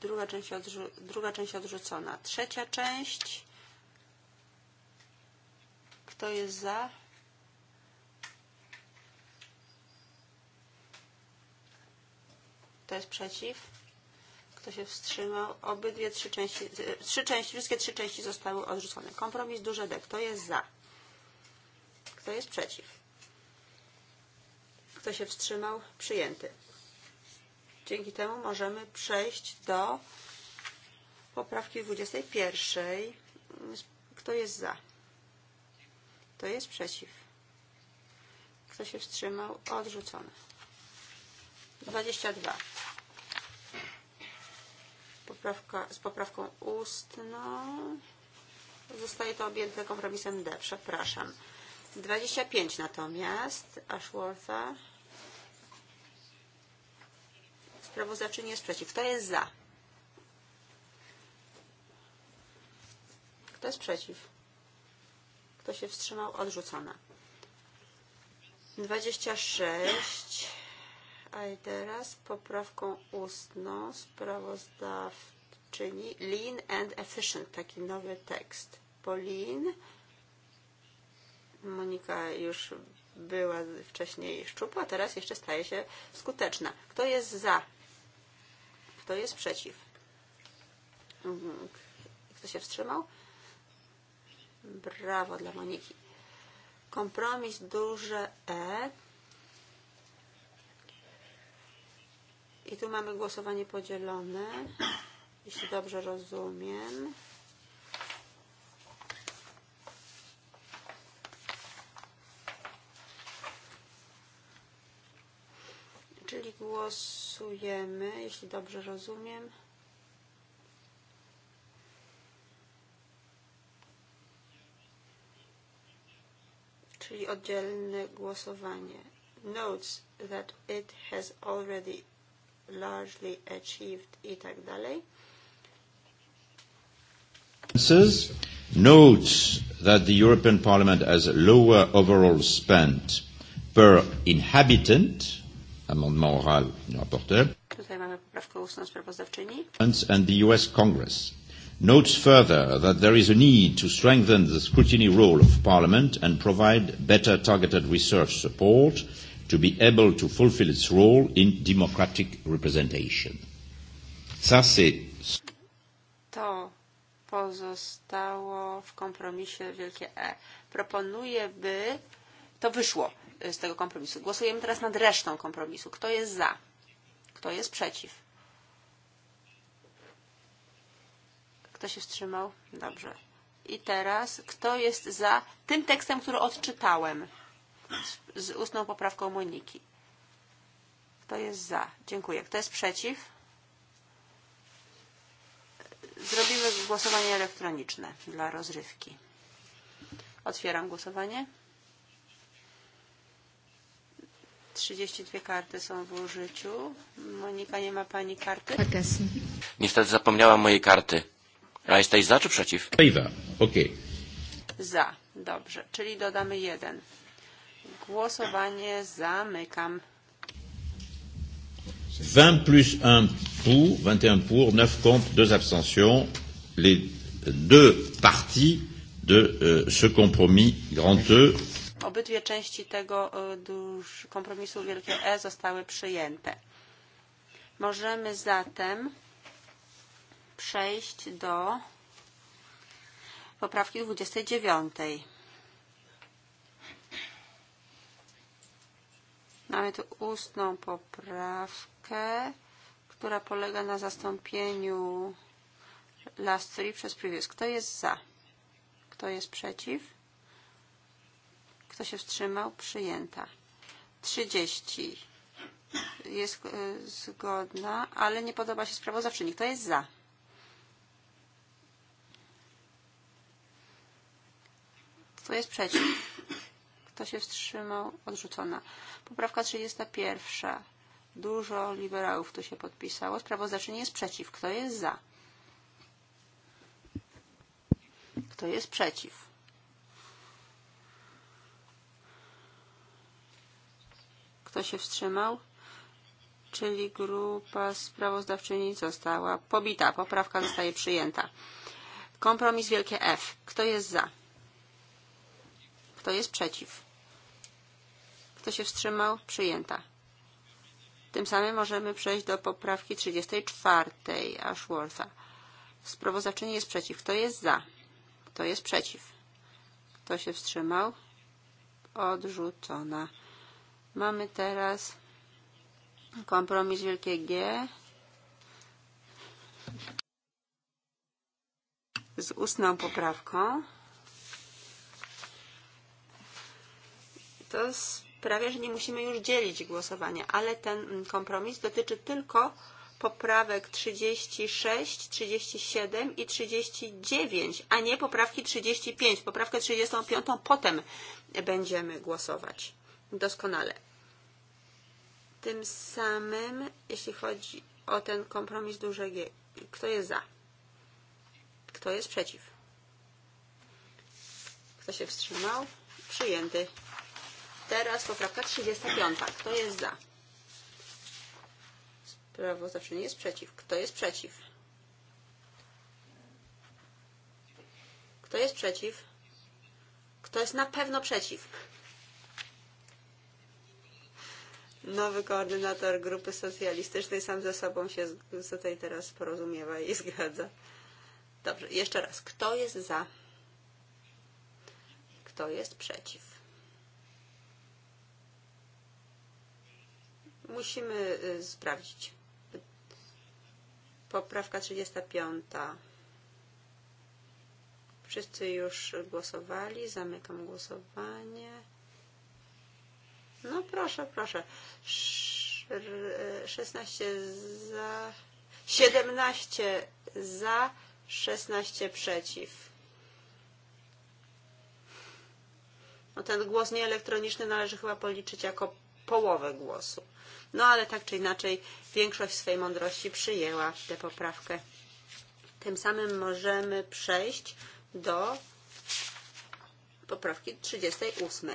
Druga część, odrzu druga część odrzucona. Trzecia część. Kto jest za? Kto jest przeciw? Kto się wstrzymał? Obydwie trzy części, e, trzy części, wszystkie trzy części zostały odrzucone. Kompromis duże D. Kto jest za? Kto jest przeciw? Kto się wstrzymał? Przyjęty. Dzięki temu możemy przejść do poprawki 21. Kto jest za? Kto jest przeciw? Kto się wstrzymał? Odrzucony. 22. Poprawka, z poprawką ustną. Zostaje to objęte kompromisem D. Przepraszam. 25 natomiast Ashwortha. Sprawozdawczyni jest przeciw. Kto jest za? Kto jest przeciw? Kto się wstrzymał? Odrzucona. 26. A i teraz poprawką ustną sprawozdawczyni Lean and Efficient. Taki nowy tekst. Po Lean Monika już była wcześniej szczupła, teraz jeszcze staje się skuteczna. Kto jest za Kto jest przeciw? Mhm. Kto się wstrzymał? Brawo dla Moniki. Kompromis duże E. I tu mamy głosowanie podzielone, jeśli dobrze rozumiem. Czyli głos Głosujemy, jeśli dobrze rozumiem. Czyli oddzielne głosowanie. Notes that it has already largely achieved i tak dalej. Notes that the European Parliament has lower overall spend per inhabitant amendement oral du rapporteur. And the US Congress notes further that there is a need to strengthen the scrutiny role of Parliament and provide better targeted research support to be able to fulfill its role in democratic representation. Ça, c'est... To pozostało w kompromisie wielkie E. Proponuję, by to wyszło z tego kompromisu. Głosujemy teraz nad resztą kompromisu. Kto jest za? Kto jest przeciw? Kto się wstrzymał? Dobrze. I teraz, kto jest za tym tekstem, który odczytałem z, z ustną poprawką Moniki? Kto jest za? Dziękuję. Kto jest przeciw? Zrobimy głosowanie elektroniczne dla rozrywki. Otwieram głosowanie. 32 karty są w użyciu. Monika, nie ma pani karty? Niestety zapomniałam mojej karty. A jesteś za czy przeciw? Za. Okej. Za. Dobrze. Czyli dodamy jeden. Głosowanie zamykam. 20 plus 1 pour, 21 pour, 9 contre, 2 abstentions. Les deux parties de euh, ce compromis grand E Obydwie części tego e, kompromisu wielkie E zostały przyjęte. Możemy zatem przejść do poprawki 29. Mamy tu ustną poprawkę, która polega na zastąpieniu last three przez previous. Kto jest za? Kto jest przeciw? Kto się wstrzymał? Przyjęta. 30 jest e, zgodna, ale nie podoba się sprawozdawczyni. Kto jest za? Kto jest przeciw? Kto się wstrzymał? Odrzucona. Poprawka 31. Dużo liberałów tu się podpisało. Sprawozdawczyni jest przeciw. Kto jest za? Kto jest przeciw? Kto się wstrzymał? Czyli grupa sprawozdawczyni została pobita. Poprawka zostaje przyjęta. Kompromis wielkie F. Kto jest za? Kto jest przeciw? Kto się wstrzymał? Przyjęta. Tym samym możemy przejść do poprawki 34 Ashwortha. Sprawozdawczyni jest przeciw. Kto jest za? Kto jest przeciw? Kto się wstrzymał? Odrzucona. Mamy teraz kompromis wielkie G z ustną poprawką. To sprawia, że nie musimy już dzielić głosowania, ale ten kompromis dotyczy tylko poprawek 36, 37 i 39, a nie poprawki 35. Poprawkę 35 potem będziemy głosować doskonale. Tym samym, jeśli chodzi o ten kompromis duże G, kto jest za? Kto jest przeciw? Kto się wstrzymał? Przyjęty. Teraz poprawka 35. Kto jest za? Sprawozdawczyni jest przeciw. Kto jest przeciw? Kto jest przeciw? Kto jest na pewno przeciw? nowy koordynator grupy socjalistycznej sam ze sobą się tutaj teraz porozumiewa i zgadza. Dobrze, jeszcze raz. Kto jest za? Kto jest przeciw? Musimy sprawdzić. E, Poprawka 35. Wszyscy już głosowali. Zamykam głosowanie. No proszę, proszę. 16 e, za, 17 za, 16 przeciw. No ten głos nieelektroniczny należy chyba policzyć jako połowę głosu. No ale tak czy inaczej większość swej mądrości przyjęła tę poprawkę. Tym samym możemy przejść do poprawki 38.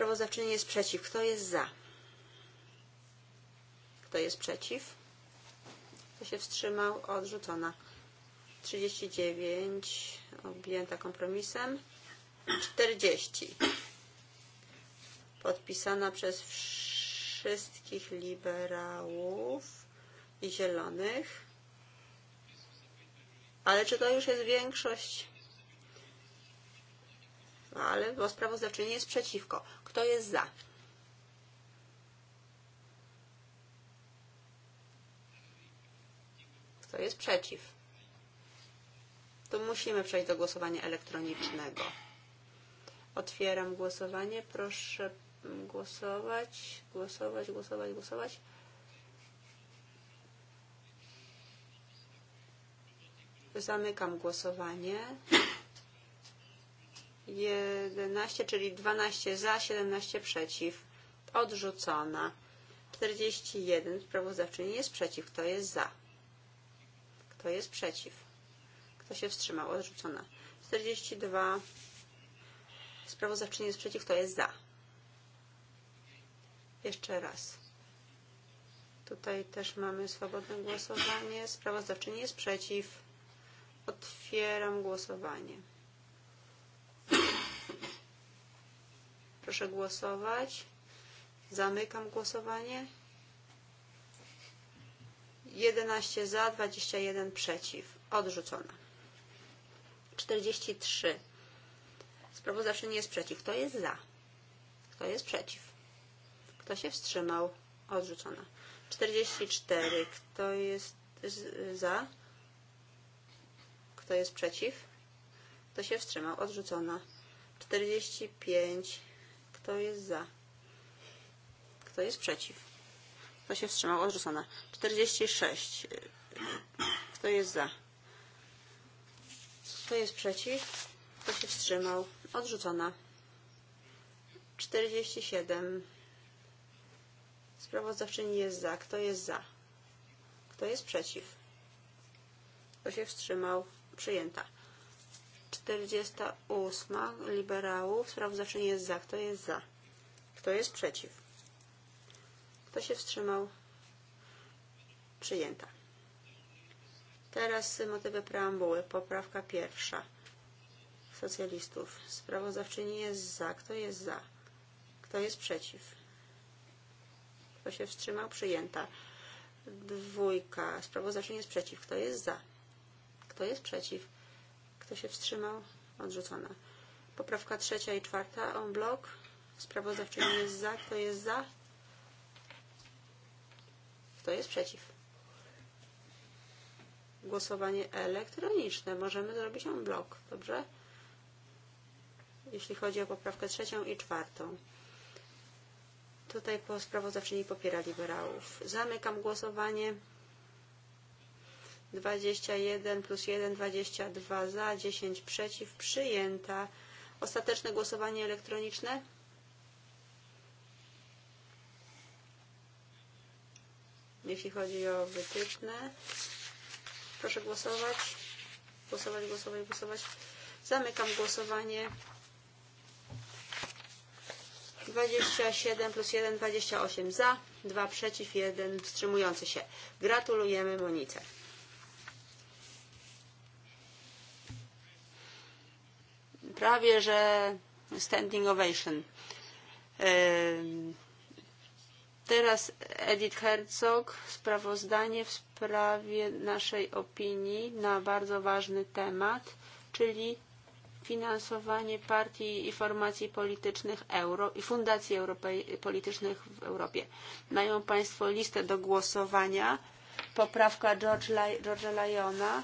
Sprawozdawczyni jest przeciw. Kto jest za? Kto jest przeciw? Kto się wstrzymał? Odrzucona. 39 objęta kompromisem. 40 podpisana przez wszystkich liberałów i zielonych. Ale czy to już jest większość? Ale bo sprawozdawczyni jest przeciwko. Kto jest za? Kto jest przeciw? To musimy przejść do głosowania elektronicznego. Otwieram głosowanie. Proszę głosować, głosować, głosować, głosować. Zamykam głosowanie. 11, czyli 12 za, 17 przeciw. Odrzucona. 41. Sprawozdawczyni jest przeciw. Kto jest za? Kto jest przeciw? Kto się wstrzymał? Odrzucona. 42. Sprawozdawczyni jest przeciw. Kto jest za? Jeszcze raz. Tutaj też mamy swobodne głosowanie. Sprawozdawczyni jest przeciw. Otwieram głosowanie. Proszę głosować. Zamykam głosowanie. 11 za, 21 przeciw. Odrzucona. 43. Sprawozdawczy nie jest przeciw. Kto jest za? Kto jest przeciw? Kto się wstrzymał? Odrzucona. 44. Kto jest za? Kto jest przeciw? Kto się wstrzymał? Odrzucona. 45. Kto jest za? Kto jest przeciw? Kto się wstrzymał? Odrzucona. 46. Kto jest za? Kto jest przeciw? Kto się wstrzymał? Odrzucona. 47. Sprawozdawczyni jest za. Kto jest za? Kto jest przeciw? Kto się wstrzymał? Przyjęta. 48 liberałów. zawsze nie jest za. Kto jest za? Kto jest przeciw? Kto się wstrzymał? Przyjęta. Teraz motywy preambuły. Poprawka pierwsza socjalistów. Sprawozdawczyni jest za. Kto jest za? Kto jest przeciw? Kto się wstrzymał? Przyjęta. Dwójka. Sprawozdawczyni jest przeciw. Kto jest za? Kto jest przeciw? Kto się wstrzymał? Odrzucone. Poprawka trzecia i czwarta on blok. Sprawozdawczyni jest za. Kto jest za? Kto jest przeciw? Głosowanie elektroniczne. Możemy zrobić on blok, dobrze? Jeśli chodzi o poprawkę trzecią i czwartą. Tutaj po sprawozdawczyni popiera liberałów. Zamykam głosowanie. 21 plus 1, 22 za, 10 przeciw, przyjęta. Ostateczne głosowanie elektroniczne. Jeśli chodzi o wytyczne, proszę głosować. Głosować, głosować, głosować. Zamykam głosowanie. 27 plus 1, 28 za, 2 przeciw, 1 wstrzymujący się. Gratulujemy Monice. prawie że standing ovation. Teraz Edith Herzog, sprawozdanie w sprawie naszej opinii na bardzo ważny temat, czyli finansowanie partii i formacji politycznych euro i fundacji europej, politycznych w Europie. Mają Państwo listę do głosowania. Poprawka George'a Lyona,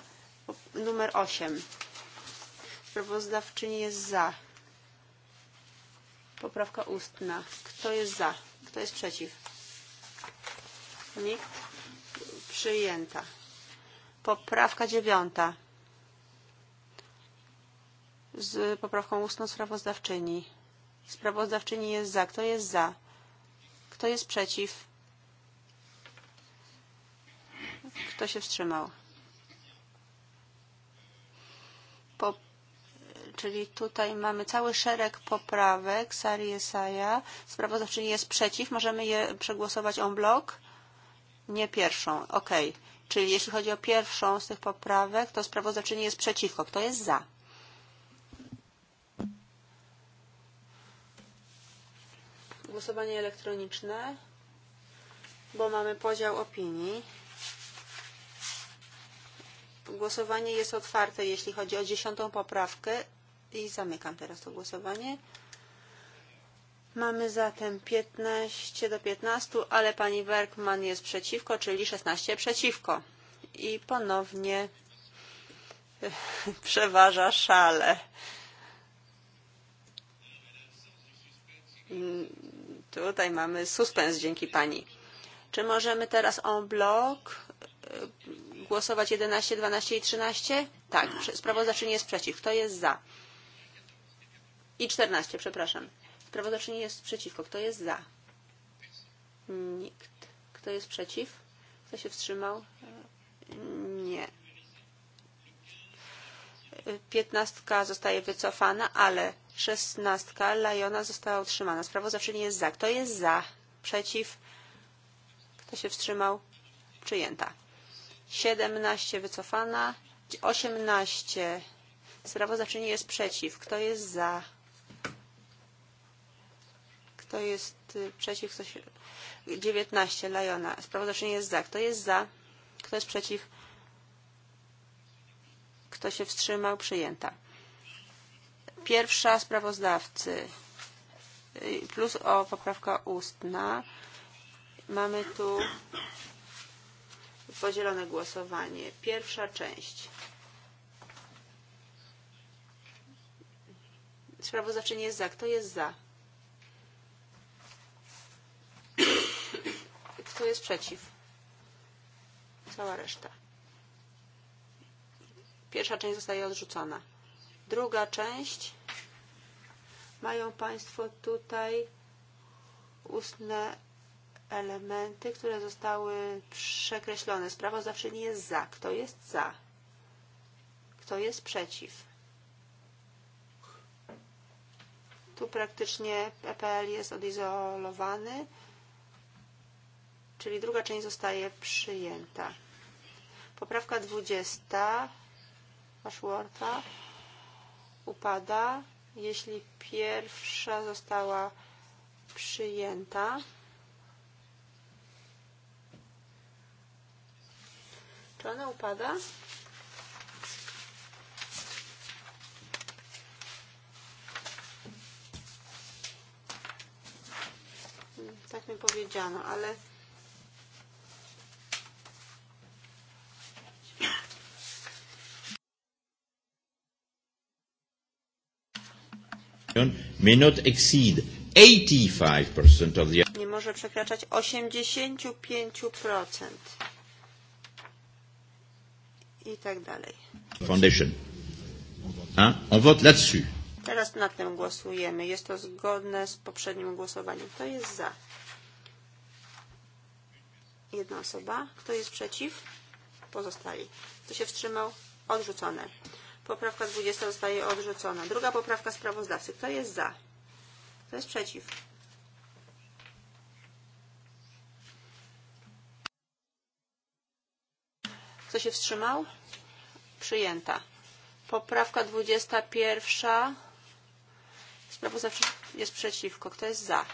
numer 8. Sprawozdawczyni jest za. Poprawka ustna. Kto jest za? Kto jest przeciw? Nikt? Przyjęta. Poprawka dziewiąta. Z poprawką ustną sprawozdawczyni. Sprawozdawczyni jest za. Kto jest za? Kto jest przeciw? Kto się wstrzymał? czyli tutaj mamy cały szereg poprawek Sari Jesaja. Sprawozdawczyni jest przeciw. Możemy je przegłosować on blok? Nie pierwszą. Ok. Czyli jeśli chodzi o pierwszą z tych poprawek, to sprawozdawczyni jest przeciwko. Kto jest za? Głosowanie elektroniczne, bo mamy podział opinii. Głosowanie jest otwarte, jeśli chodzi o dziesiątą poprawkę i zamykam teraz to głosowanie. Mamy zatem 15 do 15, ale pani Werkman jest przeciwko, czyli 16 przeciwko. I ponownie przeważa szale. Tutaj mamy suspens dzięki pani. Czy możemy teraz en bloc e, głosować 11, 12 i 13? Tak, sprawozdawczyni jest przeciw. Kto jest za? I 14, przepraszam. Sprawozdawczyni jest przeciwko. Kto jest za? Nikt. Kto jest przeciw? Kto się wstrzymał? Nie. Piętnastka zostaje wycofana, ale szesnastka Lajona została utrzymana. Sprawozdawczyni jest za. Kto jest za? Przeciw? Kto się wstrzymał? Przyjęta. Siedemnaście wycofana. Osiemnaście. Sprawozdawczyni jest przeciw. Kto jest za? Kto jest przeciw? Kto się... 19. Lajona. Sprawozdawczyni jest za. Kto jest za? Kto jest przeciw? Kto się wstrzymał? Przyjęta. Pierwsza sprawozdawcy plus o poprawka ustna. Mamy tu podzielone głosowanie. Pierwsza część. Sprawozdawczyni jest za. Kto jest za? Kto jest przeciw? Cała reszta. Pierwsza część zostaje odrzucona. Druga część. Mają Państwo tutaj ustne elementy, które zostały przekreślone. Sprawa zawsze nie jest za. Kto jest za? Kto jest przeciw? Tu praktycznie PPL jest odizolowany czyli druga część zostaje przyjęta. Poprawka 20 Ashworta upada, jeśli pierwsza została przyjęta. Czy ona upada? Tak mi powiedziano, ale may not exceed 85% of the... Nie może przekraczać 85% i tak dalej. Foundation. A? On vote là-dessus. Teraz nad tym głosujemy. Jest to zgodne z poprzednim głosowaniem. Kto jest za? Jedna osoba. Kto jest przeciw? Pozostali. Kto się wstrzymał? Odrzucone. Poprawka 20 zostaje odrzucona. Druga poprawka sprawozdawcy. Kto jest za? Kto jest przeciw? Kto się wstrzymał? Przyjęta. Poprawka 21. Sprawozdawca jest przeciwko. Kto jest za?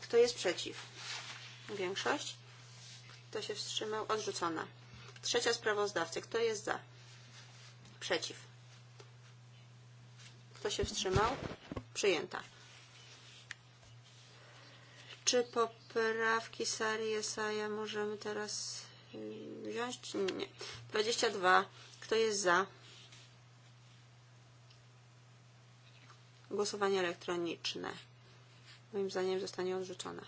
Kto jest przeciw? Większość? Kto się wstrzymał? Odrzucona. Trzecia sprawozdawcy. Kto jest za? Przeciw. Kto się wstrzymał? Przyjęta. Czy poprawki Sari Jesaja możemy teraz wziąć, czy nie? 22. Kto jest za? Głosowanie elektroniczne. Moim zdaniem zostanie odrzucone.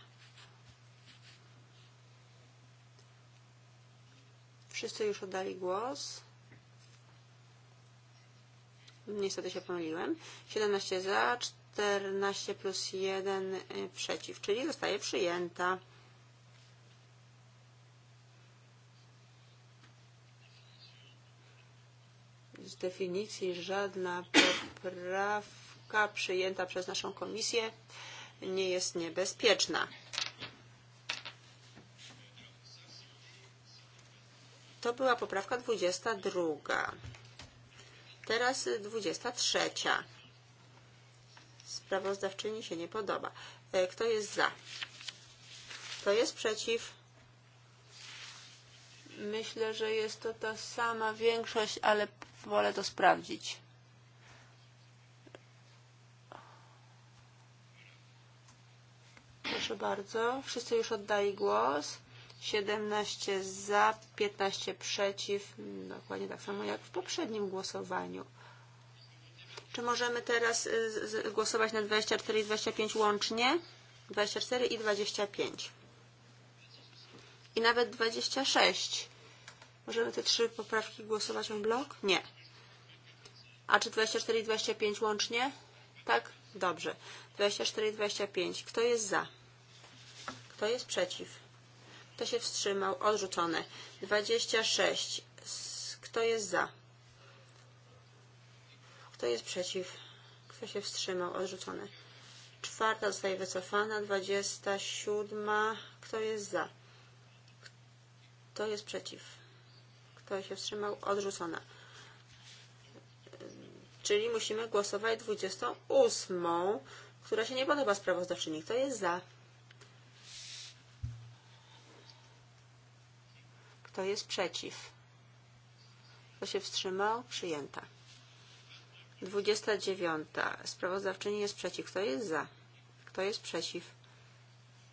Wszyscy już oddali głos. Niestety się pomyliłem. 17 za, 14 plus 1 przeciw, czyli zostaje przyjęta. Z definicji żadna poprawka przyjęta przez naszą komisję nie jest niebezpieczna. To była poprawka 22. Teraz 23. Sprawozdawczyni się nie podoba. E, kto jest za? Kto jest przeciw? Myślę, że jest to ta sama większość, ale wolę to sprawdzić. Proszę bardzo. Wszyscy już oddali głos. 17 za, 15 przeciw, dokładnie tak samo jak w poprzednim głosowaniu. Czy możemy teraz głosować na 24 i 25 łącznie? 24 i 25. I nawet 26. Możemy te trzy poprawki głosować w blok? Nie. A czy 24 i 25 łącznie? Tak? Dobrze. 24 i 25. Kto jest za? Kto jest przeciw? Kto się wstrzymał? Odrzucone. 26. Kto jest za? Kto jest przeciw? Kto się wstrzymał? Odrzucone. Czwarta zostaje wycofana. 27. Kto jest za? Kto jest przeciw? Kto się wstrzymał? Odrzucona. Czyli musimy głosować 28, która się nie podoba sprawozdawczyni. Kto jest za? Kto jest przeciw? Kto się wstrzymał? Przyjęta. 29. Sprawozdawczyni jest przeciw. Kto jest za? Kto jest przeciw?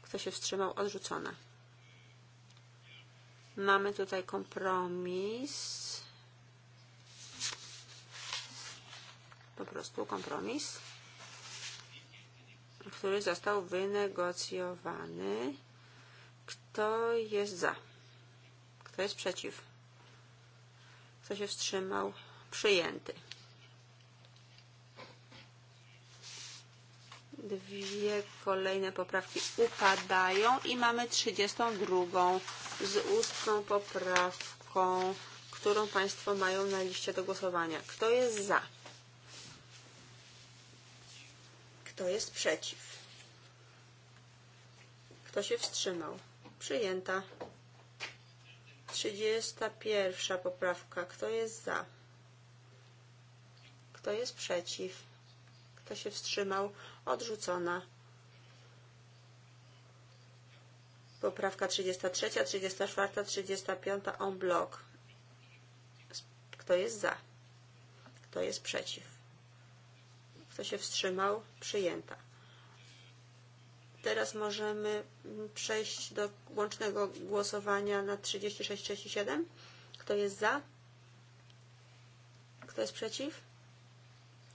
Kto się wstrzymał? Odrzucona. Mamy tutaj kompromis. Po prostu kompromis, który został wynegocjowany. Kto jest za? Kto jest przeciw? Kto się wstrzymał? Przyjęty. Dwie kolejne poprawki upadają i mamy 32 z ustną poprawką, którą Państwo mają na liście do głosowania. Kto jest za? Kto jest przeciw? Kto się wstrzymał? Przyjęta. 31 poprawka. Kto jest za? Kto jest przeciw? Kto się wstrzymał? Odrzucona. Poprawka 33, 34, 35 on block. Kto jest za? Kto jest przeciw? Kto się wstrzymał? Przyjęta. Teraz możemy mm, przejść do łącznego głosowania na 3637. Kto jest za? Kto jest przeciw?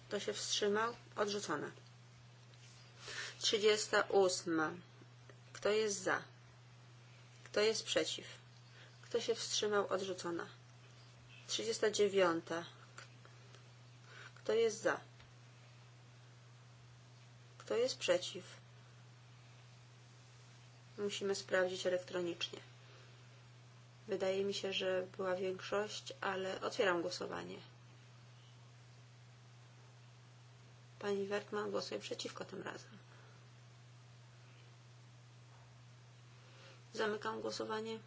Kto się wstrzymał? Odrzucone. 38. Kto jest za? Kto jest przeciw? Kto się wstrzymał? Odrzucona. 39. Kto jest za? Kto jest przeciw? Musimy sprawdzić elektronicznie. Wydaje mi się, że była większość, ale otwieram głosowanie. Pani Wertman głosuje przeciwko tym razem. Zamykam głosowanie.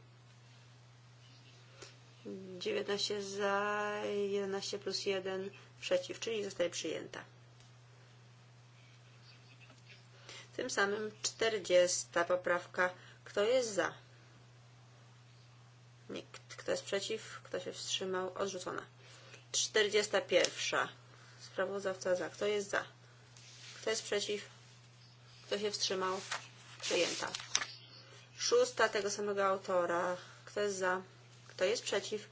19 za, 11 plus 1 przeciw, czyli zostaje przyjęta. Tym samym 40 poprawka. Kto jest za? Nikt. Kto jest przeciw? Kto się wstrzymał? Odrzucona. 41. Sprawozdawca za. Kto jest za? Kto jest przeciw? Kto się wstrzymał? Przyjęta. Szósta tego samego autora. Kto jest za? Kto jest przeciw?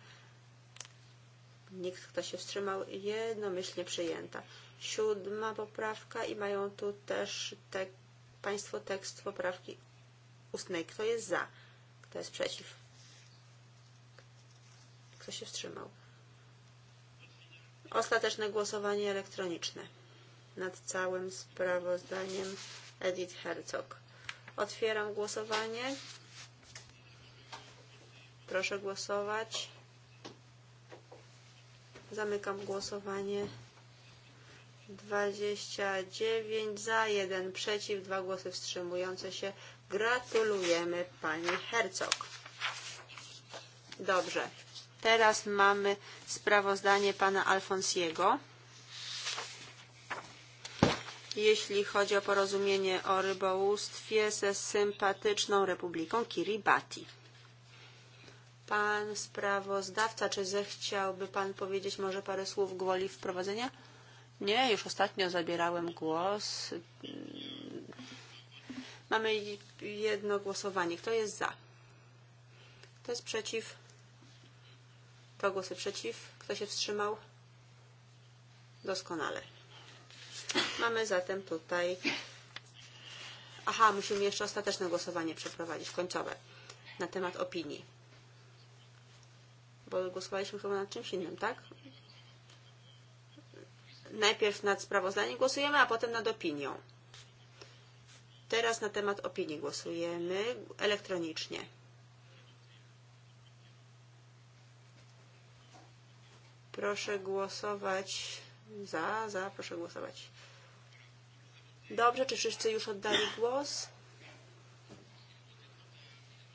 Nikt, kto się wstrzymał, jednomyślnie przyjęta. Siódma poprawka i mają tu też tekst Państwo tekst poprawki ustnej. Kto jest za? Kto jest przeciw? Kto się wstrzymał? Ostateczne głosowanie elektroniczne nad całym sprawozdaniem Edith Herzog. Otwieram głosowanie. Proszę głosować. Zamykam głosowanie. 29 za, 1 przeciw, 2 głosy wstrzymujące się. Gratulujemy pani Hercog. Dobrze. Teraz mamy sprawozdanie pana Alfonsiego. Jeśli chodzi o porozumienie o rybołówstwie ze sympatyczną Republiką Kiribati. Pan sprawozdawca, czy zechciałby pan powiedzieć może parę słów gwoli wprowadzenia? Nie, już ostatnio zabierałem głos. Mamy jedno głosowanie. Kto jest za? Kto jest przeciw? Dwa głosy przeciw. Kto się wstrzymał? Doskonale. Mamy zatem tutaj... Aha, musimy jeszcze ostateczne głosowanie przeprowadzić, końcowe, na temat opinii. Bo głosowaliśmy chyba nad czymś innym, tak? najpierw nad sprawozdaniem głosujemy, a potem nad opinią. Teraz na temat opinii głosujemy elektronicznie. Proszę głosować za, za, proszę głosować. Dobrze, czy wszyscy już oddali głos?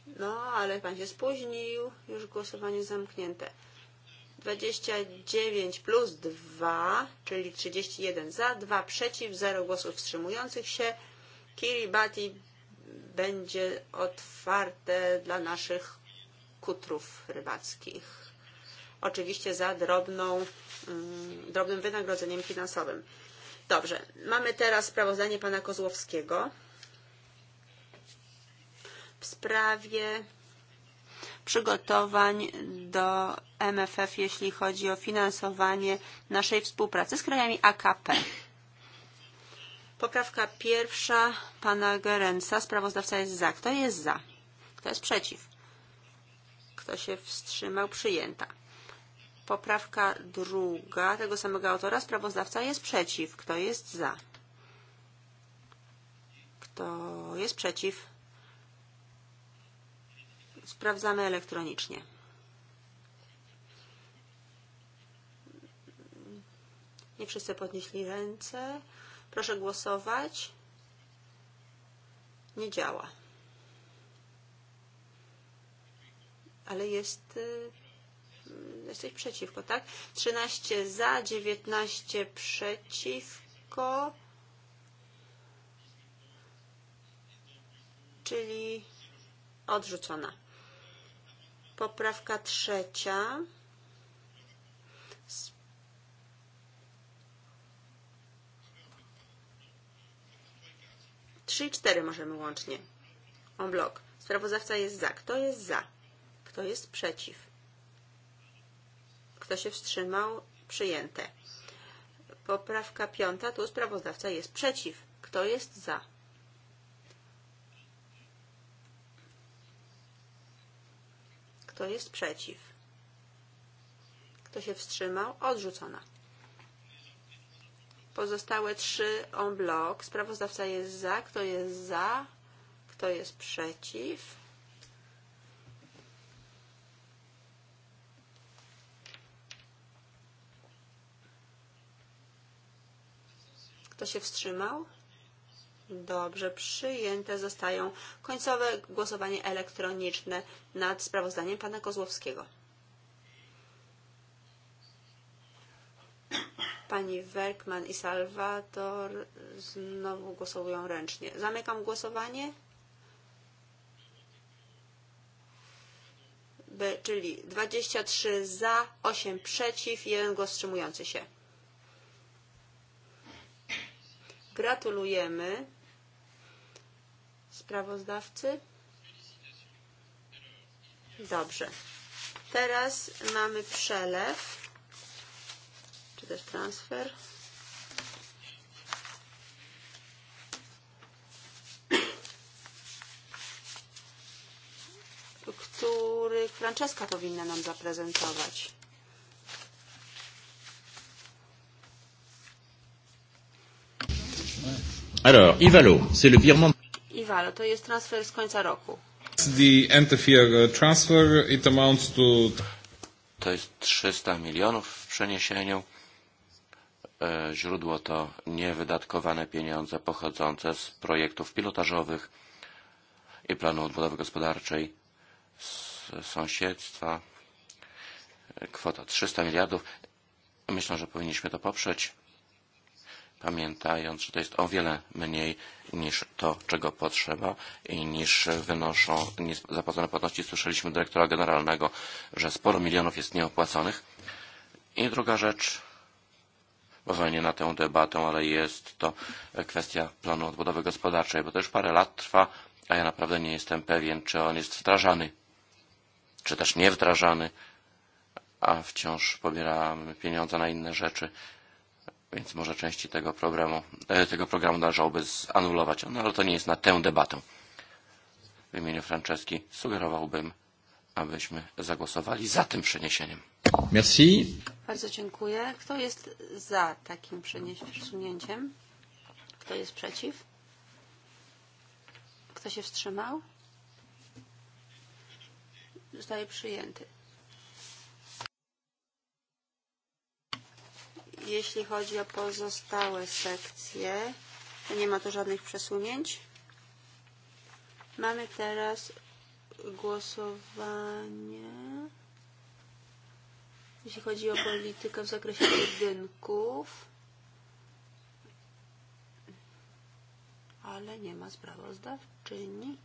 No, ale pan się spóźnił, już głosowanie zamknięte. 29 plus 2, czyli 31 za, 2 przeciw, 0 głosów wstrzymujących się. Kiribati będzie otwarte dla naszych kutrów rybackich. Oczywiście za drobną, mm, drobnym wynagrodzeniem finansowym. Dobrze, mamy teraz sprawozdanie pana Kozłowskiego w sprawie przygotowań do MFF, jeśli chodzi o finansowanie naszej współpracy z krajami AKP. Poprawka pierwsza pana Gerenca. Sprawozdawca jest za. Kto jest za? Kto jest przeciw? Kto się wstrzymał? Przyjęta. Poprawka druga tego samego autora. Sprawozdawca jest przeciw. Kto jest za? Kto jest przeciw? Sprawdzamy elektronicznie. Nie wszyscy podnieśli ręce. Proszę głosować. Nie działa. Ale jest jesteś przeciwko, tak? 13 za, 19 przeciwko. Czyli odrzucona. Poprawka trzecia. Trzy i cztery możemy łącznie. On blok. Sprawozdawca jest za. Kto jest za? Kto jest przeciw? Kto się wstrzymał? Przyjęte. Poprawka piąta. Tu sprawozdawca jest przeciw. Kto jest za? Kto jest przeciw? Kto się wstrzymał? Odrzucona. Pozostałe trzy on blok. Sprawozdawca jest za. Kto jest za? Kto jest przeciw? Kto się wstrzymał? Dobrze, przyjęte zostają końcowe głosowanie elektroniczne nad sprawozdaniem pana Kozłowskiego. Pani Werkman i Salwator znowu głosują ręcznie. Zamykam głosowanie. By, czyli 23 za, 8 przeciw, 1 głos wstrzymujący się. Gratulujemy sprawozdawcy. Dobrze. Teraz mamy przelew, czy też transfer. który Franceska powinna nam zaprezentować. Alors, Ivalo, c'est le virement... Ivalo, to jest transfer z końca roku. The interfere uh, transfer, it amounts to... To jest 300 milionów w przeniesieniu. E, Źródło to niewydatkowane pieniądze pochodzące z projektów pilotażowych i planu odbudowy gospodarczej z sąsiedztwa. E, kwota 300 miliardów. Myślę, że powinniśmy to poprzeć pamiętając, że to jest o wiele mniej niż to, czego potrzeba i niż wynoszą niż zapłacone płatności. Słyszeliśmy dyrektora generalnego, że sporo milionów jest nieopłaconych. I druga rzecz, może nie na tę debatę, ale jest to kwestia planu odbudowy gospodarczej, bo to już parę lat trwa, a ja naprawdę nie jestem pewien, czy on jest wdrażany, czy też nie wdrażany, a wciąż pobieramy pieniądze na inne rzeczy więc może części tego programu, e, tego programu należałoby zanulować, no ale to nie jest na tę debatę. W imieniu Franceski sugerowałbym, abyśmy zagłosowali za tym przeniesieniem. Merci. Bardzo dziękuję. Kto jest za takim przesunięciem? Kto jest przeciw? Kto się wstrzymał? Zostaje przyjęty. Jeśli chodzi o pozostałe sekcje, to nie ma to żadnych przesunięć. Mamy teraz głosowanie, jeśli chodzi o politykę w zakresie budynków, ale nie ma sprawozdawczyni.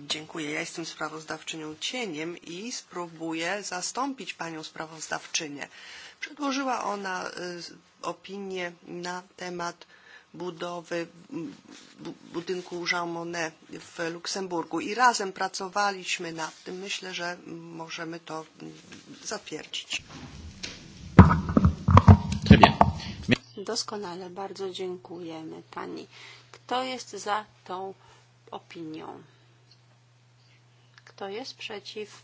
Dziękuję. Ja jestem sprawozdawczynią cieniem i spróbuję zastąpić panią sprawozdawczynię. Przedłożyła ona opinię na temat budowy budynku Jean Monnet w Luksemburgu i razem pracowaliśmy nad tym. Myślę, że możemy to zatwierdzić. Doskonale, bardzo dziękujemy pani. Kto jest za tą opinią? Kto jest przeciw?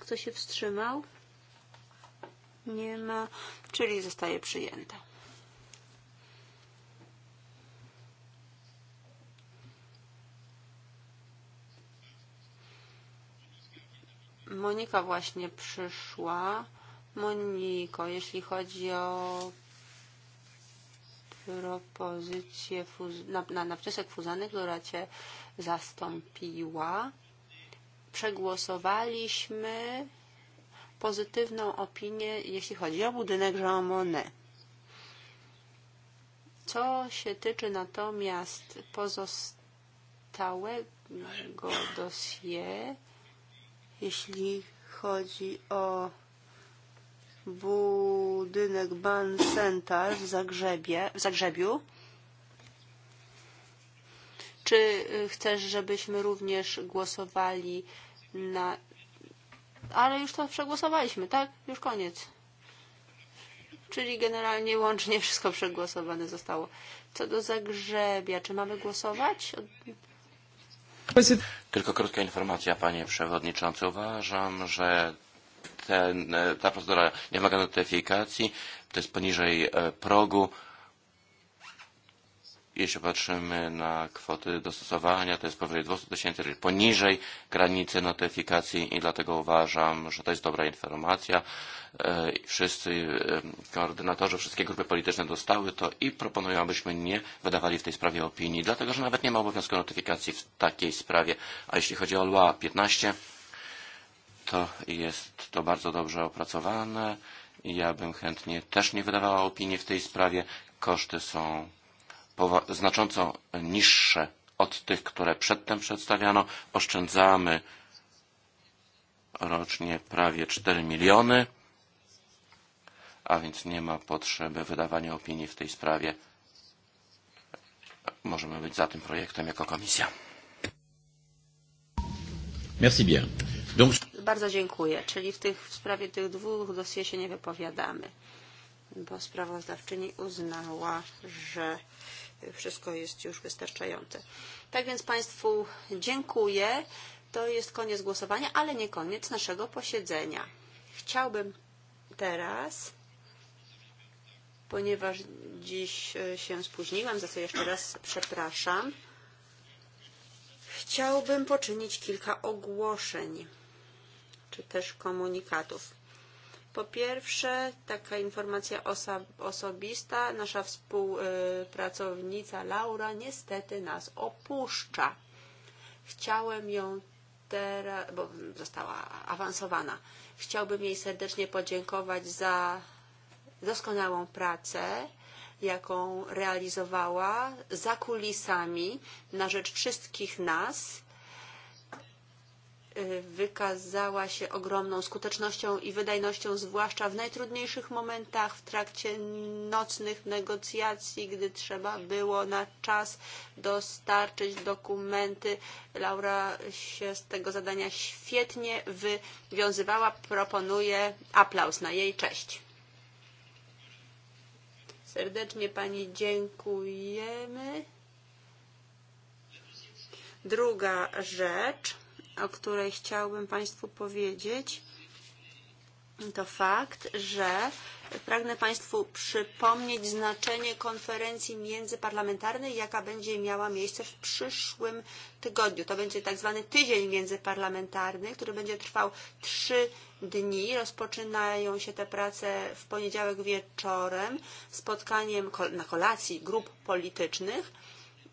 Kto się wstrzymał? Nie ma, czyli zostaje przyjęte. Monika właśnie przyszła. Moniko, jeśli chodzi o propozycję fuz- na, na, na wniosek Fuzany, która Cię zastąpiła, przegłosowaliśmy pozytywną opinię, jeśli chodzi o budynek Jean Monnet. Co się tyczy natomiast pozostałego dossier, jeśli chodzi o budynek Ban Center w, Zagrzebie, w Zagrzebiu. Czy chcesz, żebyśmy również głosowali na... Ale już to przegłosowaliśmy, tak? Już koniec. Czyli generalnie łącznie wszystko przegłosowane zostało. Co do Zagrzebia, czy mamy głosować? Tylko krótka informacja, panie przewodniczący. Uważam, że ten, e, ta procedura nie wymaga notyfikacji, to jest poniżej e, progu. Jeśli patrzymy na kwoty dostosowania, to jest powyżej 200 tysięcy, czyli poniżej granicy notyfikacji i dlatego uważam, że to jest dobra informacja. E, wszyscy koordynatorzy, wszystkie grupy polityczne dostały to i proponują, abyśmy nie wydawali w tej sprawie opinii, dlatego że nawet nie ma obowiązku notyfikacji w takiej sprawie. A jeśli chodzi o LUA 15, to jest to bardzo dobrze opracowane. Ja bym chętnie też nie wydawała opinii w tej sprawie. Koszty są znacząco niższe od tych, które przedtem przedstawiano. Oszczędzamy rocznie prawie 4 miliony, a więc nie ma potrzeby wydawania opinii w tej sprawie. Możemy być za tym projektem jako komisja. Merci bien. Donc bardzo dziękuję. Czyli w, tych, w sprawie tych dwóch dosie się nie wypowiadamy, bo sprawozdawczyni uznała, że wszystko jest już wystarczające. Tak więc Państwu dziękuję. To jest koniec głosowania, ale nie koniec naszego posiedzenia. Chciałbym teraz, ponieważ dziś e, się spóźniłam, za co jeszcze raz przepraszam, chciałbym poczynić kilka ogłoszeń czy też komunikatów. Po pierwsze, taka informacja oso osobista. Nasza współpracownica Laura niestety nas opuszcza. Chciałem ją teraz, bo została awansowana. Chciałbym jej serdecznie podziękować za doskonałą pracę, jaką realizowała za kulisami na rzecz wszystkich nas wykazała się ogromną skutecznością i wydajnością, zwłaszcza w najtrudniejszych momentach, w trakcie nocnych negocjacji, gdy trzeba było na czas dostarczyć dokumenty. Laura się z tego zadania świetnie wywiązywała. Proponuję aplauz na jej cześć. Serdecznie Pani dziękujemy. Druga rzecz o której chciałbym Państwu powiedzieć, to fakt, że pragnę Państwu przypomnieć znaczenie konferencji międzyparlamentarnej, jaka będzie miała miejsce w przyszłym tygodniu. To będzie tak zwany tydzień międzyparlamentarny, który będzie trwał trzy dni. Rozpoczynają się te prace w poniedziałek wieczorem spotkaniem na kolacji grup politycznych.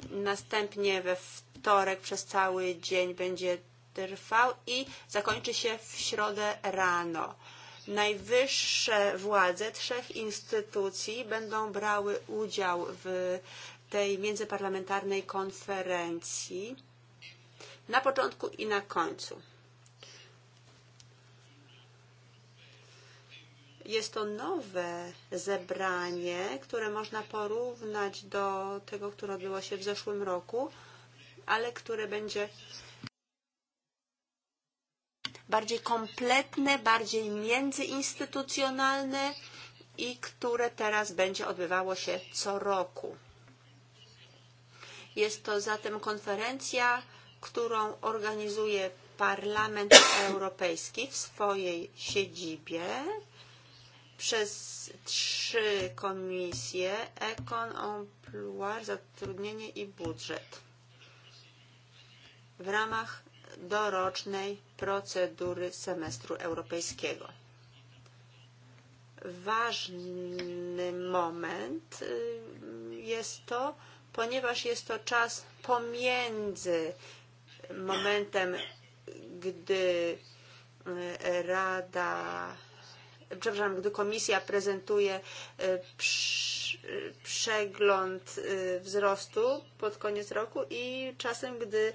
Następnie we wtorek przez cały dzień będzie trwał i zakończy się w środę rano. Najwyższe władze trzech instytucji będą brały udział w tej międzyparlamentarnej konferencji na początku i na końcu. Jest to nowe zebranie, które można porównać do tego, które odbyło się w zeszłym roku, ale które będzie bardziej kompletne, bardziej międzyinstytucjonalne i które teraz będzie odbywało się co roku. Jest to zatem konferencja, którą organizuje Parlament Europejski w swojej siedzibie przez trzy komisje Econ, Emploi, Zatrudnienie i Budżet w ramach dorocznej procedury semestru europejskiego. Ważny moment jest to, ponieważ jest to czas pomiędzy momentem, gdy Rada przepraszam, gdy komisja prezentuje e, przegląd e, wzrostu pod koniec roku i czasem, gdy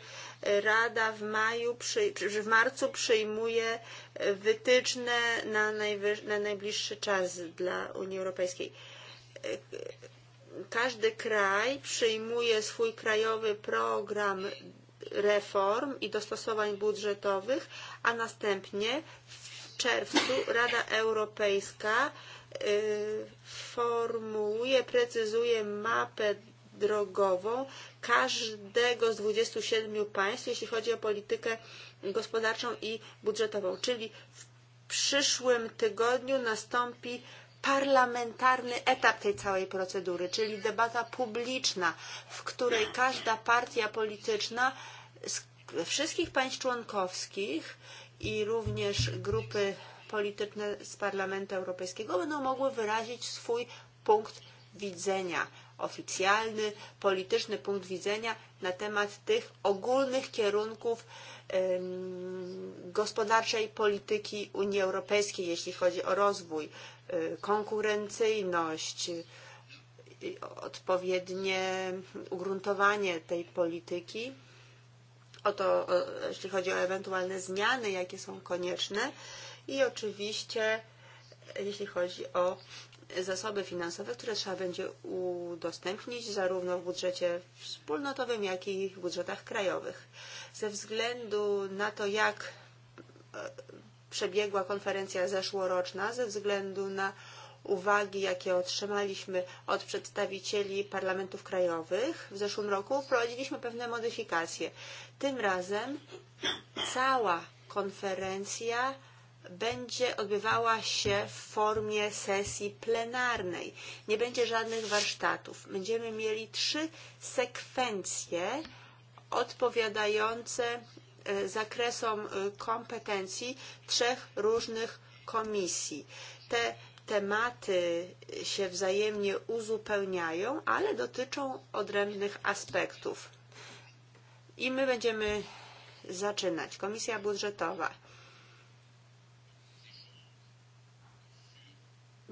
Rada w maju, przy, w marcu przyjmuje e, wytyczne na, najwyż, na najbliższy czas dla Unii Europejskiej każdy kraj przyjmuje swój krajowy program reform i dostosowań budżetowych, a następnie czerwcu Rada Europejska e, formułuje, precyzuje mapę drogową każdego z 27 państw, jeśli chodzi o politykę gospodarczą i budżetową. Czyli w przyszłym tygodniu nastąpi parlamentarny etap tej całej procedury, czyli debata publiczna, w której każda partia polityczna z wszystkich państw członkowskich i również grupy polityczne z Parlamentu Europejskiego będą mogły wyrazić swój punkt widzenia, oficjalny, polityczny punkt widzenia na temat tych ogólnych kierunków gospodarczej polityki Unii Europejskiej, jeśli chodzi o rozwój, e, konkurencyjność, e, odpowiednie ugruntowanie tej polityki o to, o, jeśli chodzi o ewentualne zmiany, jakie są konieczne i oczywiście jeśli chodzi o zasoby finansowe, które trzeba będzie udostępnić zarówno w budżecie wspólnotowym, jak i w budżetach krajowych. Ze względu na to, jak e, przebiegła konferencja zeszłoroczna, ze względu na uwagi, jakie otrzymaliśmy od przedstawicieli parlamentów krajowych w zeszłym roku, wprowadziliśmy pewne modyfikacje. Tym razem cała konferencja będzie odbywała się w formie sesji plenarnej. Nie będzie żadnych warsztatów. Będziemy mieli trzy sekwencje odpowiadające e, zakresom e, kompetencji trzech różnych komisji. Te tematy się wzajemnie uzupełniają, ale dotyczą odrębnych aspektów. I my będziemy zaczynać. Komisja Budżetowa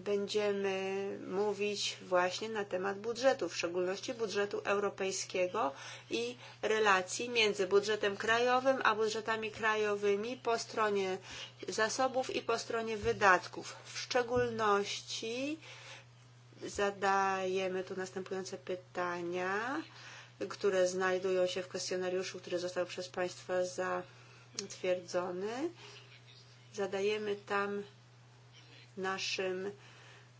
będziemy mówić właśnie na temat budżetu, w szczególności budżetu europejskiego i relacji między budżetem krajowym a budżetami krajowymi po stronie zasobów i po stronie wydatków. W szczególności zadajemy tu następujące pytania, które znajdują się w kwestionariuszu, który został przez Państwa zatwierdzony. Zadajemy tam naszym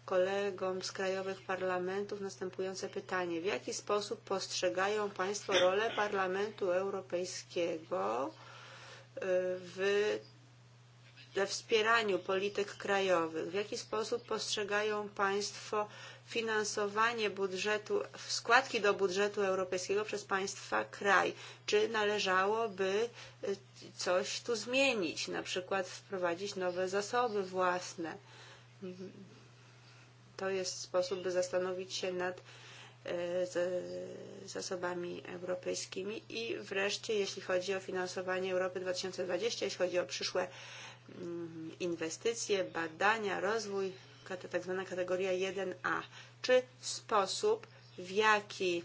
kolegom z krajowych parlamentów następujące pytanie. W jaki sposób postrzegają Państwo rolę Parlamentu Europejskiego e, w, we wspieraniu polityk krajowych? W jaki sposób postrzegają Państwo finansowanie budżetu, składki do budżetu europejskiego przez państwa kraj. Czy należałoby e, coś tu zmienić, na przykład wprowadzić nowe zasoby własne? to jest sposób, by zastanowić się nad zasobami e, europejskimi i wreszcie jeśli chodzi o finansowanie Europy 2020, jeśli chodzi o przyszłe mm, inwestycje, badania, rozwój, tak zwana kategoria 1A, czy sposób, w jaki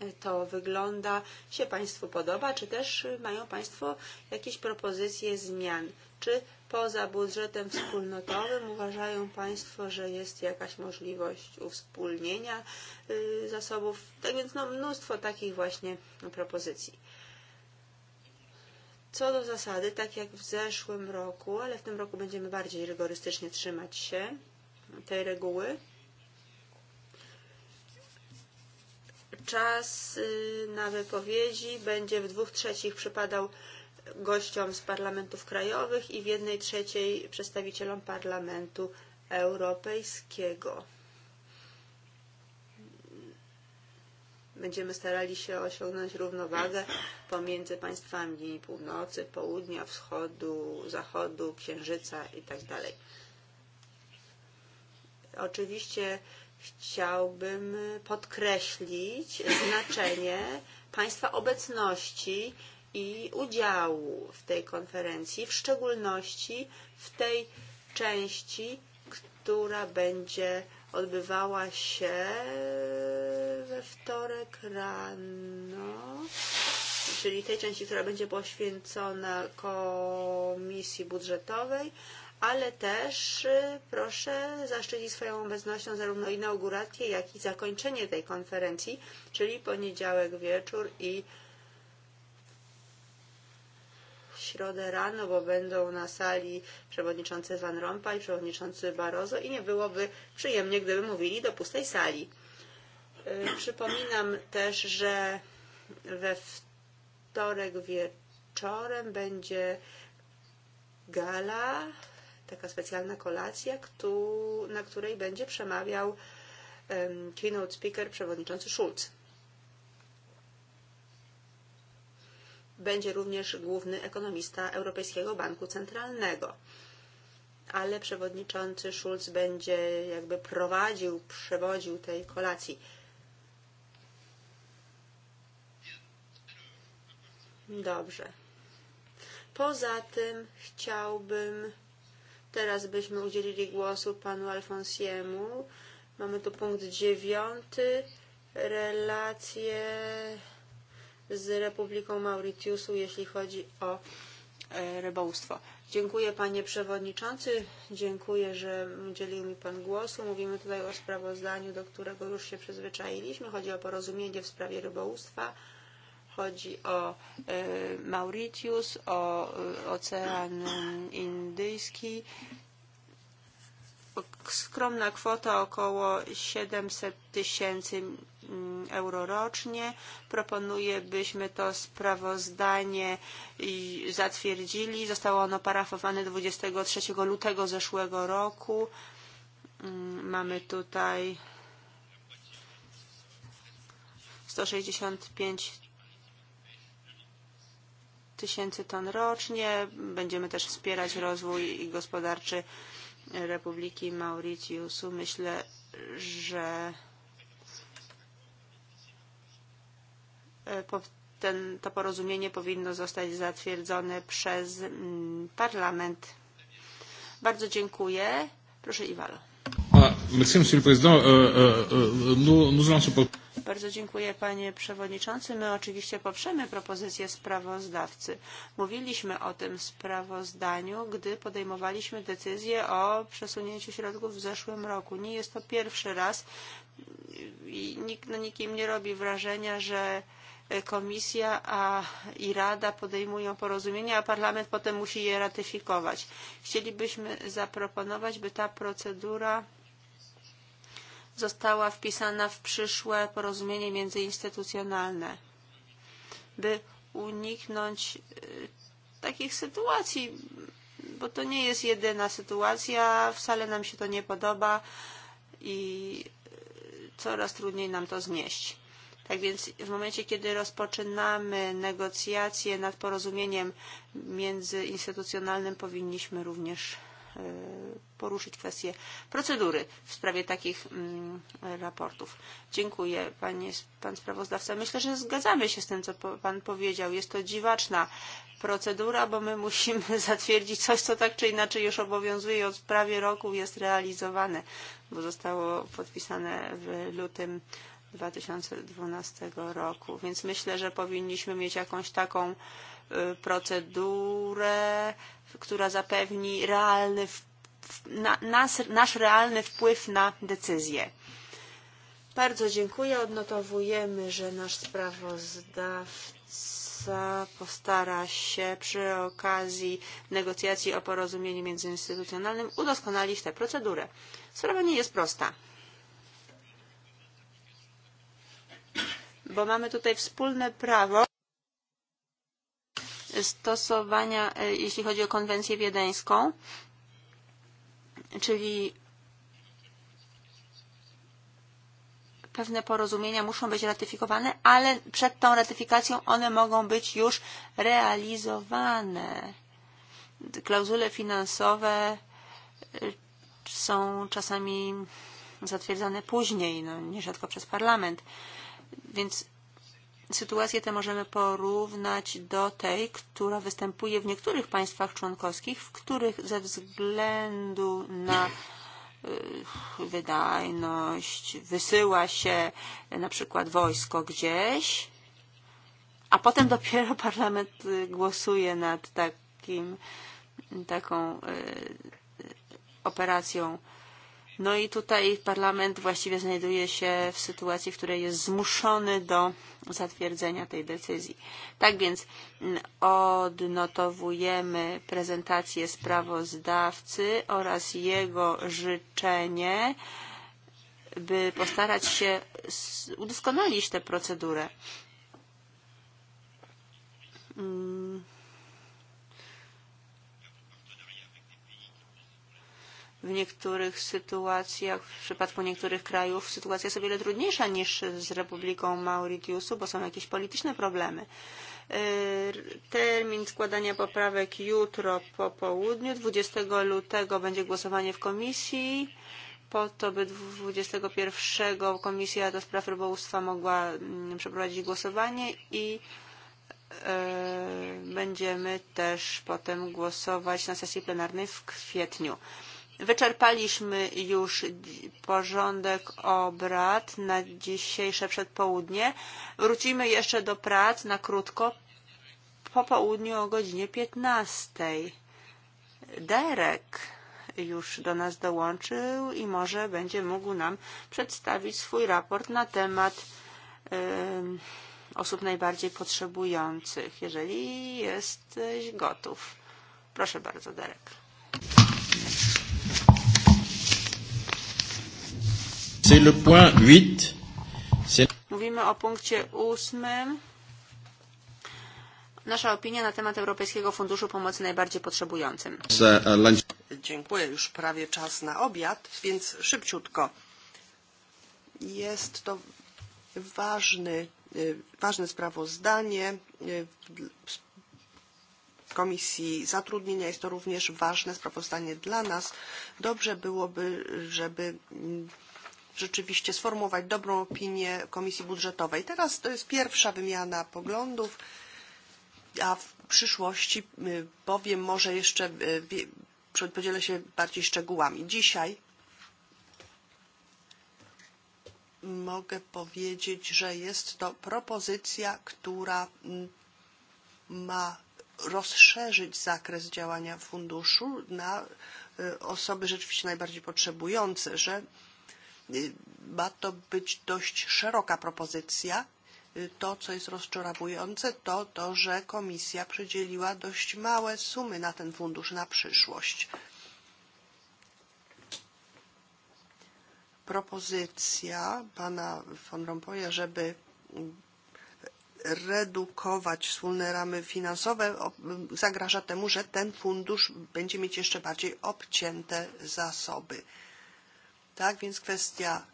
e, to wygląda, się Państwu podoba, czy też mają Państwo jakieś propozycje zmian, czy Poza budżetem wspólnotowym uważają Państwo, że jest jakaś możliwość uwspólnienia zasobów. Tak więc no, mnóstwo takich właśnie propozycji. Co do zasady, tak jak w zeszłym roku, ale w tym roku będziemy bardziej rygorystycznie trzymać się tej reguły. Czas na wypowiedzi będzie w dwóch trzecich przypadał gościom z parlamentów krajowych i w jednej trzeciej przedstawicielom Parlamentu Europejskiego. Będziemy starali się osiągnąć równowagę pomiędzy państwami północy, południa, wschodu, zachodu, księżyca dalej. Oczywiście chciałbym podkreślić znaczenie państwa obecności i udziału w tej konferencji, w szczególności w tej części, która będzie odbywała się we wtorek rano, czyli tej części, która będzie poświęcona komisji budżetowej, ale też proszę zaszczycić swoją obecnością zarówno inaugurację, jak i zakończenie tej konferencji, czyli poniedziałek wieczór i środę rano, bo będą na sali przewodniczący Van Rompuy, przewodniczący Barroso i nie byłoby przyjemnie, gdyby mówili do pustej sali. E, przypominam też, że we wtorek wieczorem będzie gala, taka specjalna kolacja, na której będzie przemawiał keynote speaker przewodniczący Schulz. będzie również główny ekonomista Europejskiego Banku Centralnego. Ale przewodniczący Schulz będzie jakby prowadził, przewodził tej kolacji. Dobrze. Poza tym chciałbym, teraz byśmy udzielili głosu panu Alfonsiemu. Mamy tu punkt dziewiąty, relacje z Republiką Mauritiusu, jeśli chodzi o e, rybołówstwo. Dziękuję panie przewodniczący, dziękuję, że udzielił mi pan głosu. Mówimy tutaj o sprawozdaniu, do którego już się przyzwyczailiśmy. Chodzi o porozumienie w sprawie rybołówstwa, chodzi o e, Mauritius, o e, Ocean Indyjski skromna kwota około 700 tysięcy mm, euro rocznie. Proponuję, byśmy to sprawozdanie zatwierdzili. Zostało ono parafowane 23 lutego zeszłego roku. Mm, mamy tutaj 165 tysięcy ton rocznie. Będziemy też wspierać rozwój gospodarczy Republiki Mauritiusu. Myślę, że e, ten, to porozumienie powinno zostać zatwierdzone przez mm, parlament. Bardzo dziękuję. Proszę Iwalo. Merci, Monsieur le Président. Euh, euh, nous, nous lançons pas... Bardzo dziękuję panie przewodniczący. My oczywiście poprzemy propozycję sprawozdawcy. Mówiliśmy o tym sprawozdaniu, gdy podejmowaliśmy decyzję o przesunięciu środków w zeszłym roku. Nie jest to pierwszy raz i nikt na nikim nie robi wrażenia, że Komisja a, i Rada podejmują porozumienia, a Parlament potem musi je ratyfikować. Chcielibyśmy zaproponować, by ta procedura została wpisana w przyszłe porozumienie międzyinstytucjonalne, by uniknąć takich sytuacji, bo to nie jest jedyna sytuacja, wcale nam się to nie podoba i coraz trudniej nam to znieść. Tak więc w momencie, kiedy rozpoczynamy negocjacje nad porozumieniem międzyinstytucjonalnym, powinniśmy również E, poruszyć kwestię procedury w sprawie takich mm, raportów. Dziękuję, panie, pan sprawozdawca. Myślę, że zgadzamy się z tym, co pan powiedział. Jest to dziwaczna procedura, bo my musimy zatwierdzić coś, co tak czy inaczej już obowiązuje i od prawie roku jest realizowane, bo zostało podpisane w lutym 2012 roku. Więc myślę, że powinniśmy mieć jakąś taką E, procedurę, która zapewni realny, nas, nasz realny wpływ na decyzję. Bardzo dziękuję. Odnotowujemy, że nasz sprawozdawca postara się przy okazji negocjacji o porozumieniu międzyinstytucjonalnym udoskonalić tę procedurę. Sprawa nie jest prosta. Bo mamy tutaj wspólne prawo stosowania, e, jeśli chodzi o konwencję wiedeńską, czyli pewne porozumienia muszą być ratyfikowane, ale przed tą ratyfikacją one mogą być już realizowane. Klauzule finansowe e, są czasami zatwierdzane później, no, nierzadko przez parlament. Więc sytuację tę możemy porównać do tej, która występuje w niektórych państwach członkowskich, w których ze względu na wydajność wysyła się na przykład wojsko gdzieś, a potem dopiero parlament głosuje nad takim, taką operacją No i tutaj parlament właściwie znajduje się w sytuacji, w której jest zmuszony do zatwierdzenia tej decyzji. Tak więc mm, odnotowujemy prezentację sprawozdawcy oraz jego życzenie, by postarać się udoskonalić tę procedurę. Hmm w niektórych sytuacjach, w przypadku niektórych krajów sytuacja jest o wiele trudniejsza niż z Republiką Mauritiusu, bo są jakieś polityczne problemy. E, termin składania poprawek jutro po południu, 20 lutego będzie głosowanie w komisji po to, by 21 Komisja do Spraw Rybołówstwa mogła mm, przeprowadzić głosowanie i e, będziemy też potem głosować na sesji plenarnej w kwietniu. Wyczerpaliśmy już porządek obrad na dzisiejsze przedpołudnie. Wrócimy jeszcze do prac na krótko po południu o godzinie 15. Derek już do nas dołączył i może będzie mógł nam przedstawić swój raport na temat yy, osób najbardziej potrzebujących, jeżeli jesteś gotów. Proszę bardzo, Derek. C'est le point 8. Mówimy o punkcie 8. Nasza opinia na temat Europejskiego Funduszu Pomocy Najbardziej Potrzebującym. Eh, Dziękuję, już prawie czas na obiad, więc szybciutko. Jest to ważny, e, ważne sprawozdanie e, Komisji Zatrudnienia. Jest to również ważne sprawozdanie dla nas. Dobrze byłoby, żeby mm, rzeczywiście sformułować dobrą opinię Komisji Budżetowej. Teraz to jest pierwsza wymiana poglądów, a w przyszłości powiem może jeszcze, podzielę się bardziej szczegółami. Dzisiaj mogę powiedzieć, że jest to propozycja, która mm, ma rozszerzyć zakres działania funduszu na osoby rzeczywiście najbardziej potrzebujące, że ma to być dość szeroka propozycja. To, co jest rozczarowujące, to to, że komisja przydzieliła dość małe sumy na ten fundusz na przyszłość. Propozycja pana von Rompuya, żeby mm, redukować wspólne ramy finansowe zagraża temu, że ten fundusz będzie mieć jeszcze bardziej obcięte zasoby tak? Więc kwestia,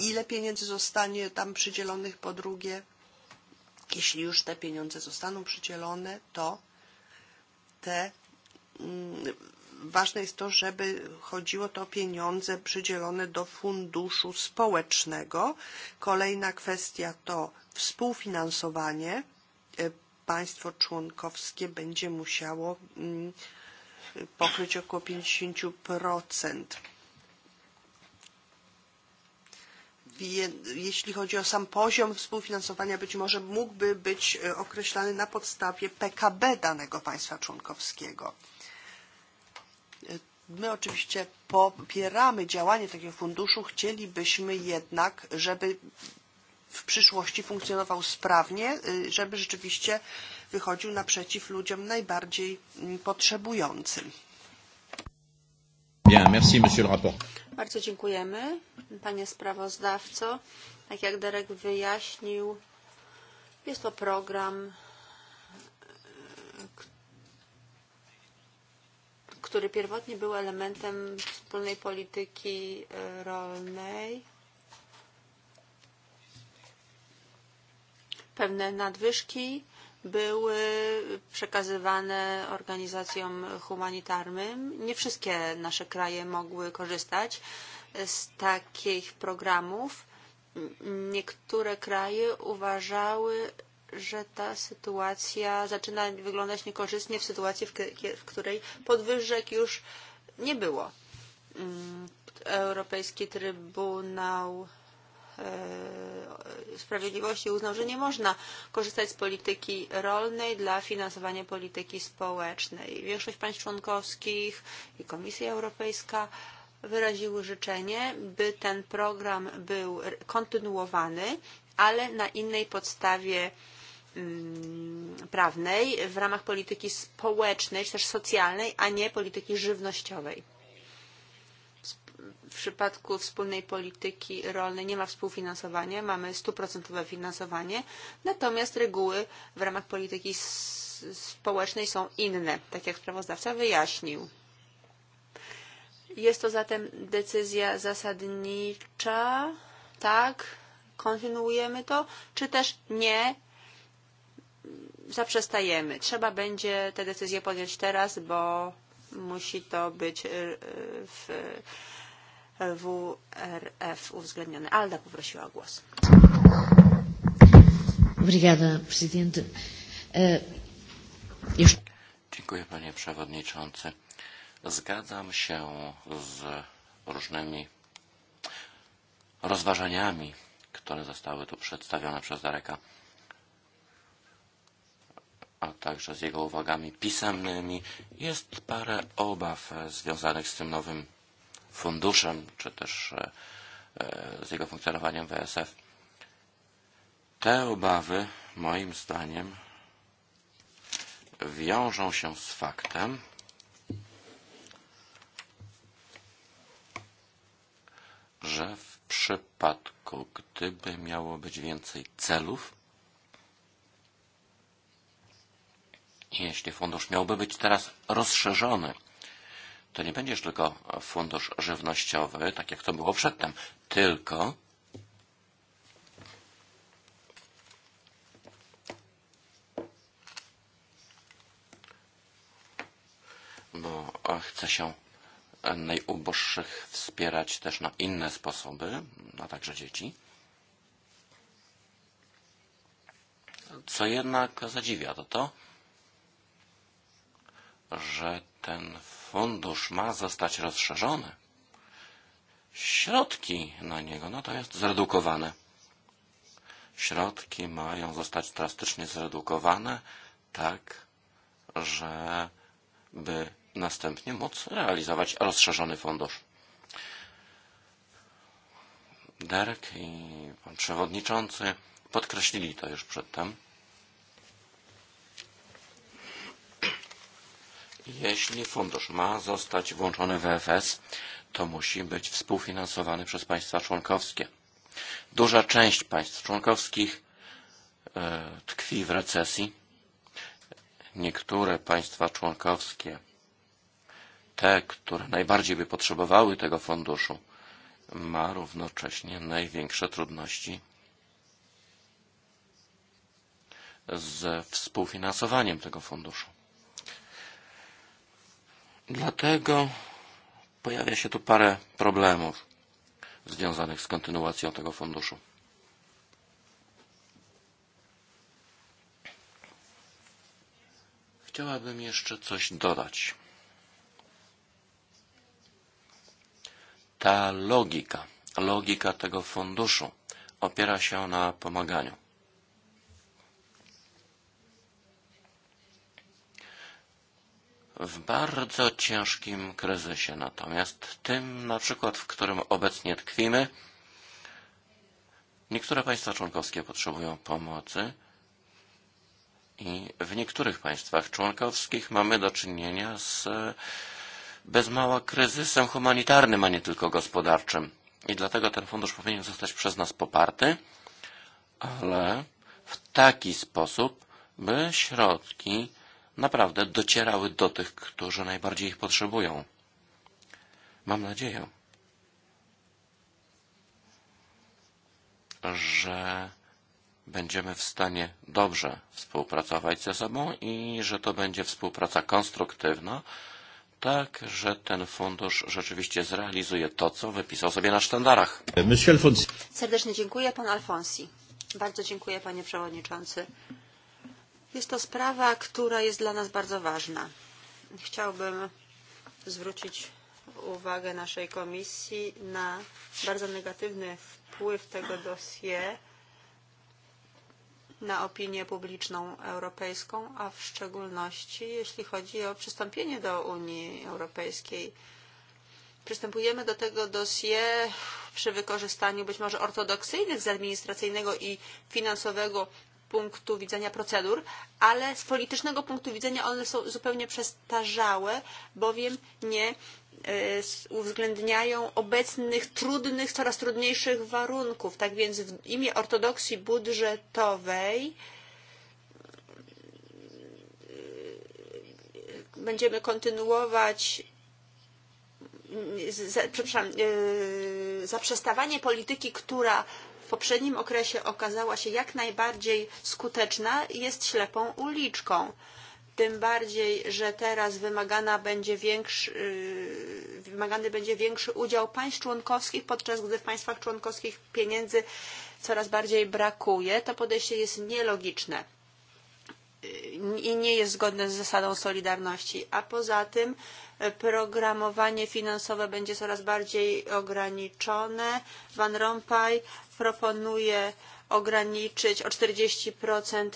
ile pieniędzy zostanie tam przydzielonych po drugie. Jeśli już te pieniądze zostaną przydzielone, to te mm, ważne jest to, żeby chodziło to o pieniądze przydzielone do funduszu społecznego. Kolejna kwestia to współfinansowanie. Państwo członkowskie będzie musiało mm, pokryć około 50% jeśli chodzi o sam poziom współfinansowania, być może mógłby być e, określany na podstawie PKB danego państwa członkowskiego. E, my oczywiście popieramy działanie takiego funduszu, chcielibyśmy jednak, żeby w przyszłości funkcjonował sprawnie, e, żeby rzeczywiście wychodził naprzeciw ludziom najbardziej mm, potrzebującym. Bien, merci, monsieur le rapport. Bardzo dziękujemy, panie sprawozdawco. Tak jak Derek wyjaśnił, jest to program, e, który pierwotnie był elementem wspólnej polityki e, rolnej. Pewne nadwyżki były przekazywane organizacjom humanitarnym. Nie wszystkie nasze kraje mogły korzystać z takich programów. Niektóre kraje uważały, że ta sytuacja zaczyna wyglądać niekorzystnie w sytuacji, w której podwyżek już nie było. Mm, Europejski Trybunał E, sprawiedliwości uznał, że nie można korzystać z polityki rolnej dla finansowania polityki społecznej. Większość państw członkowskich i Komisja Europejska wyraziły życzenie, by ten program był kontynuowany, ale na innej podstawie mm, prawnej w ramach polityki społecznej czy też socjalnej, a nie polityki żywnościowej przypadku wspólnej polityki rolnej nie ma współfinansowania, mamy stuprocentowe finansowanie, natomiast reguły w ramach polityki społecznej są inne, tak jak sprawozdawca wyjaśnił. Jest to zatem decyzja zasadnicza, tak, kontynuujemy to, czy też nie, zaprzestajemy. Trzeba będzie tę decyzję podjąć teraz, bo musi to być w WRF uwzględnione. Alda poprosiła o głos. Obrigada, Presidente. E, Dziękuję, Panie Przewodniczący. Zgadzam się z różnymi rozważaniami, które zostały tu przedstawione przez Dareka, a także z jego uwagami pisemnymi. Jest parę obaw związanych z tym nowym funduszem, czy też z jego e, funkcjonowaniem WSF. Te obawy, moim zdaniem, wiążą się z faktem, że w przypadku, gdyby miało być więcej celów, jeśli fundusz miałby być teraz rozszerzony to nie będzie już tylko fundusz żywnościowy, tak jak to było przedtem, tylko bo e, chce się najuboższych wspierać też na inne sposoby, a także dzieci. Co jednak zadziwia, to to, że ten fundusz ma zostać rozszerzony, środki na niego no to jest zredukowane. Środki mają zostać drastycznie zredukowane, tak, że by następnie móc realizować rozszerzony fundusz. Derek i pan przewodniczący podkreślili to już przedtem. jeśli fundusz ma zostać włączony w EFS, e to musi być współfinansowany przez państwa członkowskie. Duża część państw członkowskich e, tkwi w recesji. Niektóre państwa członkowskie, te, które najbardziej by potrzebowały tego funduszu, ma równocześnie największe trudności ze współfinansowaniem tego funduszu. Dlatego pojawia się tu parę problemów związanych z kontynuacją tego funduszu. Chciałabym jeszcze coś dodać. Ta logika, logika tego funduszu opiera się na pomaganiu. w bardzo ciężkim kryzysie. Natomiast tym, na przykład, w którym obecnie tkwimy, niektóre państwa członkowskie potrzebują pomocy i w niektórych państwach członkowskich mamy do czynienia z bez mała kryzysem humanitarnym, a nie tylko gospodarczym. I dlatego ten fundusz powinien zostać przez nas poparty, ale w taki sposób, by środki naprawdę docierały do tych, którzy najbardziej ich potrzebują. Mam nadzieję, że będziemy w stanie dobrze współpracować ze sobą i że to będzie współpraca konstruktywna, tak, że ten fundusz rzeczywiście zrealizuje to, co wypisał sobie na sztandarach. Serdecznie dziękuję, pan Alfonsi. Bardzo dziękuję, panie przewodniczący. Jest to sprawa, która jest dla nas bardzo ważna. Chciałbym zwrócić uwagę naszej komisji na bardzo negatywny wpływ tego dosie na opinię publiczną europejską, a w szczególności jeśli chodzi o przystąpienie do Unii Europejskiej. Przystępujemy do tego dosie przy wykorzystaniu być może ortodoksyjnych z administracyjnego i finansowego punktu widzenia procedur, ale z politycznego punktu widzenia one są zupełnie przestarzałe, bowiem nie e, uwzględniają obecnych trudnych, coraz trudniejszych warunków. Tak więc w imię ortodoksji budżetowej e, będziemy kontynuować przepraszam, e, zaprzestawanie polityki, która poprzednim okresie okazała się jak najbardziej skuteczna, jest ślepą uliczką. Tym bardziej, że teraz wymagana będzie większy, wymagany będzie większy udział państw członkowskich, podczas gdy w państwach członkowskich pieniędzy coraz bardziej brakuje. To podejście jest nielogiczne i nie jest zgodne z zasadą solidarności. A poza tym programowanie finansowe będzie coraz bardziej ograniczone. Van Rompuy proponuje ograniczyć o 40%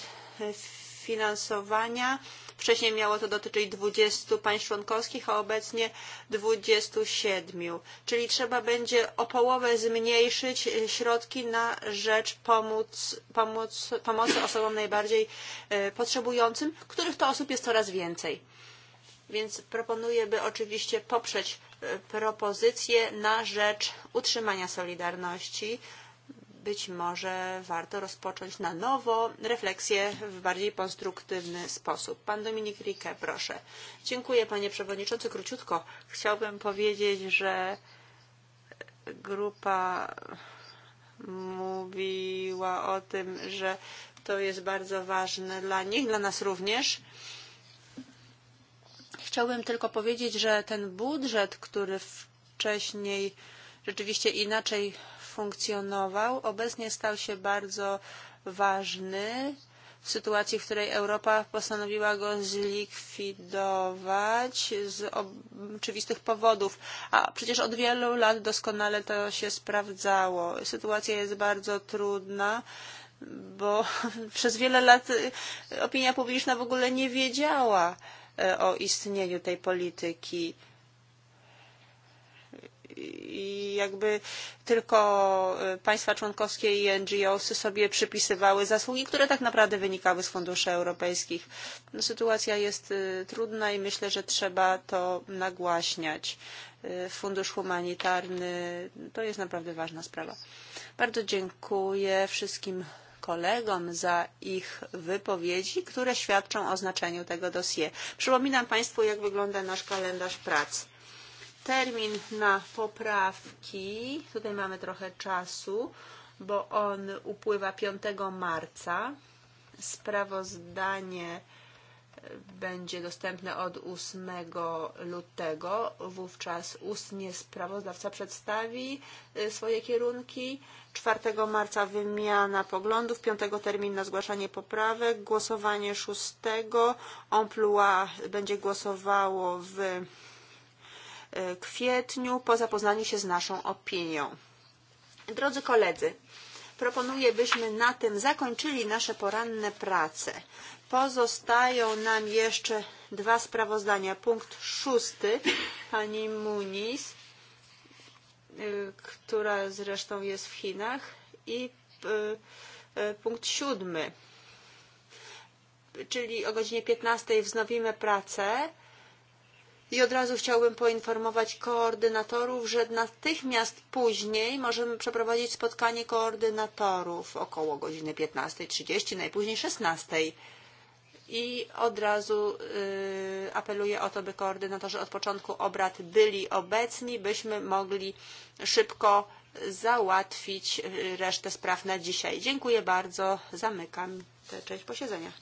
finansowania. Wcześniej miało to dotyczyć 20 państw członkowskich, a obecnie 27. Czyli trzeba będzie o połowę zmniejszyć środki na rzecz pomóc, pomóc, pomocy osobom najbardziej e, potrzebującym, których to osób jest coraz więcej. Więc proponuję, by oczywiście poprzeć e, propozycję na rzecz utrzymania Solidarności. Być może warto rozpocząć na nowo refleksję w bardziej konstruktywny sposób. Pan Dominik Rike, proszę. Dziękuję, panie przewodniczący. Króciutko chciałbym powiedzieć, że grupa mówiła o tym, że to jest bardzo ważne dla nich, dla nas również. Yy, Chciałbym tylko powiedzieć, że ten budżet, który wcześniej rzeczywiście inaczej funkcjonował, obecnie stał się bardzo ważny w sytuacji, w której Europa postanowiła go zlikwidować z oczywistych powodów. A przecież od wielu lat doskonale to się sprawdzało. Sytuacja jest bardzo trudna bo przez wiele lat opinia publiczna w ogóle nie wiedziała, o istnieniu tej polityki I jakby tylko e, państwa członkowskie i NGOsy sobie przypisywały zasługi, które tak naprawdę wynikały z funduszy europejskich. No, sytuacja jest e, trudna i myślę, że trzeba to nagłaśniać. E, fundusz humanitarny to jest naprawdę ważna sprawa. Bardzo dziękuję wszystkim kolegom za ich wypowiedzi, które świadczą o znaczeniu tego dosie. Przypominam Państwu, jak wygląda nasz kalendarz prac. Termin na poprawki, tutaj mamy trochę czasu, bo on upływa 5 marca. Sprawozdanie będzie dostępne od 8 lutego. Wówczas ustnie sprawozdawca przedstawi swoje kierunki. 4 marca wymiana poglądów, 5 termin na zgłaszanie poprawek, głosowanie 6. Emploi będzie głosowało w kwietniu po zapoznaniu się z naszą opinią. Drodzy koledzy, proponuję, byśmy na tym zakończyli nasze poranne prace. Pozostają nam jeszcze dwa sprawozdania. Punkt szósty pani Muniz, która zresztą jest w Chinach i punkt siódmy, czyli o godzinie 15 wznowimy pracę. I od razu chciałbym poinformować koordynatorów, że natychmiast później możemy przeprowadzić spotkanie koordynatorów około godziny 15.30, najpóźniej 16.00 i od razu apeluję o to, by koordynatorzy od początku obrad byli obecni, byśmy mogli szybko załatwić resztę spraw na dzisiaj. Dziękuję bardzo. Zamykam tę część posiedzenia.